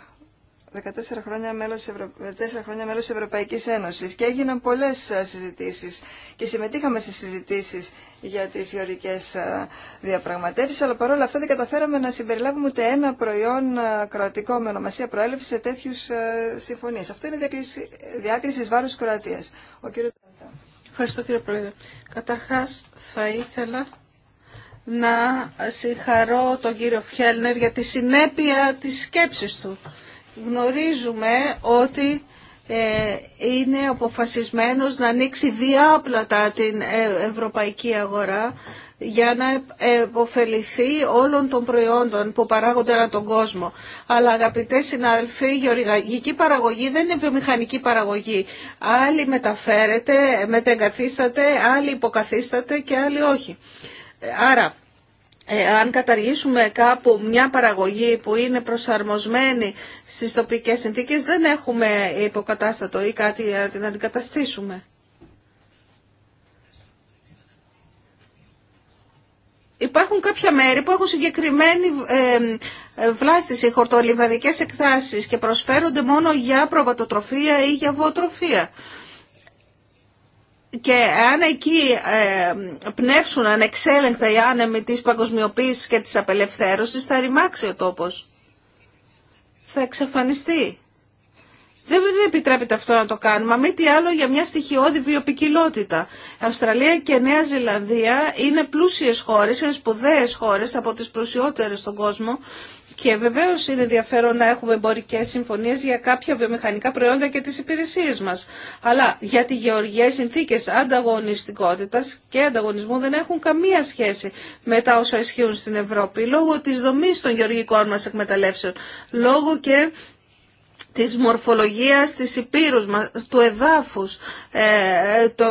S1: 14 χρόνια μέλος, Ευρω... 4 χρόνια μέλος της Ευρωπαϊκής Ένωσης και έγιναν πολλές ε, συζητήσεις και συμμετείχαμε σε συζητήσεις για τις γεωρικές ε, διαπραγματεύσεις αλλά παρόλα αυτά δεν καταφέραμε να συμπεριλάβουμε ούτε ένα προϊόν ε, κροατικό με ονομασία προέλευση σε τέτοιους συμφωνίες. Αυτό είναι διάκριση, διάκριση βάρους Κροατίας. Ο κύριος... Ευχαριστώ κύριε Πρόεδρε. Καταρχάς θα ήθελα να
S3: συγχαρώ τον κύριο Φιέλνερ για τη συνέπεια της σκέψης του γνωρίζουμε ότι ε, είναι αποφασισμένος να ανοίξει διάπλατα την ε, ευρωπαϊκή αγορά για να ε, εποφεληθεί όλων των προϊόντων που παράγονται ανά τον κόσμο. Αλλά αγαπητέ συνάδελφοι, η γεωργική παραγωγή δεν είναι βιομηχανική παραγωγή. Άλλοι μεταφέρεται, μετεγκαθίσταται, άλλοι υποκαθίσταται και άλλοι όχι. Άρα, ε, αν καταργήσουμε κάπου μια παραγωγή που είναι προσαρμοσμένη στις τοπικές συνθήκες, δεν έχουμε υποκατάστατο ή κάτι να την αντικαταστήσουμε. Υπάρχουν κάποια μέρη που έχουν συγκεκριμένη ε, βλάστηση, χορτολιβαδικές εκτάσεις και προσφέρονται μόνο για προβατοτροφία ή για βοοτροφία και αν εκεί ε, πνεύσουν ανεξέλεγκτα οι άνεμοι της παγκοσμιοποίησης και της απελευθέρωσης θα ρημάξει ο τόπος. Θα εξαφανιστεί. Δεν επιτρέπεται αυτό να το κάνουμε. Μη τι άλλο για μια στοιχειώδη βιοπικιλότητα. Αυστραλία και Νέα Ζηλανδία είναι πλούσιες χώρες, είναι σπουδαίες χώρες από τις πλουσιότερες στον κόσμο και βεβαίω είναι ενδιαφέρον να έχουμε εμπορικέ συμφωνίε για κάποια βιομηχανικά προϊόντα και τι υπηρεσίε μα. Αλλά για τη γεωργία οι συνθήκε ανταγωνιστικότητα και ανταγωνισμού δεν έχουν καμία σχέση με τα όσα ισχύουν στην Ευρώπη. Λόγω τη δομή των γεωργικών μα εκμεταλλεύσεων. Λόγω και της μορφολογίας τη υπήρου μα, του εδάφους, ε, το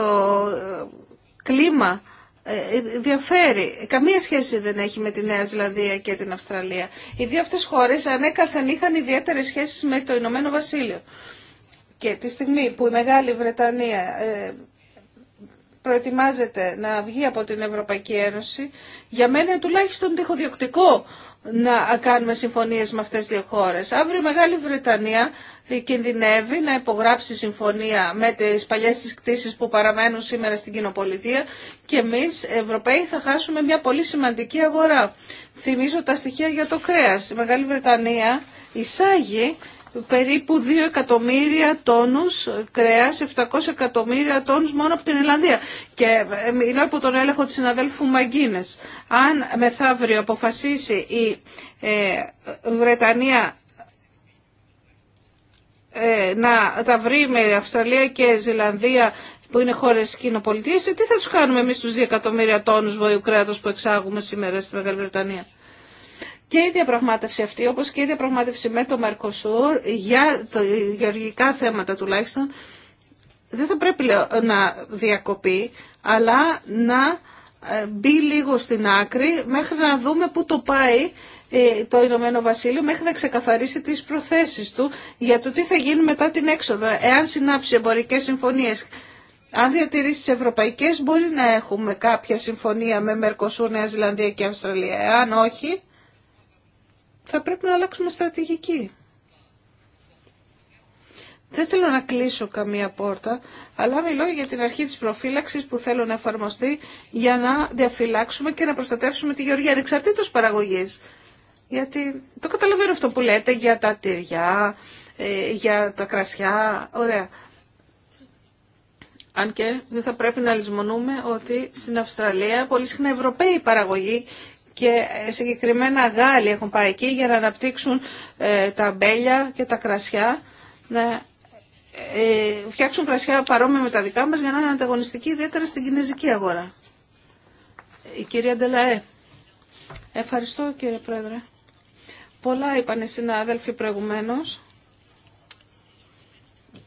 S3: κλίμα ε, ε, διαφέρει. Καμία σχέση δεν έχει με τη Νέα Ζηλανδία και την Αυστραλία. Οι δύο αυτές χώρες ανέκαθεν είχαν ιδιαίτερες σχέσεις με το Ηνωμένο Βασίλειο. Και τη στιγμή που η Μεγάλη Βρετανία ε, προετοιμάζεται να βγει από την Ευρωπαϊκή Ένωση, για μένα τουλάχιστον τυχοδιοκτικό να κάνουμε συμφωνίες με αυτές τις δύο χώρες. Αύριο η Μεγάλη Βρετανία κινδυνεύει να υπογράψει συμφωνία με τις παλιές τις κτήσεις που παραμένουν σήμερα στην κοινοπολιτεία και εμείς Ευρωπαίοι θα χάσουμε μια πολύ σημαντική αγορά. Θυμίζω τα στοιχεία για το κρέας. Η Μεγάλη Βρετανία εισάγει περίπου 2 εκατομμύρια τόνους κρέας, 700 εκατομμύρια τόνους μόνο από την Ιρλανδία. Και ε, μιλάω από τον έλεγχο της συναδέλφου Μαγκίνες. Αν μεθαύριο αποφασίσει η ε, Βρετανία ε, να τα βρει με Αυστραλία και Ζηλανδία που είναι χώρες κοινοπολιτείε, τι θα τους κάνουμε εμεί τους 2 εκατομμύρια τόνους βοηού που εξάγουμε σήμερα στη Μεγάλη Βρετανία. Και η διαπραγμάτευση αυτή, όπως και η διαπραγμάτευση με το Μερκοσούρ, για τα γεωργικά θέματα τουλάχιστον, δεν θα πρέπει να διακοπεί, αλλά να ε, μπει λίγο στην άκρη μέχρι να δούμε πού το πάει ε, το Ηνωμένο Βασίλειο μέχρι να ξεκαθαρίσει τις προθέσεις του για το τι θα γίνει μετά την έξοδο. Εάν συνάψει εμπορικέ συμφωνίες, αν διατηρήσει τις ευρωπαϊκές μπορεί να έχουμε κάποια συμφωνία με Μερκοσούρ, Νέα Ζηλανδία και Αυστραλία. Εάν όχι, θα πρέπει να αλλάξουμε στρατηγική. Δεν θέλω να κλείσω καμία πόρτα, αλλά μιλώ για την αρχή της προφύλαξης που θέλω να εφαρμοστεί για να διαφυλάξουμε και να προστατεύσουμε τη γεωργία ανεξαρτήτως παραγωγής. Γιατί το καταλαβαίνω αυτό που λέτε για τα τυριά, ε, για τα κρασιά, ωραία. Αν και δεν θα πρέπει να λησμονούμε ότι στην Αυστραλία πολύ συχνά Ευρωπαίοι παραγωγοί και ε, συγκεκριμένα Γάλλοι έχουν πάει εκεί για να αναπτύξουν ε, τα μπέλια και τα κρασιά, να ε, φτιάξουν κρασιά παρόμοια με τα δικά μας για να είναι ανταγωνιστική ιδιαίτερα στην κινέζικη αγορά. Η κυρία Ντελαέ. Ευχαριστώ κύριε Πρόεδρε. Πολλά είπαν οι συνάδελφοι προηγουμένως.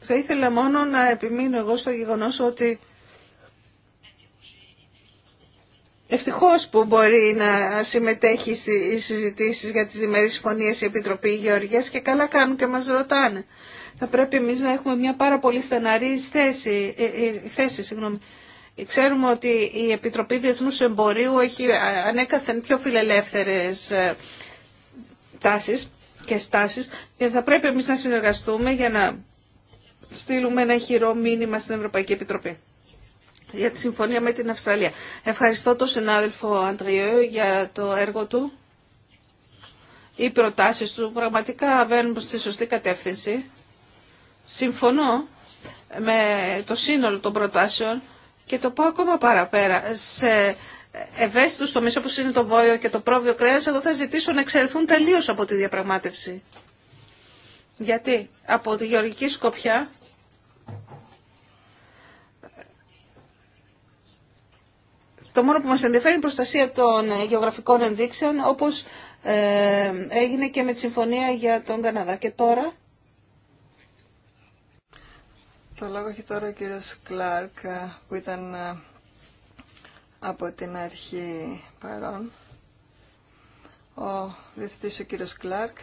S3: Θα ήθελα μόνο να επιμείνω εγώ στο γεγονός ότι Ευτυχώ που μπορεί να συμμετέχει στι συζητήσει για τις διμερεί συμφωνίε η Επιτροπή Γεωργία και καλά κάνουν και μας ρωτάνε. Θα πρέπει εμεί να έχουμε μια πάρα πολύ στεναρή θέση, ε, ε, θέση Ξέρουμε ότι η Επιτροπή Διεθνούς Εμπορίου έχει ανέκαθεν πιο φιλελεύθερες ε, τάσεις και στάσεις και θα πρέπει εμείς να συνεργαστούμε για να στείλουμε ένα χειρό μήνυμα στην Ευρωπαϊκή Επιτροπή για τη συμφωνία με την Αυστραλία. Ευχαριστώ τον συνάδελφο Αντριέου για το έργο του. Οι προτάσεις του πραγματικά βαίνουν στη σωστή κατεύθυνση. Συμφωνώ με το σύνολο των προτάσεων και το πάω ακόμα παραπέρα. Σε ευαίσθητους τομείς όπως είναι το βόλιο και το πρόβιο κρέας, εγώ θα ζητήσω να εξαιρεθούν τελείως από τη διαπραγμάτευση. Γιατί από τη γεωργική σκοπιά Το μόνο που μας ενδιαφέρει είναι η προστασία των ε, γεωγραφικών ενδείξεων, όπως ε, έγινε και με τη συμφωνία για τον Καναδά. Και τώρα...
S1: Το λόγο έχει τώρα ο κύριος Κλάρκ, ε, που ήταν από την αρχή παρόν. Ο διευθυντής ο κύριος Κλάρκ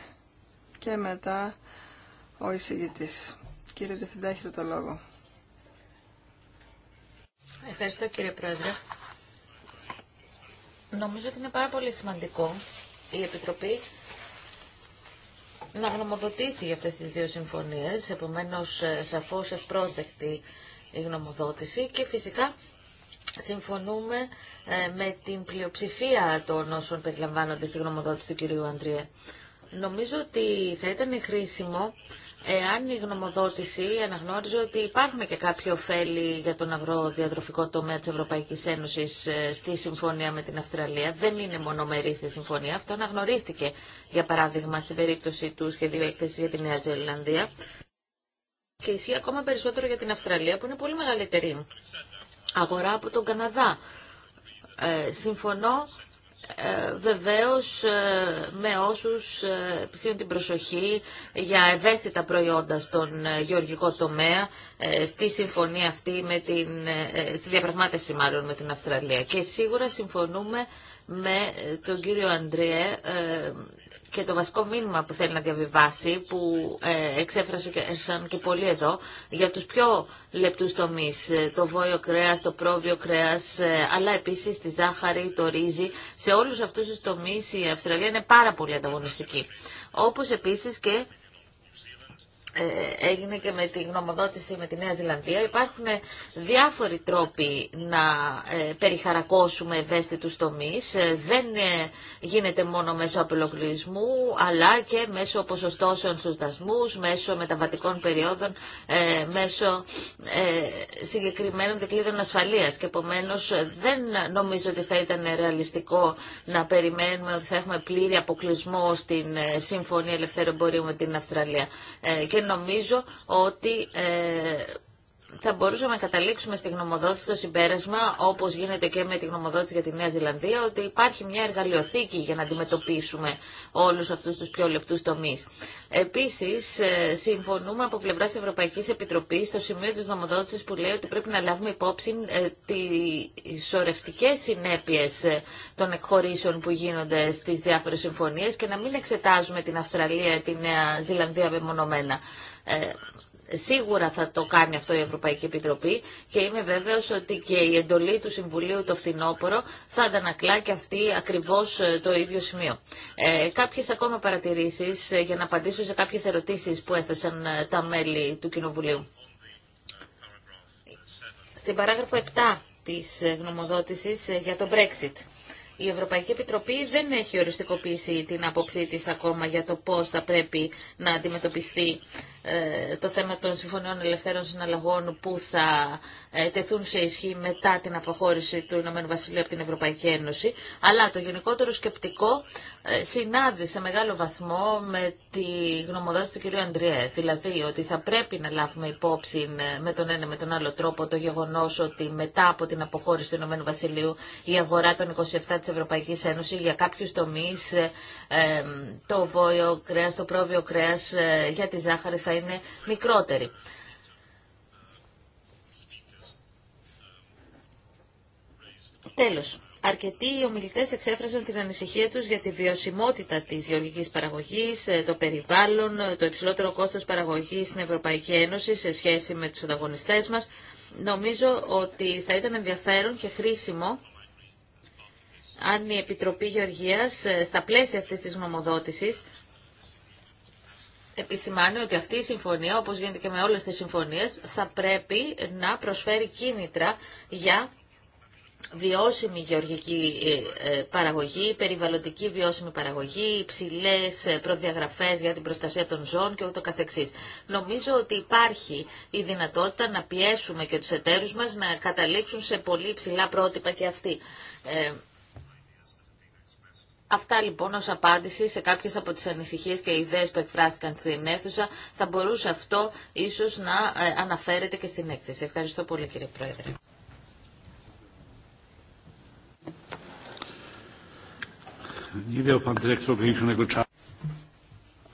S1: και μετά ο εισηγητής. Κύριε Διευθυντά, έχετε το λόγο.
S2: Ευχαριστώ κύριε Πρόεδρε. Νομίζω ότι είναι πάρα πολύ σημαντικό η Επιτροπή να γνωμοδοτήσει για αυτές τις δύο συμφωνίες, επομένως ε, σαφώς ευπρόσδεκτη η γνωμοδότηση και φυσικά συμφωνούμε ε, με την πλειοψηφία των όσων περιλαμβάνονται στη γνωμοδότηση του κυρίου Αντρία. Νομίζω ότι θα ήταν χρήσιμο εάν η γνωμοδότηση αναγνώριζε ότι υπάρχουν και κάποιοι ωφέλη για τον αγροδιατροφικό τομέα της Ευρωπαϊκής Ένωσης ε, στη συμφωνία με την Αυστραλία. Δεν είναι μονομερή στη συμφωνία. Αυτό αναγνωρίστηκε, για παράδειγμα, στην περίπτωση του σχεδίου έκθεση για τη Νέα Ζηλανδία. Και ισχύει ακόμα περισσότερο για την Αυστραλία, που είναι πολύ μεγαλύτερη αγορά από τον Καναδά. Ε, συμφωνώ ε, βεβαίως ε, με όσους ψήνουν ε, την προσοχή για ευαίσθητα προϊόντα στον γεωργικό τομέα στη συμφωνία αυτή, με την, διαπραγμάτευση μάλλον με την Αυστραλία. Και σίγουρα συμφωνούμε με τον κύριο Αντριέ και το βασικό μήνυμα που θέλει να διαβιβάσει, που ε, εξέφρασε και, σαν και πολύ εδώ, για τους πιο λεπτούς τομείς, ε, το βόιο κρέας, το πρόβιο κρέας, ε, αλλά επίσης τη ζάχαρη, το ρύζι. Σε όλους αυτούς τους τομείς η Αυστραλία είναι πάρα πολύ ανταγωνιστική. Όπως επίσης και ε, έγινε και με τη γνωμοδότηση με τη Νέα Ζηλανδία. Υπάρχουν διάφοροι τρόποι να ε, περιχαρακώσουμε ευαίσθητους τομείς. Ε, δεν γίνεται μόνο μέσω απελοκλεισμού, αλλά και μέσω ποσοστώσεων στους δασμούς, μέσω μεταβατικών περιόδων, μέσω συγκεκριμένων δικλείδων ασφαλείας. Και επομένως δεν νομίζω ότι θα ήταν ρεαλιστικό να περιμένουμε ότι θα έχουμε πλήρη αποκλεισμό στην Σύμφωνη Ελευθέρω με την Αυστραλία νομίζω ότι ε, θα μπορούσαμε να καταλήξουμε στη γνωμοδότηση στο συμπέρασμα, όπω γίνεται και με τη γνωμοδότηση για τη Νέα Ζηλανδία, ότι υπάρχει μια εργαλειοθήκη για να αντιμετωπίσουμε όλου αυτού του πιο λεπτού τομεί. Επίση, ε, συμφωνούμε από πλευρά τη Ευρωπαϊκή Επιτροπή στο σημείο τη γνωμοδότηση που λέει ότι πρέπει να λάβουμε υπόψη ε, τι σορευτικέ συνέπειε ε, των εκχωρήσεων που γίνονται στι διάφορε συμφωνίε και να μην εξετάζουμε την Αυστραλία, τη Νέα Ζηλανδία μεμονωμένα. Σίγουρα θα το κάνει αυτό η Ευρωπαϊκή Επιτροπή και είμαι βέβαιος ότι και η εντολή του Συμβουλίου το φθινόπωρο θα αντανακλά και αυτή ακριβώς ε, το ίδιο σημείο. Ε, κάποιες ακόμα παρατηρήσεις ε, για να απαντήσω σε κάποιες ερωτήσεις που έθεσαν ε, τα μέλη του Κοινοβουλίου. Στην παράγραφο 7 της γνωμοδότησης για το Brexit. Η Ευρωπαϊκή Επιτροπή δεν έχει οριστικοποιήσει την άποψή της ακόμα για το πώς θα πρέπει να αντιμετωπιστεί ε, το θέμα των συμφωνιών ελευθέρων συναλλαγών που θα ε, τεθούν σε ισχύ μετά την αποχώρηση του Ηνωμένου Βασιλείου από την Ευρωπαϊκή Ένωση. Αλλά το γενικότερο σκεπτικό ε, συνάδει σε μεγάλο βαθμό με τη γνωμοδότηση του κ. Αντριέ. Δηλαδή ότι θα πρέπει να λάβουμε υπόψη με τον ένα με τον άλλο τρόπο το γεγονό ότι μετά από την αποχώρηση του Ηνωμένου Βασιλείου η αγορά των 27 τη Ευρωπαϊκή Ένωση για κάποιου τομεί, το βόλιο κρέα, το πρόβιο κρέα, για τη ζάχαρη θα είναι μικρότερη. Τέλος. Αρκετοί οι ομιλητές εξέφρασαν την ανησυχία τους για τη βιωσιμότητα της γεωργικής παραγωγής, ε, το περιβάλλον, ε, το υψηλότερο κόστος παραγωγής στην Ευρωπαϊκή Ένωση σε σχέση με τους ανταγωνιστές μας. Νομίζω ότι θα ήταν ενδιαφέρον και χρήσιμο αν η Επιτροπή Γεωργίας ε, στα πλαίσια αυτής της γνωμοδότησης, επισημάνει ότι αυτή η συμφωνία, όπως γίνεται και με όλες τις συμφωνίες, θα πρέπει να προσφέρει κίνητρα για βιώσιμη γεωργική ε, ε, παραγωγή, περιβαλλοντική βιώσιμη παραγωγή, υψηλέ ε, προδιαγραφές για την προστασία των ζώων και ούτω καθεξής. Νομίζω ότι υπάρχει η δυνατότητα να πιέσουμε και τους εταίρους μας να καταλήξουν σε πολύ υψηλά πρότυπα και αυτοί. Αυτά λοιπόν ως απάντηση σε κάποιες από τις ανησυχίες και ιδέες που εκφράστηκαν στην αίθουσα θα μπορούσε αυτό ίσως να ε, αναφέρεται και στην έκθεση. Ευχαριστώ πολύ κύριε Πρόεδρε.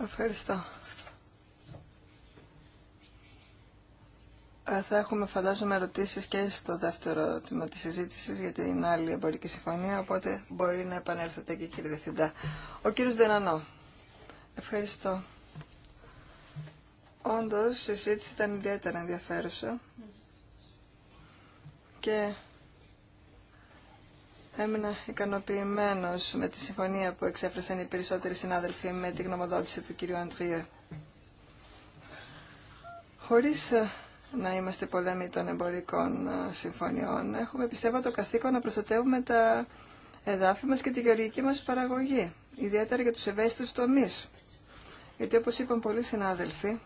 S1: Ευχαριστώ. Ε, θα έχουμε φαντάζομαι ερωτήσει και στο δεύτερο τμήμα τη συζήτηση για την άλλη εμπορική συμφωνία, οπότε μπορεί να επανέλθετε και κύριε Διευθυντά. Ο κύριο Δενανό. Ευχαριστώ. Όντω, η συζήτηση ήταν ιδιαίτερα ενδιαφέρουσα και έμεινα ικανοποιημένο με τη συμφωνία που εξέφρασαν οι περισσότεροι συνάδελφοι με τη γνωμοδότηση του κυρίου Αντριέ. Χωρίς ε, να είμαστε πολέμοι των εμπορικών ε, συμφωνιών. Έχουμε, πιστεύω, το καθήκον να προστατεύουμε τα εδάφη μας και τη γεωργική μας παραγωγή, ιδιαίτερα για τους ευαίσθητους τομείς. Γιατί, όπως είπαν πολλοί συνάδελφοι,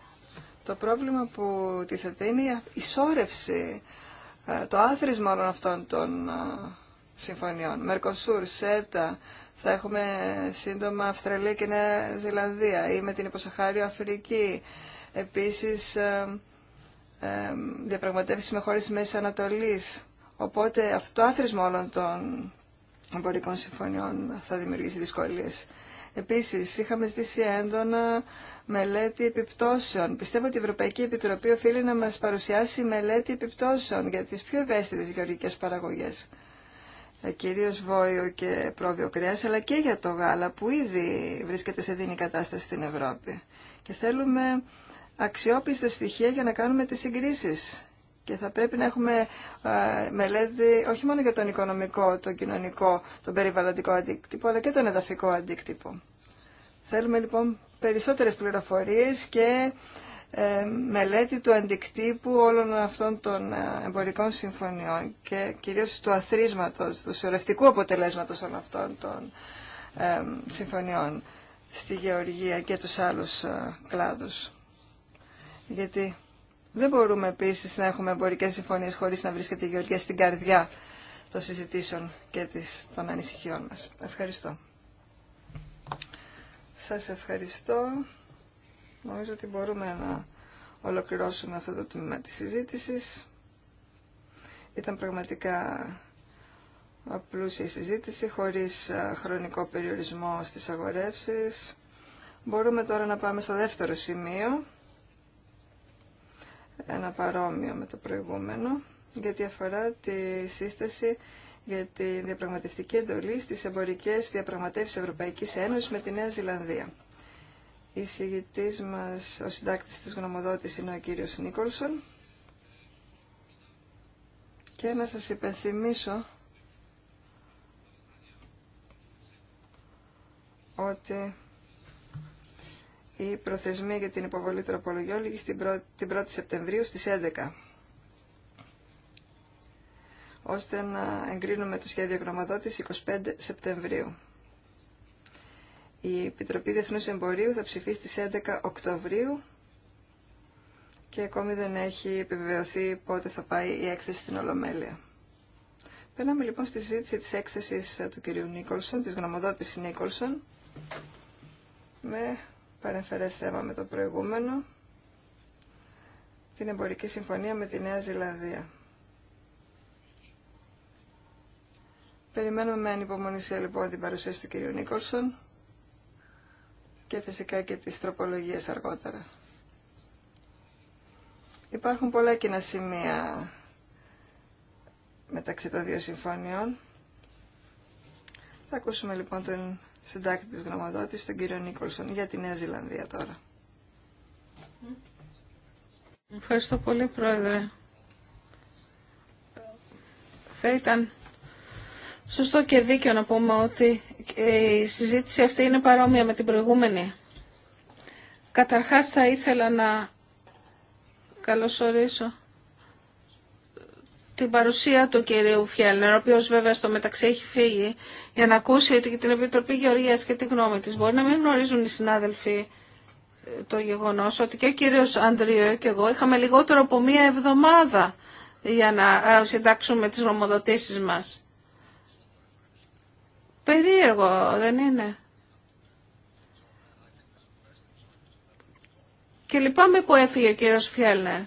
S1: το πρόβλημα που τίθεται είναι η ισόρευση, ε, το άθροισμα όλων αυτών των ε, συμφωνιών. Μερκοσούρ, ΣΕΤΑ, θα έχουμε σύντομα Αυστραλία και Νέα Ζηλανδία ή με την Υποσαχάριο Αφρική. Επίσης, Διαπραγματεύσει με χώρες Μέσης Ανατολής. Οπότε αυτό άθροισμα όλων των εμπορικών συμφωνιών θα δημιουργήσει δυσκολίες. Επίσης, είχαμε ζητήσει έντονα μελέτη επιπτώσεων. Πιστεύω ότι η Ευρωπαϊκή Επιτροπή οφείλει να μας παρουσιάσει μελέτη επιπτώσεων για τις πιο ευαίσθητες γεωργικές παραγωγές. Ε, κυρίως βόηο και πρόβιο κρέας, αλλά και για το γάλα που ήδη βρίσκεται σε δίνη κατάσταση στην Ευρώπη. Και θέλουμε αξιόπιστα στοιχεία για να κάνουμε τις συγκρίσεις. Και θα πρέπει να έχουμε ε, μελέτη όχι μόνο για τον οικονομικό, τον κοινωνικό, τον περιβαλλοντικό αντίκτυπο, αλλά και τον εδαφικό αντίκτυπο. Θέλουμε λοιπόν περισσότερες πληροφορίες και ε, μελέτη του αντικτύπου όλων αυτών των ε, εμπορικών συμφωνιών και κυρίως του αθρίσματος, του σωρευτικού αποτελέσματος όλων αυτών των συμφωνιών στη γεωργία και τους άλλους κλάδους. Γιατί δεν μπορούμε επίση να έχουμε εμπορικέ συμφωνίε χωρίς να βρίσκεται η Γεωργία στην καρδιά των συζητήσεων και των ανησυχιών μας. Ευχαριστώ. Σας ευχαριστώ. Νομίζω ότι μπορούμε να ολοκληρώσουμε αυτό το τμήμα της συζήτησης. Ήταν πραγματικά απλούσια η συζήτηση, χωρίς χρονικό περιορισμό στις αγορεύσεις. Μπορούμε τώρα να πάμε στο δεύτερο σημείο ένα παρόμοιο με το προηγούμενο, γιατί αφορά τη σύσταση για τη διαπραγματευτική εντολή στις εμπορικές διαπραγματεύσεις Ευρωπαϊκής Ένωσης με τη Νέα Ζηλανδία. Η συγητής μας, ο συντάκτης της γνωμοδότης είναι ο κύριος Νίκολσον. Και να σας υπενθυμίσω ότι η προθεσμία για την υποβολή τροπολογιών λήγει στην την 1η Σεπτεμβρίου στις 11 ώστε να εγκρίνουμε το σχέδιο γνωμαδότης 25 Σεπτεμβρίου. Η Επιτροπή Διεθνούς Εμπορίου θα ψηφίσει στις 11 Οκτωβρίου και ακόμη δεν έχει επιβεβαιωθεί πότε θα πάει η έκθεση στην Ολομέλεια. Περνάμε λοιπόν στη συζήτηση της έκθεσης του κυρίου Νίκολσον, της γνωμοδότης Νίκολσον, με παρεμφερές θέμα με το προηγούμενο, την εμπορική συμφωνία με τη Νέα Ζηλανδία. Περιμένουμε με ανυπομονησία λοιπόν την παρουσίαση του κ. Νίκολσον και φυσικά και τις τροπολογίες αργότερα. Υπάρχουν πολλά κοινά σημεία μεταξύ των δύο συμφωνιών. Θα ακούσουμε λοιπόν τον συντάκτη της γνωμοδότης, τον κύριο Νίκολσον, για τη Νέα Ζηλανδία τώρα.
S3: Ευχαριστώ πολύ, Πρόεδρε. Θα ήταν σωστό και δίκαιο να πούμε ότι η συζήτηση αυτή είναι παρόμοια με την προηγούμενη. Καταρχάς θα ήθελα να καλωσορίσω την παρουσία του κυρίου Φιέλνερ, ο οποίος βέβαια στο μεταξύ έχει φύγει, για να ακούσει την Επιτροπή Γεωργία και τη γνώμη τη. Μπορεί να μην γνωρίζουν οι συνάδελφοι ε, το γεγονός ότι και ο κύριο Ανδριό και εγώ είχαμε λιγότερο από μία εβδομάδα για να ε, συντάξουμε τις νομοδοτήσει μας. Περίεργο, δεν είναι. Και λυπάμαι που έφυγε ο κύριος Φιέλνερ.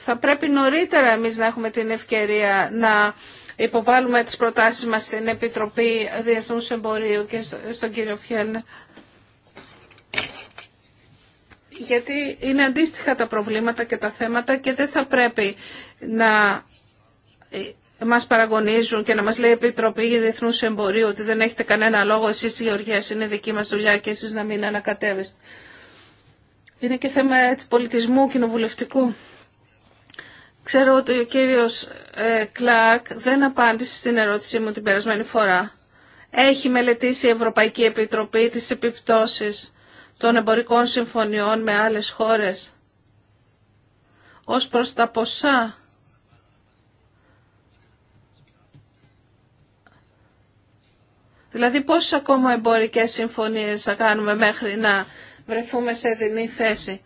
S3: Θα πρέπει νωρίτερα εμείς να έχουμε την ευκαιρία να υποβάλουμε τις προτάσεις μας στην Επιτροπή Διεθνούς Εμπορίου και στον κύριο Φιέλνε. Γιατί είναι αντίστοιχα τα προβλήματα και τα θέματα και δεν θα πρέπει να μας παραγωνίζουν και να μας λέει η Επιτροπή Διεθνούς Εμπορίου ότι δεν έχετε κανένα λόγο, εσείς η Γεωργία είναι δική μας δουλειά και εσείς να μην ανακατεύεστε. Είναι και θέμα έτσι, πολιτισμού κοινοβουλευτικού. Ξέρω ότι ο κύριος ε, Κλάρκ δεν απάντησε στην ερώτησή μου την περασμένη φορά. Έχει μελετήσει η Ευρωπαϊκή Επιτροπή τις επιπτώσεις των εμπορικών συμφωνιών με άλλες χώρες ως προς τα ποσά Δηλαδή πόσες ακόμα εμπορικές συμφωνίες θα κάνουμε μέχρι να βρεθούμε σε δινή θέση.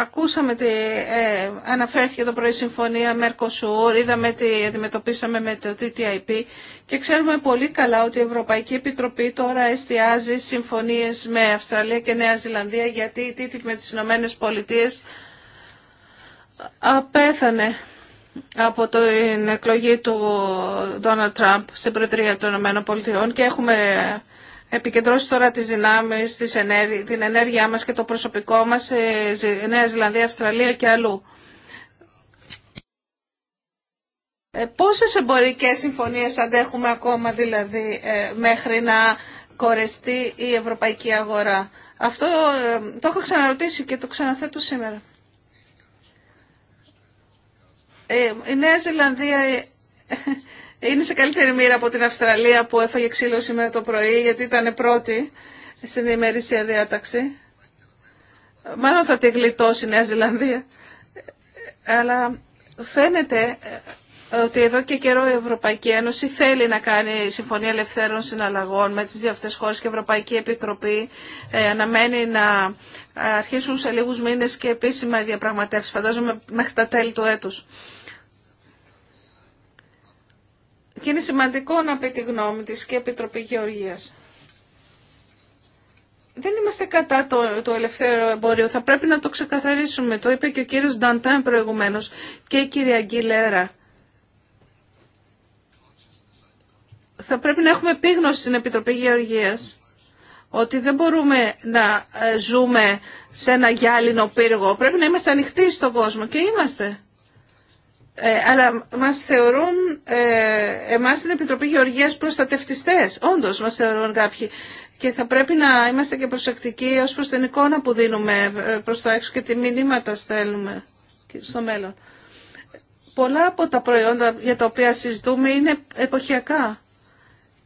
S3: Ακούσαμε ότι ε, αναφέρθηκε το πρωί συμφωνία Mercosur, είδαμε τι αντιμετωπίσαμε με το TTIP και ξέρουμε πολύ καλά ότι η Ευρωπαϊκή Επιτροπή τώρα εστιάζει συμφωνίες με Αυστραλία και Νέα Ζηλανδία γιατί η TTIP με τις Ηνωμένε Πολιτείε απέθανε από την εκλογή του Donald Τραμπ στην Προεδρία των Ηνωμένων Πολιτειών και έχουμε επικεντρώσει τώρα τις δυνάμεις, τις την ενέργειά μας και το προσωπικό μας σε Νέα Ζηλανδία, Αυστραλία και αλλού. Ε, πόσες εμπορικές συμφωνίες αντέχουμε ακόμα δηλαδή ε, μέχρι να κορεστεί η ευρωπαϊκή αγορά. Αυτό ε, το έχω ξαναρωτήσει και το ξαναθέτω σήμερα. Ε, η Νέα Ζηλανδία είναι σε καλύτερη μοίρα από την Αυστραλία που έφαγε ξύλο σήμερα το πρωί γιατί ήταν πρώτη στην ημερήσια διάταξη. Μάλλον θα τη γλιτώσει η Νέα Ζηλανδία. Αλλά φαίνεται ε, ότι εδώ και καιρό η Ευρωπαϊκή Ένωση θέλει να κάνει Συμφωνία Ελευθέρων Συναλλαγών με τις δύο αυτές χώρες και η Ευρωπαϊκή Επιτροπή ε, αναμένει να αρχίσουν σε λίγους μήνες και επίσημα οι διαπραγματεύσεις, φαντάζομαι μέχρι τα τέλη του έτους. Και είναι σημαντικό να πει τη γνώμη της και η Επιτροπή Γεωργίας. Δεν είμαστε κατά το, το ελευθέρω εμπόριο. Θα πρέπει να το ξεκαθαρίσουμε. Το είπε και ο κύριος Νταντάν προηγουμένως και η κυρία Αγγιλέρα. Θα πρέπει να έχουμε επίγνωση στην Επιτροπή Γεωργίας ότι δεν μπορούμε να ε, ζούμε σε ένα γυάλινο πύργο. Πρέπει να είμαστε ανοιχτοί στον κόσμο και είμαστε. Ε, αλλά μας θεωρούν ε, εμάς την Επιτροπή Γεωργίας προστατευτιστές. Όντως μας θεωρούν κάποιοι. Και θα πρέπει να είμαστε και προσεκτικοί ως προς την εικόνα που δίνουμε ε, προς τα έξω και τι μηνύματα στέλνουμε στο μέλλον. Πολλά από τα προϊόντα για τα οποία συζητούμε είναι εποχιακά.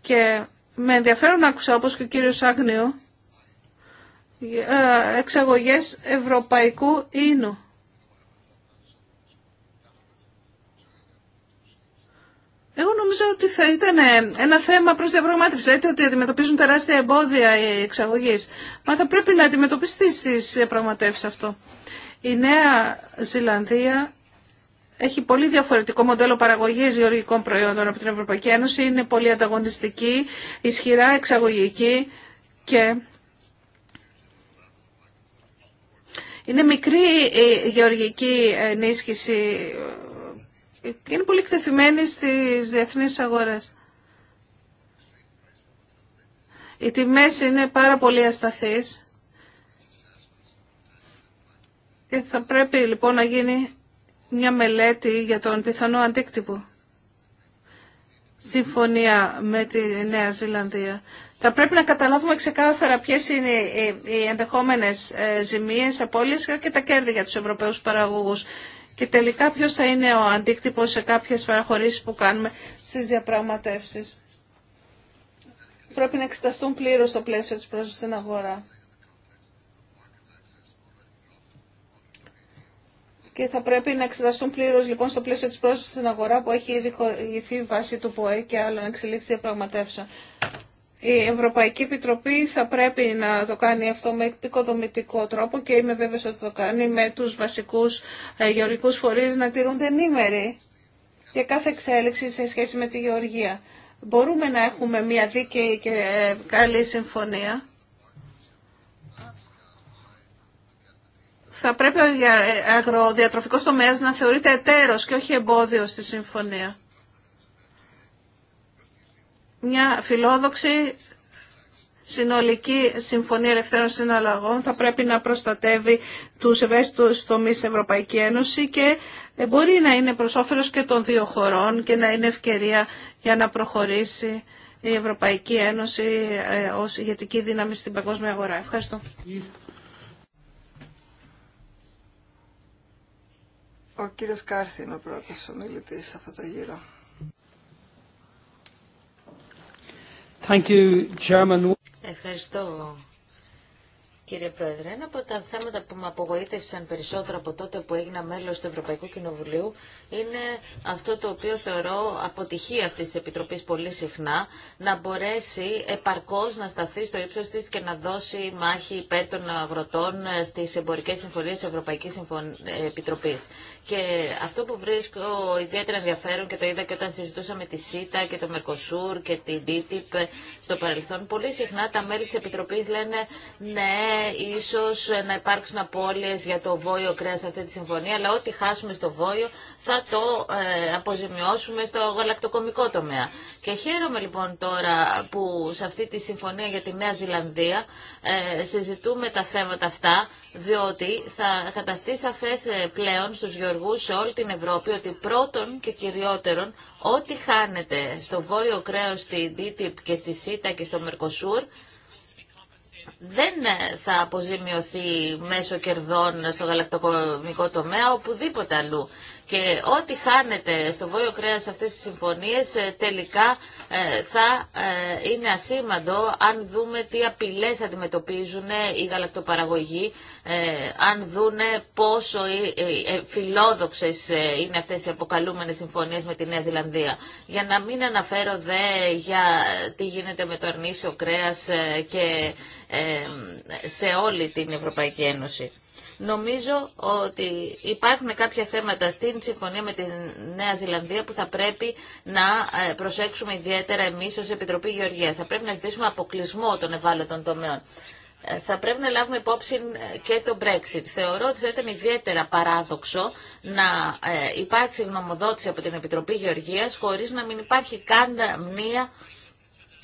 S3: Και με ενδιαφέρον άκουσα όπως και ο κύριος Άγνιο ε, εξαγωγές ευρωπαϊκού ίνου. Εγώ νομίζω ότι θα ήταν ε, ένα θέμα προς διαπραγμάτευση. Λέτε ότι αντιμετωπίζουν τεράστια εμπόδια οι εξαγωγείς. Μα θα πρέπει να αντιμετωπιστεί στις διαπραγματεύσεις αυτό. Η Νέα Ζηλανδία έχει πολύ διαφορετικό μοντέλο παραγωγή γεωργικών προϊόντων από την Ευρωπαϊκή Ένωση. Είναι πολύ ανταγωνιστική, ισχυρά εξαγωγική και είναι μικρή η γεωργική ενίσχυση είναι πολύ εκτεθειμένη στις διεθνείς αγορές. Οι τιμές είναι πάρα πολύ ασταθείς και θα πρέπει λοιπόν να γίνει μια μελέτη για τον πιθανό αντίκτυπο. Συμφωνία με τη Νέα Ζηλανδία. Θα πρέπει να καταλάβουμε ξεκάθαρα ποιες είναι οι ενδεχόμενες ε, ζημίες, απώλειες και τα κέρδη για τους ευρωπαίους παραγωγούς και τελικά ποιος θα είναι ο αντίκτυπος σε κάποιες παραχωρήσεις που κάνουμε στις διαπραγματεύσεις. Πρέπει να εξεταστούν πλήρως το πλαίσιο της πρόσβασης στην αγορά. Και θα πρέπει να εξεταστούν πλήρω λοιπόν στο πλαίσιο τη πρόσβαση στην αγορά που έχει ήδη χορηγηθεί βάσει του ΠΟΕ και άλλων εξελίξει διαπραγματεύσεων. Η Ευρωπαϊκή Επιτροπή θα πρέπει να το κάνει αυτό με επικοδομητικό τρόπο και είμαι βέβαιος ότι το κάνει με τους βασικούς ε, γεωργικούς φορείς να τηρούνται ενήμεροι για κάθε εξέλιξη σε σχέση με τη γεωργία. Μπορούμε να έχουμε μια δίκαιη και ε, καλή συμφωνία. Θα πρέπει ο ε, αγροδιατροφικός τομέας να θεωρείται εταίρος και όχι εμπόδιο στη συμφωνία μια φιλόδοξη συνολική συμφωνία ελευθέρων συναλλαγών θα πρέπει να προστατεύει τους ευαίσθητους τομείς Ευρωπαϊκή Ένωση και ε, μπορεί να είναι προς όφελος και των δύο χωρών και να είναι ευκαιρία για να προχωρήσει η Ευρωπαϊκή Ένωση ε, ως ηγετική δύναμη στην παγκόσμια αγορά. Ευχαριστώ.
S1: Ο κύριος Κάρθιν ο πρώτος αυτό το γύρο.
S2: Ευχαριστώ. Κύριε Πρόεδρε, ένα από τα θέματα που με απογοήτευσαν περισσότερο από τότε που έγινα μέλος του Ευρωπαϊκού Κοινοβουλίου είναι αυτό το οποίο θεωρώ αποτυχία αυτής της Επιτροπής πολύ συχνά να μπορέσει επαρκώς να σταθεί στο ύψος της και να δώσει μάχη υπέρ των αγροτών στις εμπορικές συμφωνίες της Ευρωπαϊκής ε, Επιτροπής. Και αυτό που βρίσκω ιδιαίτερα ενδιαφέρον και το είδα και όταν συζητούσαμε τη ΣΥΤΑ και το Μερκοσούρ και την DTIP στο παρελθόν, πολύ συχνά τα μέλη της Επιτροπής λένε ναι, ίσως να υπάρξουν απώλειες για το βόλιο κρέας σε αυτή τη συμφωνία, αλλά ό,τι χάσουμε στο βόλιο θα το ε, αποζημιώσουμε στο γαλακτοκομικό τομέα. Και χαίρομαι λοιπόν τώρα που σε αυτή τη συμφωνία για τη Νέα Ζηλανδία ε, συζητούμε τα θέματα αυτά, διότι θα καταστεί σαφές ε, πλέον στους γεωργού σε όλη την Ευρώπη ότι πρώτον και κυριότερον ό,τι χάνεται στο βόλιο κρέος, στη DTIP και στη ΣΥΤΑ και στο Μερκοσούρ, δεν ε, θα αποζημιωθεί μέσω κερδών στο γαλακτοκομικό τομέα οπουδήποτε αλλού. Και ό,τι χάνεται στο Βόρειο κρέα σε αυτές συμφωνίε ε, τελικά ε, θα ε, είναι ασήμαντο αν δούμε τι απειλέ αντιμετωπίζουν οι γαλακτοπαραγωγοί, αν δούνε πόσο φιλόδοξε είναι αυτέ οι αποκαλούμενε συμφωνίε με τη Νέα Ζηλανδία. Για να μην αναφέρω δε για τι γίνεται με το αρνήσιο κρέα και σε όλη την Ευρωπαϊκή Ένωση. Νομίζω ότι υπάρχουν κάποια θέματα στην συμφωνία με τη Νέα Ζηλανδία που θα πρέπει να ε, προσέξουμε ιδιαίτερα εμείς ως Επιτροπή Γεωργία. Θα πρέπει να ζητήσουμε αποκλεισμό των ευάλωτων τομέων. Ε, θα πρέπει να λάβουμε υπόψη ε, και το Brexit. Θεωρώ ότι θα ήταν ιδιαίτερα παράδοξο να υπάρξει γνωμοδότηση από την Επιτροπή Γεωργίας χωρίς να μην υπάρχει καν μία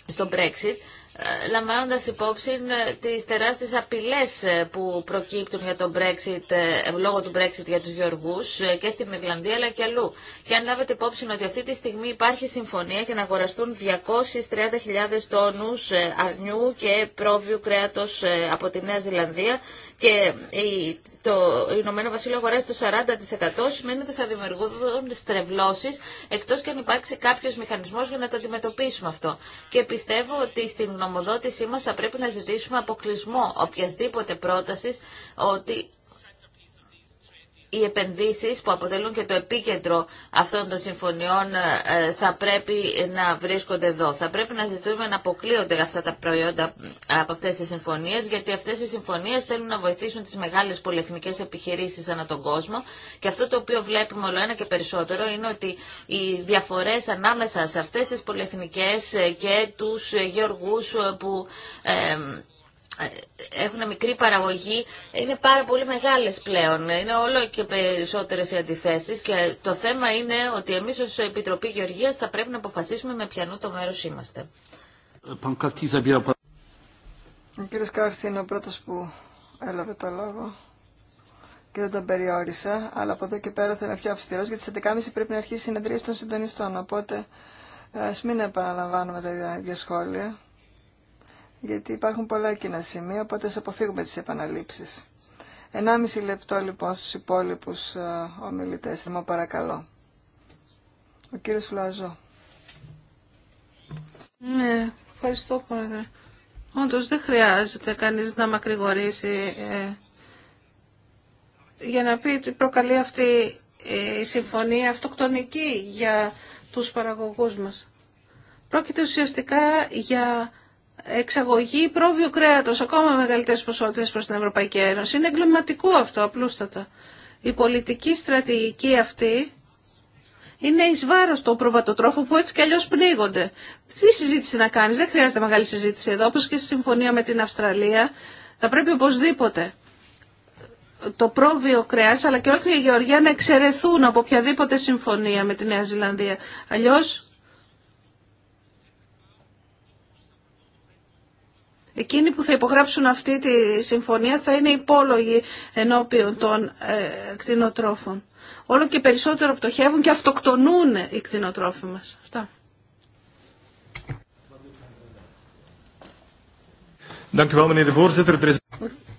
S2: στο Brexit ε, λαμβάνοντας υπόψη ε, τις τεράστιες απειλές ε, που προκύπτουν για τον Brexit, λόγω του Brexit για τους γεωργούς και στην Ιρλανδία αλλά και αλλού. Και αν λάβετε υπόψη ότι αυτή τη στιγμή υπάρχει συμφωνία και να αγοραστούν 230.000 τόνους αρνιού και πρόβιου κρέατος από τη Νέα Ζηλανδία και το Ηνωμένο Βασίλειο αγοράζει το 40% σημαίνει ότι θα δημιουργούν στρεβλώσεις εκτός και αν υπάρξει κάποιος μηχανισμός για να το αντιμετωπίσουμε αυτό. Και πιστεύω ότι στην νομοδότησή μας θα πρέπει να ζητήσουμε αποκλεισμό οποιασδήποτε πρότασης ότι οι επενδύσεις που αποτελούν και το επίκεντρο αυτών των συμφωνιών ε, θα πρέπει να βρίσκονται εδώ. Θα πρέπει να ζητούμε να αποκλείονται αυτά τα προϊόντα από αυτές τις συμφωνίες, γιατί αυτές οι συμφωνίες θέλουν να βοηθήσουν τις μεγάλες πολυεθνικές επιχειρήσεις ανά τον κόσμο και αυτό το οποίο βλέπουμε όλο ένα και περισσότερο είναι ότι οι διαφορές ανάμεσα σε αυτές τις πολυεθνικές ε, και τους ε, γεωργούς που... Ε, έχουν μικρή παραγωγή είναι πάρα πολύ μεγάλες πλέον. Είναι όλο και περισσότερες οι αντιθέσεις και το θέμα είναι ότι εμείς ως Επιτροπή Γεωργίας θα πρέπει να αποφασίσουμε με ποιανού το μέρος είμαστε. Ο κύριο Κάρθη είναι ο πρώτο που έλαβε το λόγο
S1: και δεν τον περιόρισα, αλλά από εδώ και πέρα θα είμαι πιο αυστηρό γιατί στις 11.30 πρέπει να αρχίσει η συνεδρία των συντονιστών, οπότε α μην επαναλαμβάνουμε τα ίδια σχόλια γιατί υπάρχουν πολλά κοινά σημεία, οπότε σε αποφύγουμε τις επαναλήψεις. 1,5 λεπτό λοιπόν στους υπόλοιπους ε, ομιλητές, μου παρακαλώ. Ο κύριος Φλαζό.
S3: Ναι, ευχαριστώ πρόεδρε. Όντως δεν χρειάζεται κανείς να μακρηγορήσει ε, για να πει ότι προκαλεί αυτή ε, η συμφωνία αυτοκτονική για τους παραγωγούς μας. Πρόκειται ουσιαστικά για εξαγωγή πρόβειου κρέατος, ακόμα μεγαλύτερες ποσότητες προς την Ευρωπαϊκή Ένωση. Είναι εγκληματικό αυτό, απλούστατα. Η πολιτική στρατηγική αυτή είναι εις βάρος των προβατοτρόφων που έτσι κι αλλιώς πνίγονται. Τι συζήτηση να κάνεις, δεν χρειάζεται μεγάλη συζήτηση εδώ, όπως και στη συμφωνία με την Αυστραλία. Θα πρέπει οπωσδήποτε το πρόβιο κρέα, αλλά και όλη η Γεωργία να εξαιρεθούν από οποιαδήποτε συμφωνία με τη Νέα Ζηλανδία. Αλλιώ. Εκείνοι που θα υπογράψουν αυτή τη συμφωνία θα είναι υπόλογοι ενώπιον των ε, κτηνοτρόφων. Όλο και περισσότερο πτωχεύουν και αυτοκτονούν οι κτηνοτρόφοι μας. Αυτά.
S2: Er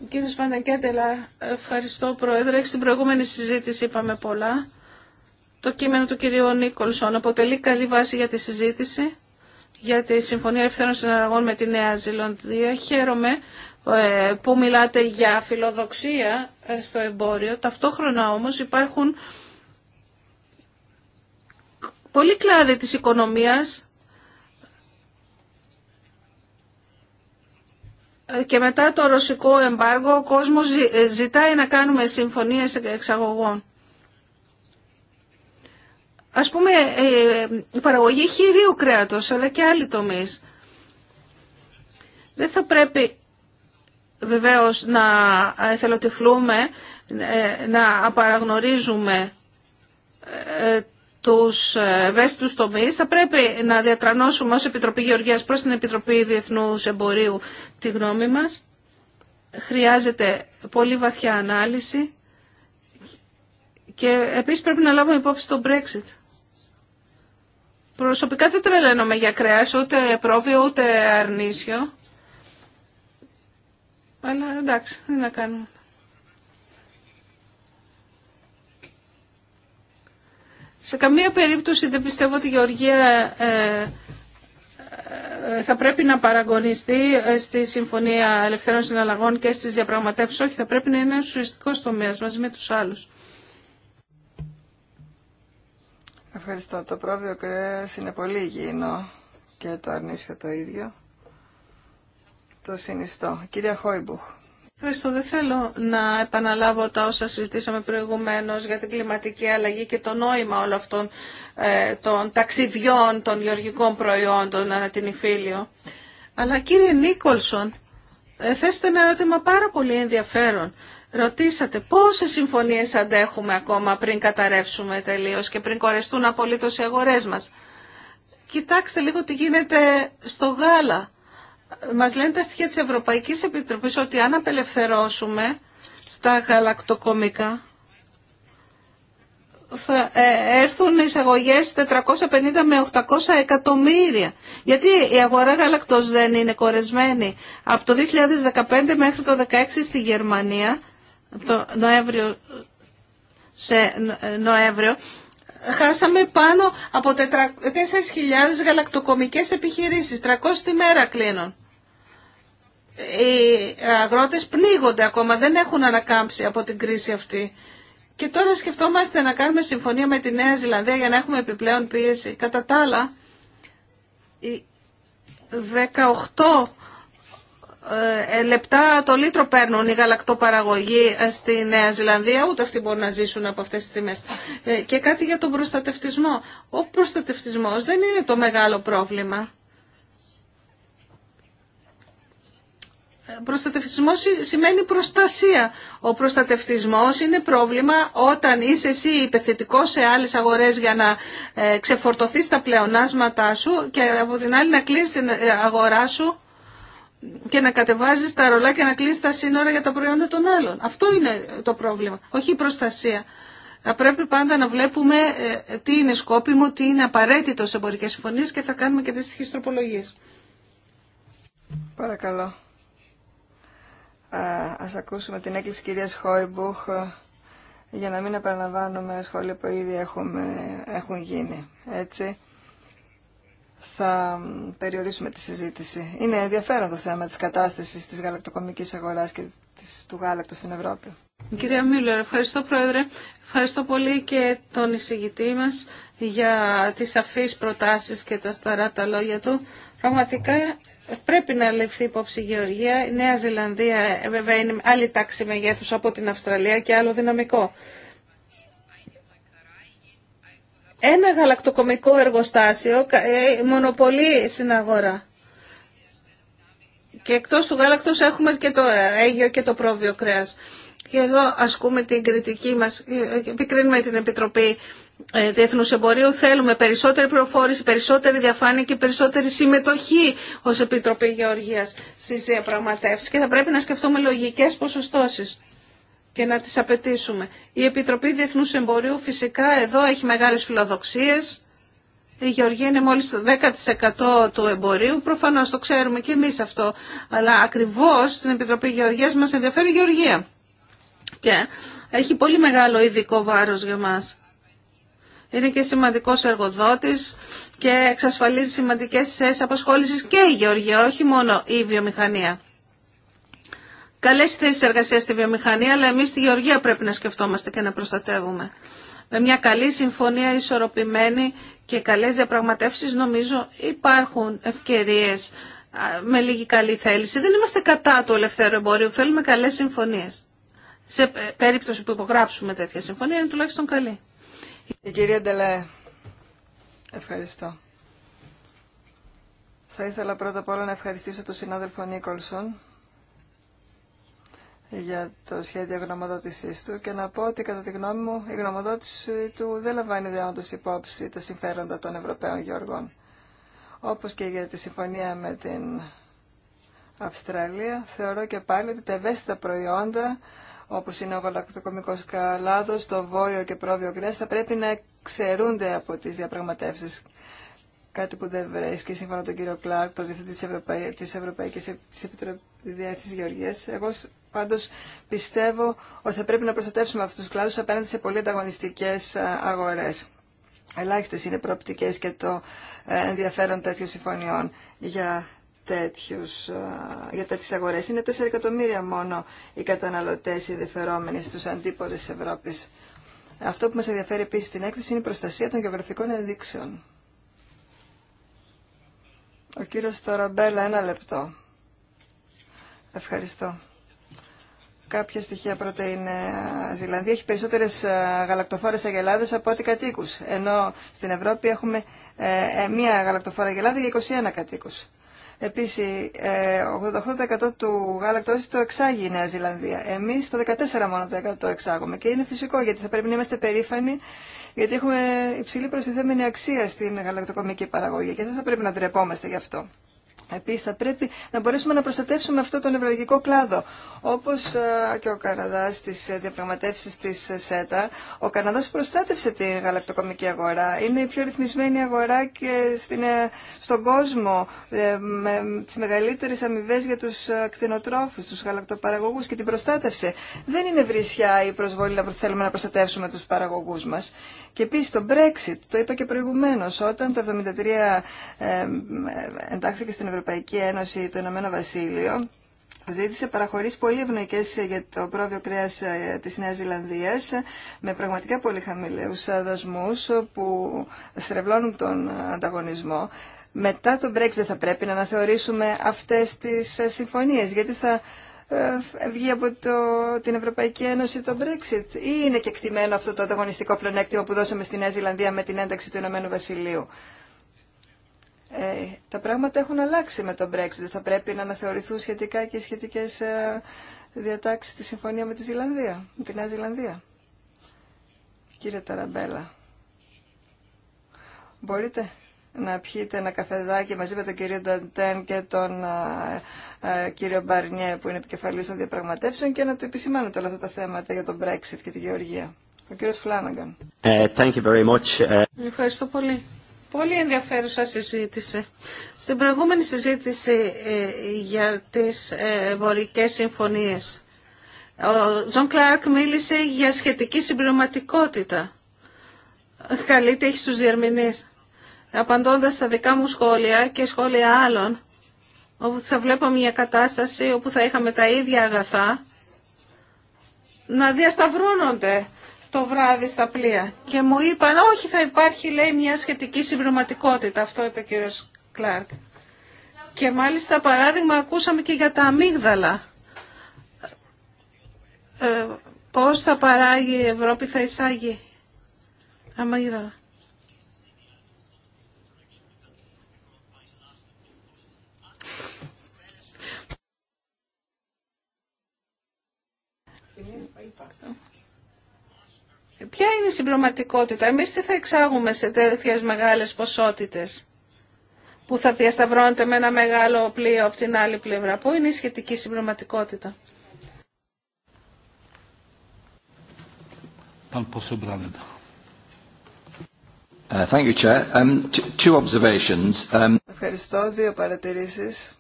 S3: Κύριε Σπαντακέτελα, ευχαριστώ Πρόεδρε. Στην προηγούμενη συζήτηση είπαμε πολλά. Το κείμενο του κυρίου Νίκολσον αποτελεί καλή βάση για τη συζήτηση για τη Συμφωνία Ελευθέρων Συναλλαγών με τη Νέα Ζηλονδία. Χαίρομαι ε, που μιλάτε για φιλοδοξία ε, στο εμπόριο. Ταυτόχρονα όμως υπάρχουν πολλοί κλάδοι της οικονομίας ε, και μετά το ρωσικό εμπάργο ο κόσμος ζητάει να κάνουμε συμφωνίες εξαγωγών. Ας πούμε, ε, η παραγωγή χειρίου κρέατος, αλλά και άλλοι τομείς. Δεν θα πρέπει βεβαίως να εθελοτυφλούμε, ε, να απαραγνωρίζουμε ε, τους ευαίσθητους τομείς. Θα πρέπει να διατρανώσουμε ως Επιτροπή Γεωργίας προς την Επιτροπή Διεθνούς Εμπορίου τη γνώμη μας. Χρειάζεται πολύ βαθιά ανάλυση και επίσης πρέπει να λάβουμε υπόψη το Brexit. Προσωπικά δεν τρελαίνομαι για κρέας, ούτε πρόβιο, ούτε αρνίσιο. Αλλά εντάξει, δεν να κάνουμε. Σε καμία περίπτωση δεν πιστεύω ότι η Γεωργία ε, ε, ε, θα πρέπει να παραγωνιστεί στη Συμφωνία Ελευθερών Συναλλαγών και στις διαπραγματεύσεις. Όχι, θα πρέπει να είναι ουσιαστικό
S1: τομέας μαζί με τους άλλους. Ευχαριστώ. Το πρόβιο κρέας είναι πολύ υγιεινό και το αρνίσιο το ίδιο. Το συνιστώ. Κυρία Χόιμπουχ.
S3: Ευχαριστώ. Δεν θέλω να επαναλάβω τα όσα συζητήσαμε προηγουμένως για την κλιματική αλλαγή και το νόημα όλων αυτών ε, των ταξιδιών των γεωργικών προϊόντων ανά την Ιφίλιο. Αλλά κύριε Νίκολσον, ε, θέσετε ένα ερώτημα πάρα πολύ ενδιαφέρον. Ρωτήσατε πόσες συμφωνίες αντέχουμε ακόμα πριν καταρρεύσουμε τελείως και πριν κορεστούν απολύτω οι αγορέ μας. Κοιτάξτε λίγο τι γίνεται στο γάλα. Μας λένε τα στοιχεία τη Ευρωπαϊκή Επιτροπή ότι αν απελευθερώσουμε στα γαλακτοκομικά θα ε, έρθουν εισαγωγέ 450 με 800 εκατομμύρια. Γιατί η αγορά γαλακτός δεν είναι κορεσμένη. Από το 2015 μέχρι το 2016 στη Γερμανία από το Νοέμβριο σε ε, Νοέμβριο, χάσαμε πάνω από 4.000 γαλακτοκομικές επιχειρήσεις, 300 τη μέρα κλείνουν. Οι αγρότες πνίγονται ακόμα, δεν έχουν ανακάμψει από την κρίση αυτή. Και τώρα σκεφτόμαστε να κάνουμε συμφωνία με τη Νέα Ζηλανδία για να έχουμε επιπλέον πίεση. Κατά τα άλλα, οι 18 ε, ε, λεπτά το λίτρο παίρνουν οι γαλακτοπαραγωγοί ε, στη Νέα Ζηλανδία, ούτε αυτοί μπορούν να ζήσουν από αυτές τις τιμές. και κάτι για τον προστατευτισμό. Ο προστατευτισμός δεν είναι το μεγάλο πρόβλημα. Προστατευτισμός σημαίνει προστασία. Ο προστατευτισμός είναι πρόβλημα όταν είσαι εσύ υπεθετικός σε άλλες αγορές για να ξεφορτωθείς τα πλεονάσματά σου και από την άλλη να κλείσει την αγορά σου και να κατεβάζει τα ρολά και να κλείσει τα σύνορα για τα προϊόντα των άλλων. Αυτό είναι το πρόβλημα, όχι η προστασία. Θα πρέπει πάντα να βλέπουμε ε, τι είναι σκόπιμο,
S1: τι είναι απαραίτητο σε εμπορικέ συμφωνίε και θα κάνουμε και τι τροπολογίε. Παρακαλώ. Ας ακούσουμε την έκκληση κυρία Χόιμπουχ ε, για να μην επαναλαμβάνουμε σχόλια που ήδη έχουν γίνει. Έτσι θα περιορίσουμε τη συζήτηση. Είναι ενδιαφέρον το θέμα της κατάστασης της γαλακτοκομικής αγοράς και της, του γάλακτος στην Ευρώπη.
S3: Κυρία Μίλλερ, ευχαριστώ Πρόεδρε. Ευχαριστώ πολύ και τον εισηγητή μας για τις σαφείς προτάσεις και τα σταρά τα λόγια του. Πραγματικά πρέπει να ληφθεί υπόψη η Γεωργία. Η Νέα Ζηλανδία βέβαια είναι άλλη τάξη μεγέθους από την Αυστραλία και άλλο δυναμικό ένα γαλακτοκομικό εργοστάσιο ε, μονοπολεί στην αγορά. Και εκτός του γάλακτος έχουμε και το αίγιο ε, και το πρόβιο κρέας. Και εδώ ασκούμε την κριτική μας, ε, επικρίνουμε την Επιτροπή Διεθνού Εμπορίου. Θέλουμε περισσότερη προφόρηση, περισσότερη διαφάνεια και περισσότερη συμμετοχή ως Επιτροπή Γεωργίας στις διαπραγματεύσεις. Και θα πρέπει να σκεφτούμε λογικές ποσοστώσεις και να τις απαιτήσουμε. Η Επιτροπή Διεθνού Εμπορίου φυσικά εδώ έχει μεγάλες φιλοδοξίες. Η Γεωργία είναι μόλις το 10% του εμπορίου, προφανώς το ξέρουμε και εμείς αυτό, αλλά ακριβώς στην Επιτροπή Γεωργίας μας ενδιαφέρει η Γεωργία. Και έχει πολύ μεγάλο ειδικό βάρος για μας. Είναι και σημαντικός εργοδότης και εξασφαλίζει σημαντικές θέσεις απασχόλησης και η Γεωργία, όχι μόνο η βιομηχανία καλέ θέσει εργασία στη βιομηχανία, αλλά εμεί στη γεωργία πρέπει να σκεφτόμαστε και να προστατεύουμε. Με μια καλή συμφωνία ισορροπημένη και καλέ διαπραγματεύσει, νομίζω υπάρχουν ευκαιρίε με λίγη καλή θέληση. Δεν είμαστε κατά του ελευθέρου εμπορίου. Θέλουμε καλέ συμφωνίε. Σε ε,
S1: περίπτωση που υπογράψουμε τέτοια συμφωνία, είναι τουλάχιστον καλή. Η κυρία Ντελέ, ευχαριστώ. Θα ήθελα πρώτα απ' όλα να ευχαριστήσω τον συνάδελφο Νίκολσον για το σχέδιο γνωμοδότησή του και να πω ότι κατά τη γνώμη μου η γνωμοδότηση του δεν λαμβάνει δεόντως υπόψη τα συμφέροντα των Ευρωπαίων Γεωργών. Όπως και για τη συμφωνία με την Αυστραλία, θεωρώ και πάλι ότι τα ευαίσθητα προϊόντα όπως είναι ο γαλακτοκομικός καλάδος, το βόλιο και πρόβιο κρέας, θα πρέπει να ξερούνται από τις διαπραγματεύσεις. Κάτι που δεν βρίσκει σύμφωνα με τον κύριο Κλάρκ, το διευθυντή της, Ευρωπαϊ... της Ευρωπαϊκής της Επιτροπής της Γεωργίας. Εγώ Πάντω, πιστεύω ότι θα πρέπει να προστατεύσουμε αυτού του κλάδου απέναντι σε πολύ ανταγωνιστικέ ε, αγορέ. Ελάχιστε είναι προοπτικέ και το ε, ενδιαφέρον τέτοιων συμφωνιών για, τέτοιους, ε, για τέτοιες αγορές. Είναι 4 εκατομμύρια μόνο οι καταναλωτές οι ενδιαφερόμενοι στους αντίποδες της Ευρώπης. Αυτό που μας ενδιαφέρει επίσης στην έκθεση είναι η προστασία των γεωγραφικών ενδείξεων. Ο κύριος Τωραμπέλα, ένα λεπτό. Ευχαριστώ κάποια στοιχεία πρώτα η Νέα Ζηλανδία έχει περισσότερες γαλακτοφόρες αγελάδες από ό,τι κατοίκους. Ενώ στην Ευρώπη έχουμε ε, ε, μία γαλακτοφόρα αγελάδα για 21 κατοίκους. Επίσης, 88% ε, του γάλακτος το εξάγει η Νέα Ζηλανδία. Εμείς το 14% μόνο το εξάγουμε και είναι φυσικό γιατί θα πρέπει να είμαστε περήφανοι γιατί έχουμε υψηλή προστιθέμενη αξία στην γαλακτοκομική παραγωγή και δεν θα πρέπει να ντρεπόμαστε γι' αυτό. Επίσης θα πρέπει να μπορέσουμε να προστατεύσουμε αυτό τον ευρωπαϊκό κλάδο. Όπως ε, και ο Καναδάς στις ε, διαπραγματεύσεις της ε, ΣΕΤΑ, ο Καναδάς προστάτευσε την γαλακτοκομική αγορά. Είναι η πιο ρυθμισμένη αγορά και στην, στον κόσμο με τις μεγαλύτερες αμοιβέ για τους κτηνοτρόφους, τους γαλακτοπαραγωγούς και την προστάτευσε. Δεν είναι βρισιά η προσβολή που θέλουμε να προστατεύσουμε τους παραγωγούς μας. Και επίση το Brexit, το είπα και προηγουμένω όταν το 1973 εντάχθηκε στην Ευρωπαϊκή Ευρωπαϊκή Ένωση το Ηνωμένο Βασίλειο ζήτησε παραχωρήσει πολύ ευνοϊκέ για το πρόβιο κρέα ε, τη Νέα Ζηλανδία με πραγματικά πολύ χαμηλού ε, δασμού ε, που στρεβλώνουν τον ανταγωνισμό. Μετά το Brexit θα πρέπει να αναθεωρήσουμε αυτές τις συμφωνίες, γιατί θα βγει από το, την Ευρωπαϊκή Ένωση το Brexit ή είναι κεκτημένο αυτό το ανταγωνιστικό πλεονέκτημα που δώσαμε στη Νέα Ζηλανδία με την ένταξη του Ηνωμένου Βασιλείου. Ε, τα πράγματα έχουν αλλάξει με τον Brexit. Θα πρέπει να αναθεωρηθούν σχετικά και οι σχετικές ε, διατάξεις στη συμφωνία με τη Ζηλανδία, με την Νέα Ζηλανδία. Κύριε Ταραμπέλα, μπορείτε να πιείτε ένα καφεδάκι μαζί με τον κύριο Νταντέν και τον ε, ε, κύριο Μπαρνιέ που είναι επικεφαλής των διαπραγματεύσεων και να του επισημάνετε όλα αυτά τα θέματα για τον Brexit και τη Γεωργία. Ο κύριος Φλάναγκαν. Ευχαριστώ πολύ.
S3: Πολύ ενδιαφέρουσα συζήτηση. Στην προηγούμενη συζήτηση ε, για τις εμπορικές συμφωνίες, ο Τζον Κλάρκ μίλησε για σχετική συμπληρωματικότητα. Καλή τύχη στους διερμηνείς. Απαντώντας στα δικά μου σχόλια και σχόλια άλλων, όπου θα βλέπαμε μια κατάσταση όπου θα είχαμε τα ίδια αγαθά, να διασταυρώνονται το βράδυ στα πλοία. Και μου είπαν, όχι θα υπάρχει λέει μια σχετική συμπληρωματικότητα, αυτό είπε ο κύριος Κλάρκ. Και μάλιστα παράδειγμα ακούσαμε και για τα αμύγδαλα. Ε, πώς θα παράγει η Ευρώπη, θα εισάγει αμύγδαλα. Ποια είναι η συμπληρωματικότητα. Εμείς τι θα εξάγουμε σε τέτοιες μεγάλες ποσότητες που θα διασταυρώνεται με ένα μεγάλο πλοίο από την άλλη πλευρά. Πού είναι η σχετική συμπληρωματικότητα.
S1: Ευχαριστώ. Δύο παρατηρήσεις.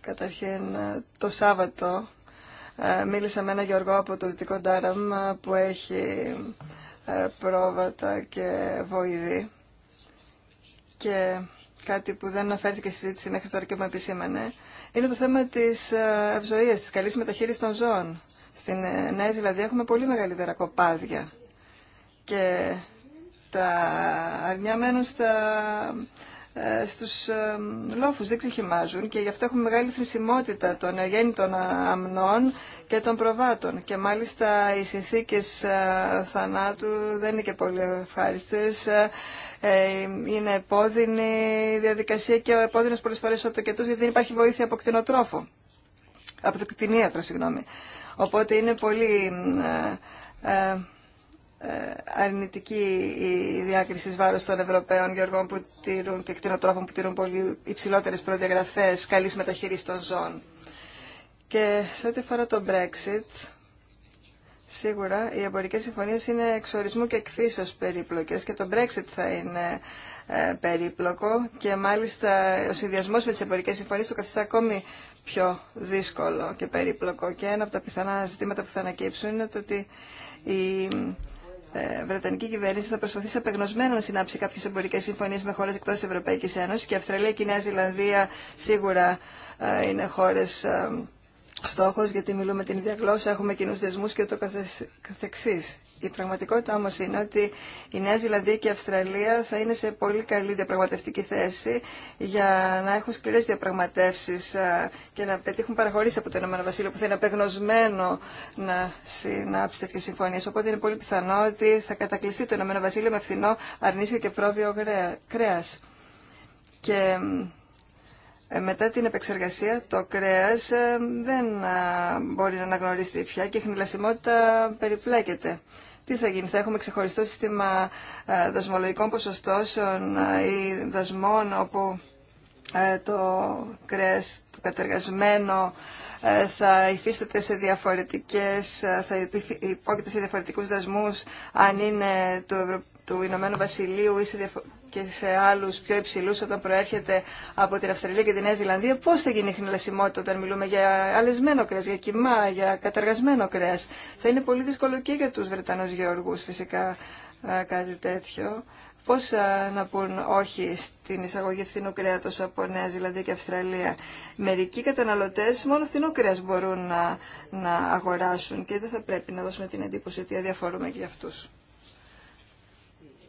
S1: Καταρχήν, το Σάββατο ε, μίλησα με ένα Γιωργό από το Δυτικό Ντάραμ ε, που έχει ε, πρόβατα και βοηδή και κάτι που δεν αναφέρθηκε στη συζήτηση μέχρι τώρα και μου επισήμανε είναι το θέμα της ευζοίας, της καλής μεταχείρισης των ζώων. Στην Νέα Ζηλανδία έχουμε πολύ μεγαλύτερα κοπάδια και τα αρνιά μένουν στα ε, στους ε, λόφους, δεν ξεχυμάζουν και γι' αυτό έχουμε μεγάλη χρησιμότητα των αγέννητων αμνών και των προβάτων. Και μάλιστα οι συνθήκες ε, θανάτου δεν είναι και πολύ ευχάριστες. Είναι επώδυνη διαδικασία και ο επώδυνος πολλές φορές ο τοκετός γιατί δεν υπάρχει βοήθεια από κτηνοτρόφο, από το κτηνίατρο, συγγνώμη. Οπότε είναι πολύ ε, αρνητική η διάκριση βάρος των Ευρωπαίων γεωργών που τηρούν και κτηνοτρόφων που τηρούν πολύ υψηλότερες προδιαγραφές καλής μεταχείρισης των ζώων. Και σε ό,τι αφορά το Brexit, σίγουρα οι εμπορικές συμφωνίες είναι εξορισμού και εκφύσεως περίπλοκες και το Brexit θα είναι ε, περίπλοκο και μάλιστα ο συνδυασμός με τις εμπορικές συμφωνίες το καθιστά ακόμη πιο δύσκολο και περίπλοκο και ένα από τα πιθανά ζητήματα που θα ανακύψουν είναι το ότι η ε, Βρετανική κυβέρνηση θα προσπαθήσει απεγνωσμένα να συνάψει κάποιε εμπορικέ συμφωνίε με χώρε εκτό Ευρωπαϊκή Ένωση και Αυστραλία και η Νέα Ζηλανδία σίγουρα ε, είναι χώρε στόχο γιατί μιλούμε την ίδια γλώσσα, έχουμε κοινού δεσμού και ούτω καθεξή. Η πραγματικότητα όμως είναι ότι η Νέα Ζηλανδία και η Αυστραλία θα είναι σε πολύ καλή διαπραγματευτική θέση για να έχουν σκληρές διαπραγματεύσεις και να πετύχουν παραχωρήσει από το ΕΒ που θα είναι απεγνωσμένο να συνάψει τέτοιες συμφωνίες. Οπότε είναι πολύ πιθανό ότι θα κατακλειστεί το ΕΒ με φθηνό αρνήσιο και πρόβιο κρέας. Και ε, μετά την επεξεργασία το κρέας ε, δεν μπορεί να αναγνωρίσει πια και η χνηλασιμότητα περιπλέκεται τι θα γίνει. Θα έχουμε ξεχωριστό σύστημα ε, δασμολογικών ποσοστώσεων ε, ή δασμών όπου ε, το κρέας, το κατεργασμένο θα υφίσταται σε διαφορετικές, θα υπόκειται σε διαφορετικούς δασμούς αν είναι του, Ευρω... του Ηνωμένου Βασιλείου ή σε και σε άλλους πιο υψηλούς όταν προέρχεται από την Αυστραλία και τη Νέα Ζηλανδία, πώς θα γίνει η χνηλασιμότητα όταν μιλούμε για αλεσμένο κρέας, για κοιμά, για καταργασμένο κρέας. Θα είναι πολύ δύσκολο και για τους Βρετανούς γεωργούς φυσικά κάτι τέτοιο. Πώς να πούν όχι στην εισαγωγή φθηνού κρέατος από Νέα Ζηλανδία και Αυστραλία. Μερικοί καταναλωτές μόνο φθηνού κρέας μπορούν να, να αγοράσουν και δεν θα πρέπει να δώσουμε την εντύπωση ότι αδιαφορούμε και για αυτούς.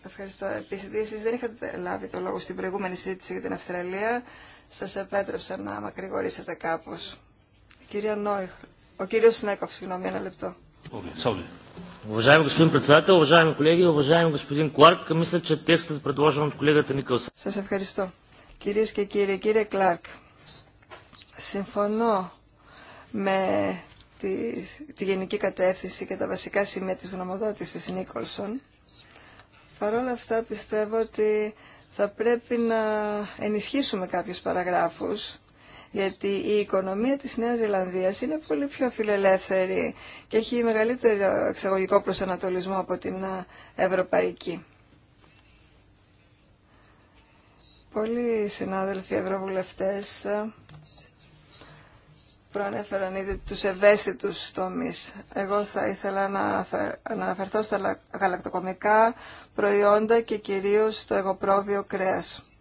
S1: Ευχαριστώ. Επειδή εσεί δεν είχατε λάβει το λόγο στην προηγούμενη συζήτηση για την Αυστραλία, σα επέτρεψα να μακρηγορήσετε κάπω. Κυρία Νόιχ, ο κύριο Σνέκοφ, συγγνώμη, ένα λεπτό. Σα ευχαριστώ. Κυρίε και κύριοι, κύριε Κλάρκ, συμφωνώ με τη, τη γενική κατεύθυνση και τα βασικά σημεία της γνωμοδότησης Νίκολσον Παρ' όλα αυτά πιστεύω ότι θα πρέπει να ενισχύσουμε κάποιους παραγράφους γιατί η οικονομία της Νέας Ζηλανδίας είναι πολύ πιο φιλελεύθερη και έχει μεγαλύτερο εξαγωγικό προσανατολισμό από την ευρωπαϊκή. Πολλοί συνάδελφοι ευρωβουλευτές προανέφεραν ήδη τους ευαίσθητους τομείς. Εγώ θα ήθελα να αναφερθώ στα γαλακτοκομικά προϊόντα και κυρίως στο εγωπρόβιο κρέας.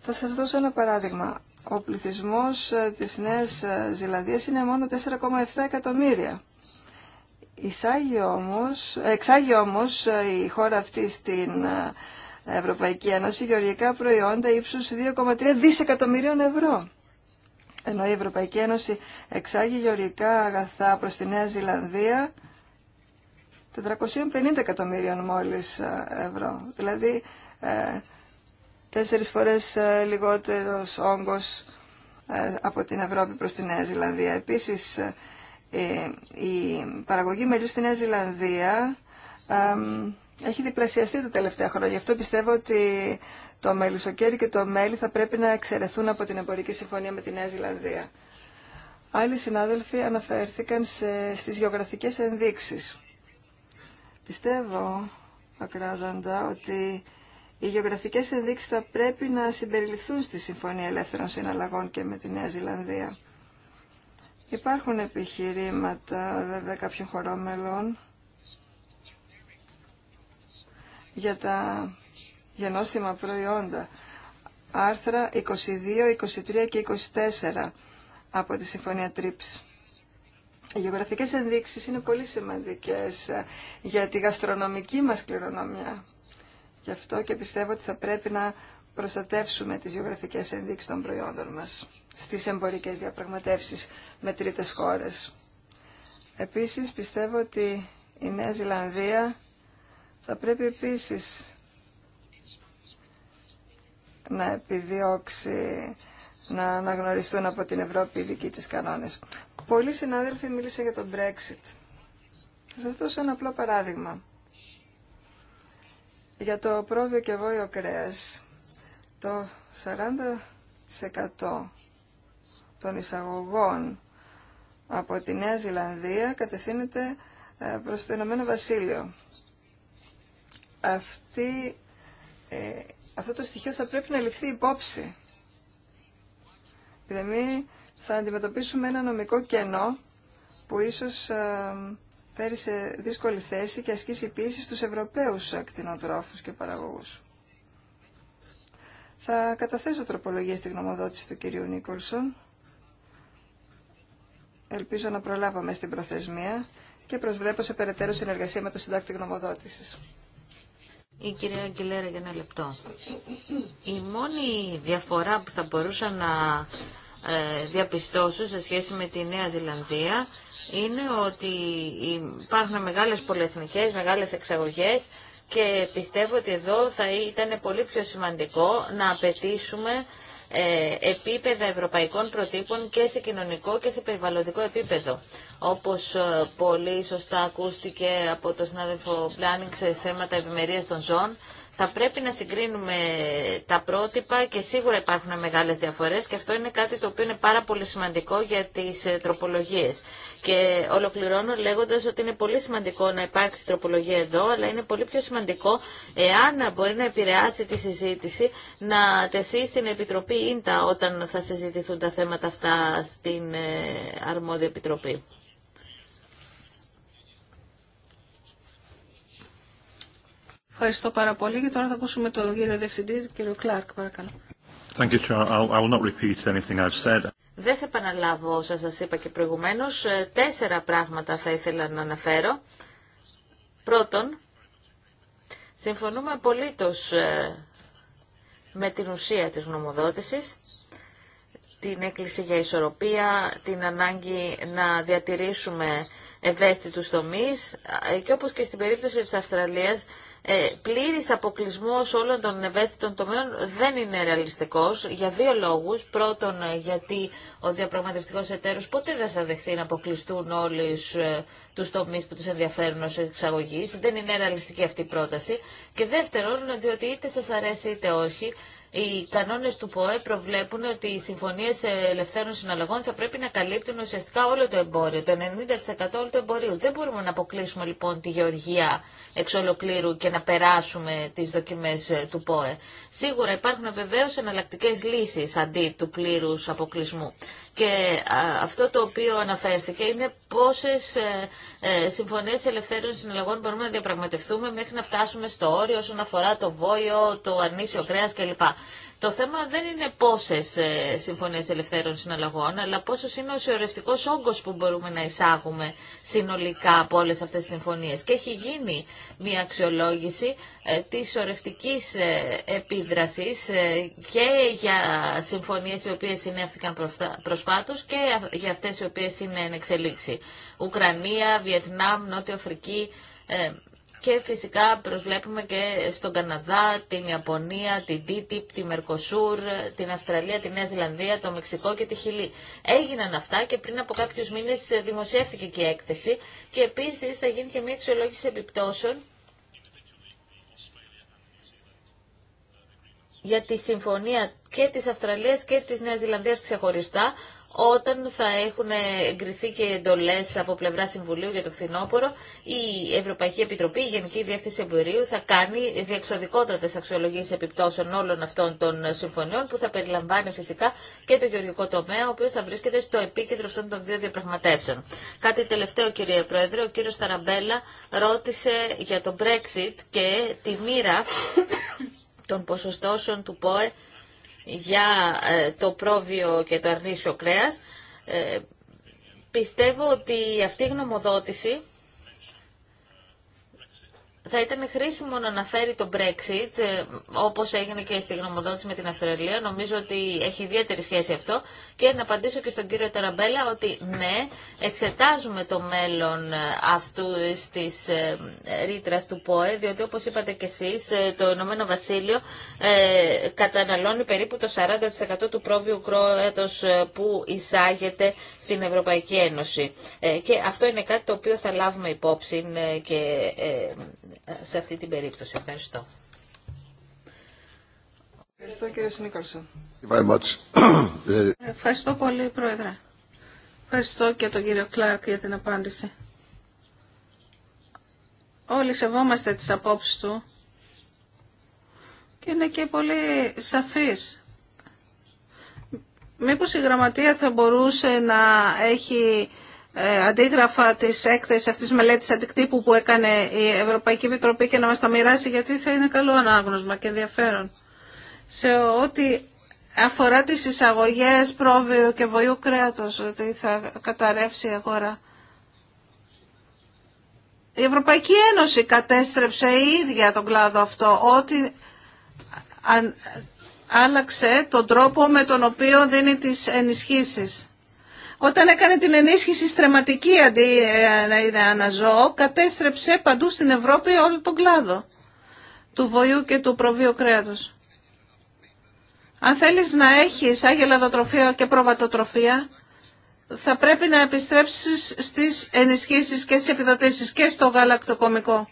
S1: Θα σας δώσω ένα παράδειγμα. Ο πληθυσμός ε, της Νέας ε, Ζηλανδίας είναι μόνο 4,7 εκατομμύρια. Εισάγει όμως, ε, εξάγει όμως η χώρα αυτή στην Ευρωπαϊκή Ένωση γεωργικά προϊόντα ύψους 2,3 δισεκατομμυρίων ευρώ ενώ η Ευρωπαϊκή Ένωση εξάγει γεωργικά αγαθά προς τη Νέα Ζηλανδία 450 εκατομμύριων μόλις ε, ευρώ. Δηλαδή ε, τέσσερις φορές ε, λιγότερος όγκος ε, από την Ευρώπη προς τη Νέα Ζηλανδία. Επίσης η παραγωγή μελιού στη Νέα Ζηλανδία έχει διπλασιαστεί τα τελευταία χρόνια. Γι' αυτό πιστεύω ότι το μελισσοκέρι και το μέλι θα πρέπει να εξαιρεθούν από την εμπορική συμφωνία με τη Νέα Ζηλανδία. Άλλοι συνάδελφοι αναφέρθηκαν σε, στις γεωγραφικές ενδείξεις. Πιστεύω ακράδαντα ότι οι γεωγραφικές ενδείξεις θα πρέπει να συμπεριληφθούν στη Συμφωνία Ελεύθερων Συναλλαγών και με τη Νέα Ζηλανδία. Υπάρχουν επιχειρήματα βέβαια κάποιων χωρών μελών για τα γενώσιμα προϊόντα. Άρθρα 22, 23 και 24 από τη Συμφωνία TRIPS. Οι γεωγραφικές ενδείξεις είναι πολύ σημαντικές ε, για τη γαστρονομική μας κληρονομιά. Γι' αυτό και πιστεύω ότι θα πρέπει να προστατεύσουμε τις γεωγραφικές ενδείξεις των προϊόντων μας στις εμπορικές διαπραγματεύσεις με τρίτες χώρες. Επίσης πιστεύω ότι η Νέα Ζηλανδία θα πρέπει επίσης να επιδιώξει να αναγνωριστούν από την Ευρώπη οι δικοί της κανόνες. Πολλοί συνάδελφοι μίλησαν για τον Brexit. Θα σας δώσω ένα απλό παράδειγμα. Για το πρόβιο και βόηο κρέας, το 40% των εισαγωγών από τη Νέα Ζηλανδία κατευθύνεται ε, προς το Ηνωμένο Βασίλειο αυτή, ε, αυτό το στοιχείο θα πρέπει να ληφθεί υπόψη. Δηλαδή θα αντιμετωπίσουμε ένα νομικό κενό που ίσως ε, φέρει σε δύσκολη θέση και ασκήσει πίεση στους Ευρωπαίους ακτινοτρόφους και παραγωγούς. Θα καταθέσω τροπολογία στη γνωμοδότηση του κυρίου Νίκολσον. Ελπίζω να προλάβαμε στην προθεσμία και προσβλέπω σε περαιτέρω συνεργασία με το συντάκτη γνωμοδότησης.
S2: Η κυρία για ένα λεπτό. Η μόνη διαφορά που θα μπορούσα να ε, διαπιστώσω σε σχέση με τη Νέα Ζηλανδία είναι ότι υπάρχουν μεγάλες πολυεθνικές, μεγάλες εξαγωγές και πιστεύω ότι εδώ θα ήταν πολύ πιο σημαντικό να απαιτήσουμε ε, επίπεδα ευρωπαϊκών προτύπων και σε κοινωνικό και σε περιβαλλοντικό επίπεδο όπως ε, πολύ σωστά ακούστηκε από τον συνάδελφο Μπλάνινγκ σε θέματα ευημερία των ζώων, θα πρέπει να συγκρίνουμε τα πρότυπα και σίγουρα υπάρχουν μεγάλες διαφορές και αυτό είναι κάτι το οποίο είναι πάρα πολύ σημαντικό για τις ε, τροπολογίες. Και ολοκληρώνω λέγοντας ότι είναι πολύ σημαντικό να υπάρξει τροπολογία εδώ, αλλά είναι πολύ πιο σημαντικό εάν μπορεί να επηρεάσει τη συζήτηση να τεθεί στην Επιτροπή Ίντα όταν θα συζητηθούν τα θέματα αυτά στην ε, αρμόδια Επιτροπή.
S3: Ευχαριστώ πάρα πολύ και τώρα θα ακούσουμε τον κύριο Διευθυντή, τον
S2: κύριο Κλάρκ, παρακαλώ.
S1: Thank you, I'll, not repeat anything I've said.
S2: Δεν θα επαναλάβω όσα σας είπα και προηγουμένως. Ε, τέσσερα πράγματα θα ήθελα να αναφέρω. Πρώτον, συμφωνούμε απολύτως ε, με την ουσία της γνωμοδότησης, την έκκληση για ισορροπία, την ανάγκη να διατηρήσουμε ευαίσθητου τομεί, ε, και όπως και στην περίπτωση της Αυστραλίας ε, πλήρη αποκλεισμό όλων των ευαίσθητων τομέων δεν είναι ρεαλιστικό για δύο λόγους. Πρώτον, ε, γιατί ο διαπραγματευτικός εταίρος ποτέ δεν θα δεχθεί να αποκλειστούν όλου τους τομεί που του ενδιαφέρουν ω εξαγωγή. Δεν είναι ρεαλιστική αυτή η πρόταση. Και δεύτερον, διότι είτε σα αρέσει είτε όχι, οι κανόνες του ΠΟΕ προβλέπουν ότι οι συμφωνίες ελευθέρων συναλλαγών θα πρέπει να καλύπτουν ουσιαστικά όλο το εμπόριο, το 90% όλου του εμπορίου. Δεν μπορούμε να αποκλείσουμε λοιπόν τη γεωργία εξ ολοκλήρου και να περάσουμε τις δοκιμέ ε, του ΠΟΕ. Σίγουρα υπάρχουν βεβαίω εναλλακτικέ λύσεις αντί του πλήρου αποκλεισμού. Και αυτό το οποίο αναφέρθηκε είναι πόσες ε, ε, συμφωνίε ελευθέρων συναλλαγών μπορούμε να διαπραγματευτούμε μέχρι να φτάσουμε στο όριο όσον αφορά το βόλιο, το αρνήσιο κρέα κλπ. Το θέμα δεν είναι πόσε συμφωνίε ελευθέρων συναλλαγών, αλλά πόσο είναι ο σιωρευτικό όγκο που μπορούμε να εισάγουμε συνολικά από όλε αυτέ τι συμφωνίε. Και έχει γίνει μια αξιολόγηση ε, τη σιωρευτική ε, επίδραση ε, και για συμφωνίε οι οποίε συνέφθηκαν προσφάτω και για αυτέ οι οποίε είναι εν εξελίξη. Ουκρανία, Βιετνάμ, Νότιο Αφρική. Και φυσικά προσβλέπουμε και στον Καναδά, την Ιαπωνία, την Τίτυπ, τη Μερκοσούρ, την Αυστραλία, τη Νέα Ζηλανδία, το Μεξικό και τη Χιλή. Έγιναν αυτά και πριν από κάποιους μήνες δημοσιεύτηκε και η έκθεση και επίσης θα γίνει και μια αξιολόγηση επιπτώσεων για τη συμφωνία και της Αυστραλίας και της Νέας Ζηλανδίας ξεχωριστά, όταν θα έχουν εγκριθεί και εντολέ από πλευρά Συμβουλίου για το φθινόπωρο, η Ευρωπαϊκή Επιτροπή, η Γενική Διεύθυνση Εμπορίου, θα κάνει διεξοδικότατε αξιολογήσει επιπτώσεων όλων αυτών των συμφωνιών, που θα περιλαμβάνει φυσικά και το γεωργικό τομέα, ο οποίο θα βρίσκεται στο επίκεντρο αυτών των δύο διαπραγματεύσεων. Κάτι τελευταίο, κύριε Πρόεδρε, ο κύριο Ταραμπέλα ρώτησε για το Brexit και τη μοίρα των ποσοστώσεων του ΠΟΕ για ε, το πρόβιο και το αρνήσιο κρέας. Ε, πιστεύω ότι αυτή η γνωμοδότηση θα ήταν χρήσιμο να αναφέρει το Brexit, ε, όπως έγινε και στη γνωμοδότηση με την Αυστραλία. Νομίζω ότι έχει ιδιαίτερη σχέση αυτό. Και να απαντήσω και στον κύριο Ταραμπέλα ότι ναι, εξετάζουμε το μέλλον ε, αυτού της ε, ρήτρα του ΠΟΕ, διότι όπως είπατε και εσείς, το Ηνωμένο Βασίλειο καταναλώνει περίπου το 40% του πρόβειου κρόατος που εισάγεται στην Ευρωπαϊκή Ένωση. Και αυτό είναι κάτι το οποίο θα λάβουμε υπόψη και σε αυτή την περίπτωση. Ευχαριστώ.
S3: Ευχαριστώ κύριε Σνίκολσον. Ευχαριστώ πολύ Πρόεδρε. Ευχαριστώ και τον κύριο Κλάρκ για την απάντηση. Όλοι σεβόμαστε τις απόψεις του και είναι και πολύ σαφής. Μήπως η γραμματεία θα μπορούσε να έχει ε, αντίγραφα τη έκθεση αυτή τη μελέτης αντικτύπου που έκανε η Ευρωπαϊκή Επιτροπή και να μας τα μοιράσει γιατί θα είναι καλό ανάγνωσμα και ενδιαφέρον. Σε ό,τι αφορά τις εισαγωγέ πρόβειου και βοηού κρέατο, ότι θα καταρρεύσει η αγορά. Η Ευρωπαϊκή Ένωση κατέστρεψε η ίδια τον κλάδο αυτό, ότι άλλαξε τον τρόπο με τον οποίο δίνει τις ενισχύσεις. Όταν έκανε την ενίσχυση στρεματική αντί ε, να είναι αναζώο, κατέστρεψε παντού στην Ευρώπη όλο τον κλάδο του βοηού και του προβίου κρέατος. Αν θέλεις να έχεις δοτροφία και προβατοτροφία, θα πρέπει να επιστρέψεις στις ενισχύσεις και τις επιδοτήσεις και στο γαλακτοκομικό.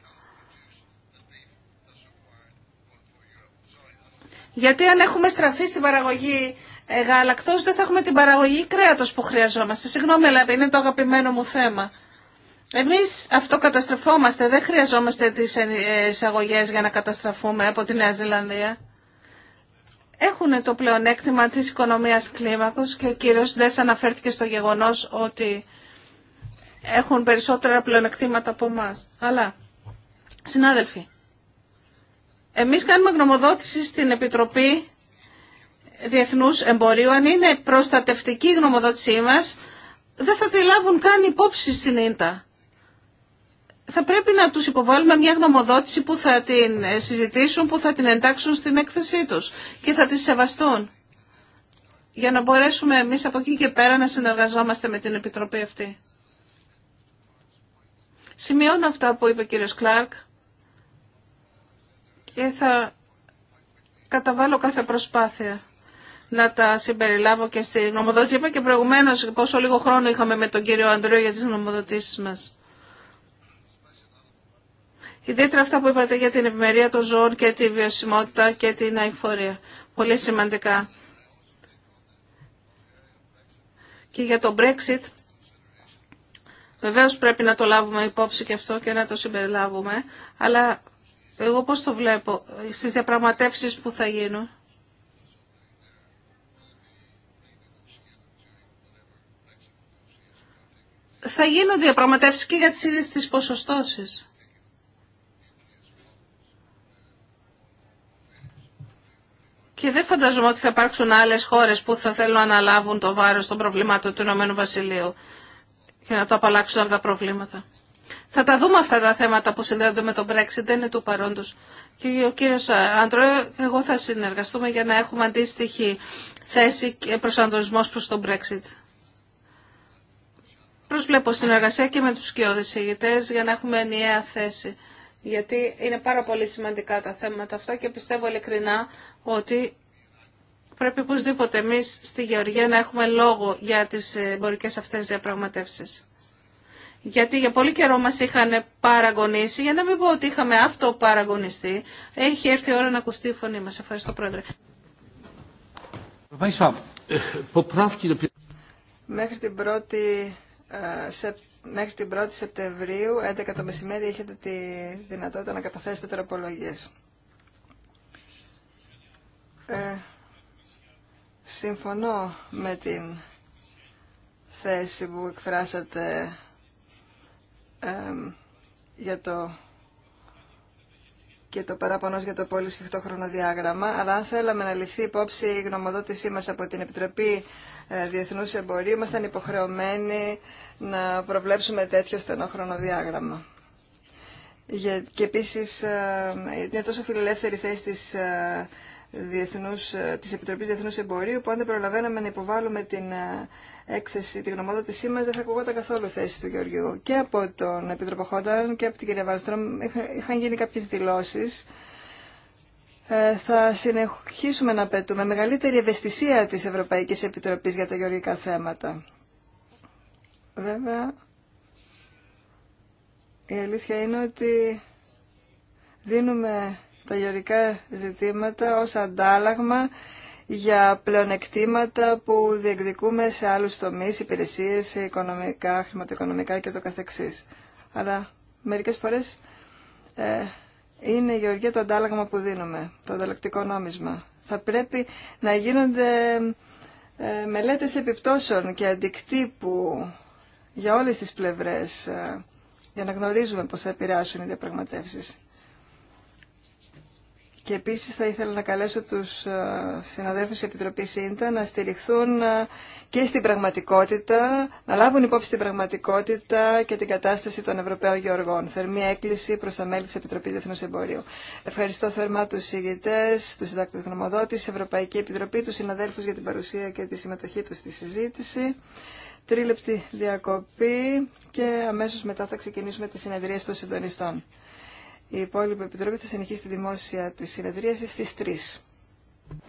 S3: Γιατί αν έχουμε στραφεί στην παραγωγή ε, γαλακτός δεν θα έχουμε την παραγωγή κρέατος που χρειαζόμαστε. Συγγνώμη, αλλά είναι το αγαπημένο μου θέμα. Εμείς αυτό καταστρεφόμαστε, δεν χρειαζόμαστε τις ε, εισαγωγέ για να καταστραφούμε από τη Νέα Ζηλανδία. Έχουν το πλεονέκτημα της οικονομίας κλίμακος και ο κύριος Ντές αναφέρθηκε στο γεγονός ότι έχουν περισσότερα πλεονεκτήματα από εμά. Αλλά, συνάδελφοι, εμείς κάνουμε γνωμοδότηση στην Επιτροπή διεθνούς εμπορίου, αν είναι προστατευτική η γνωμοδότησή μας, δεν θα τη λάβουν καν υπόψη στην ίντα. Θα πρέπει να τους υποβάλουμε μια γνωμοδότηση που θα την συζητήσουν, που θα την εντάξουν στην έκθεσή τους και θα τη σεβαστούν για να μπορέσουμε εμείς από εκεί και πέρα να συνεργαζόμαστε με την Επιτροπή αυτή. Σημειώνω αυτά που είπε ο κύριος Κλάρκ και θα καταβάλω κάθε προσπάθεια να τα συμπεριλάβω και στη νομοδοτήση. Είπα και προηγουμένω πόσο λίγο χρόνο είχαμε με τον κύριο Αντρέο για τι νομοδοτήσει μα. Ιδιαίτερα αυτά που είπατε για την ευημερία των ζώων και τη βιωσιμότητα και την αηφορία. Πολύ σημαντικά. Και για το Brexit, βεβαίως πρέπει να το λάβουμε υπόψη και αυτό και να το συμπεριλάβουμε, αλλά εγώ πώς το βλέπω στις διαπραγματεύσεις που θα γίνουν. θα γίνουν διαπραγματεύσεις και για τις ίδιες τις ποσοστώσεις. Και δεν φανταζομαι ότι θα υπάρξουν άλλες χώρες που θα θέλουν να αναλάβουν το βάρος των προβλημάτων του Ηνωμένου Βασιλείου και να το απαλλάξουν από τα προβλήματα. Θα τα δούμε αυτά τα θέματα που συνδέονται με τον Brexit, δεν είναι του παρόντος. Και ο κύριος Άντρο, εγώ θα συνεργαστούμε για να έχουμε αντίστοιχη θέση και προσανατολισμός προς τον Brexit. Προσβλέπω συνεργασία και με τους σκιώδες ηγητές για να έχουμε ενιαία θέση. Γιατί είναι πάρα πολύ σημαντικά τα θέματα αυτά και πιστεύω ειλικρινά ότι πρέπει οπωσδήποτε εμεί στη Γεωργία να έχουμε λόγο για τις εμπορικέ αυτές διαπραγματεύσεις. Γιατί για πολύ καιρό μας είχαν παραγωνίσει, για να μην πω ότι είχαμε αυτό παραγωνιστεί. Έχει έρθει η ώρα να ακουστεί η φωνή μας. Ευχαριστώ Πρόεδρε.
S1: Μέχρι την πρώτη σε, μέχρι την 1η Σεπτεμβρίου, 11 το μεσημέρι, έχετε τη δυνατότητα να καταθέσετε τροπολογίες. Ε, συμφωνώ με την θέση που εκφράσατε ε, για το και το παράπονο για το πολύ σφιχτό χρονοδιάγραμμα, αλλά αν θέλαμε να ληφθεί υπόψη η γνωμοδότησή μας από την Επιτροπή ε, Διεθνούς Εμπορίου, ήμασταν υποχρεωμένοι να προβλέψουμε τέτοιο στενό χρονοδιάγραμμα. Και επίσης είναι τόσο φιλελεύθερη θέση τη. Ε, διεθνούς, ε, της Επιτροπής Διεθνούς Εμπορίου που αν δεν προλαβαίναμε να υποβάλουμε την ε, έκθεση, την γνωμότατησή μας δεν θα ακουγόταν καθόλου θέση του Γεωργίου. Και από τον Επιτροπο και από την κυρία Βάλστρομ είχαν γίνει κάποιες δηλώσεις ε, θα συνεχίσουμε να πετούμε μεγαλύτερη ευαισθησία της Ευρωπαϊκής Επιτροπής για τα γεωργικά θέματα. Βέβαια, η αλήθεια είναι ότι δίνουμε τα γεωρικά ζητήματα ως αντάλλαγμα για πλεονεκτήματα που διεκδικούμε σε άλλους τομείς, υπηρεσίες, οικονομικά, χρηματοοικονομικά και το καθεξής. Αλλά μερικές φορές ε, είναι η γεωργία το αντάλλαγμα που δίνουμε, το ανταλλακτικό νόμισμα. Θα πρέπει να γίνονται ε, μελέτες επιπτώσεων και αντικτύπου για όλες τις πλευρές ε, για να γνωρίζουμε πώς θα επηρεάσουν οι διαπραγματεύσεις. Και επίσης θα ήθελα να καλέσω τους ε, συναδέλφους της Επιτροπής ΣΥΝΤΑ να στηριχθούν ε, και στην πραγματικότητα, να λάβουν υπόψη την πραγματικότητα και την κατάσταση των Ευρωπαίων Γεωργών. Θερμή έκκληση προς τα μέλη της Επιτροπής Διεθνούς Εμπορίου. Ευχαριστώ θερμά τους ηγητές, τους συντάκτες γνωμοδότης, Ευρωπαϊκή Επιτροπή, του συναδέλφους για την παρουσία και τη συμμετοχή τους στη συζήτηση. Τρίλεπτη διακοπή και αμέσως μετά θα ξεκινήσουμε τη συνεδρίε των συντονιστών. Η υπόλοιπη επιτροπή θα συνεχίσει τη δημόσια της συνεδρίασης στις 3.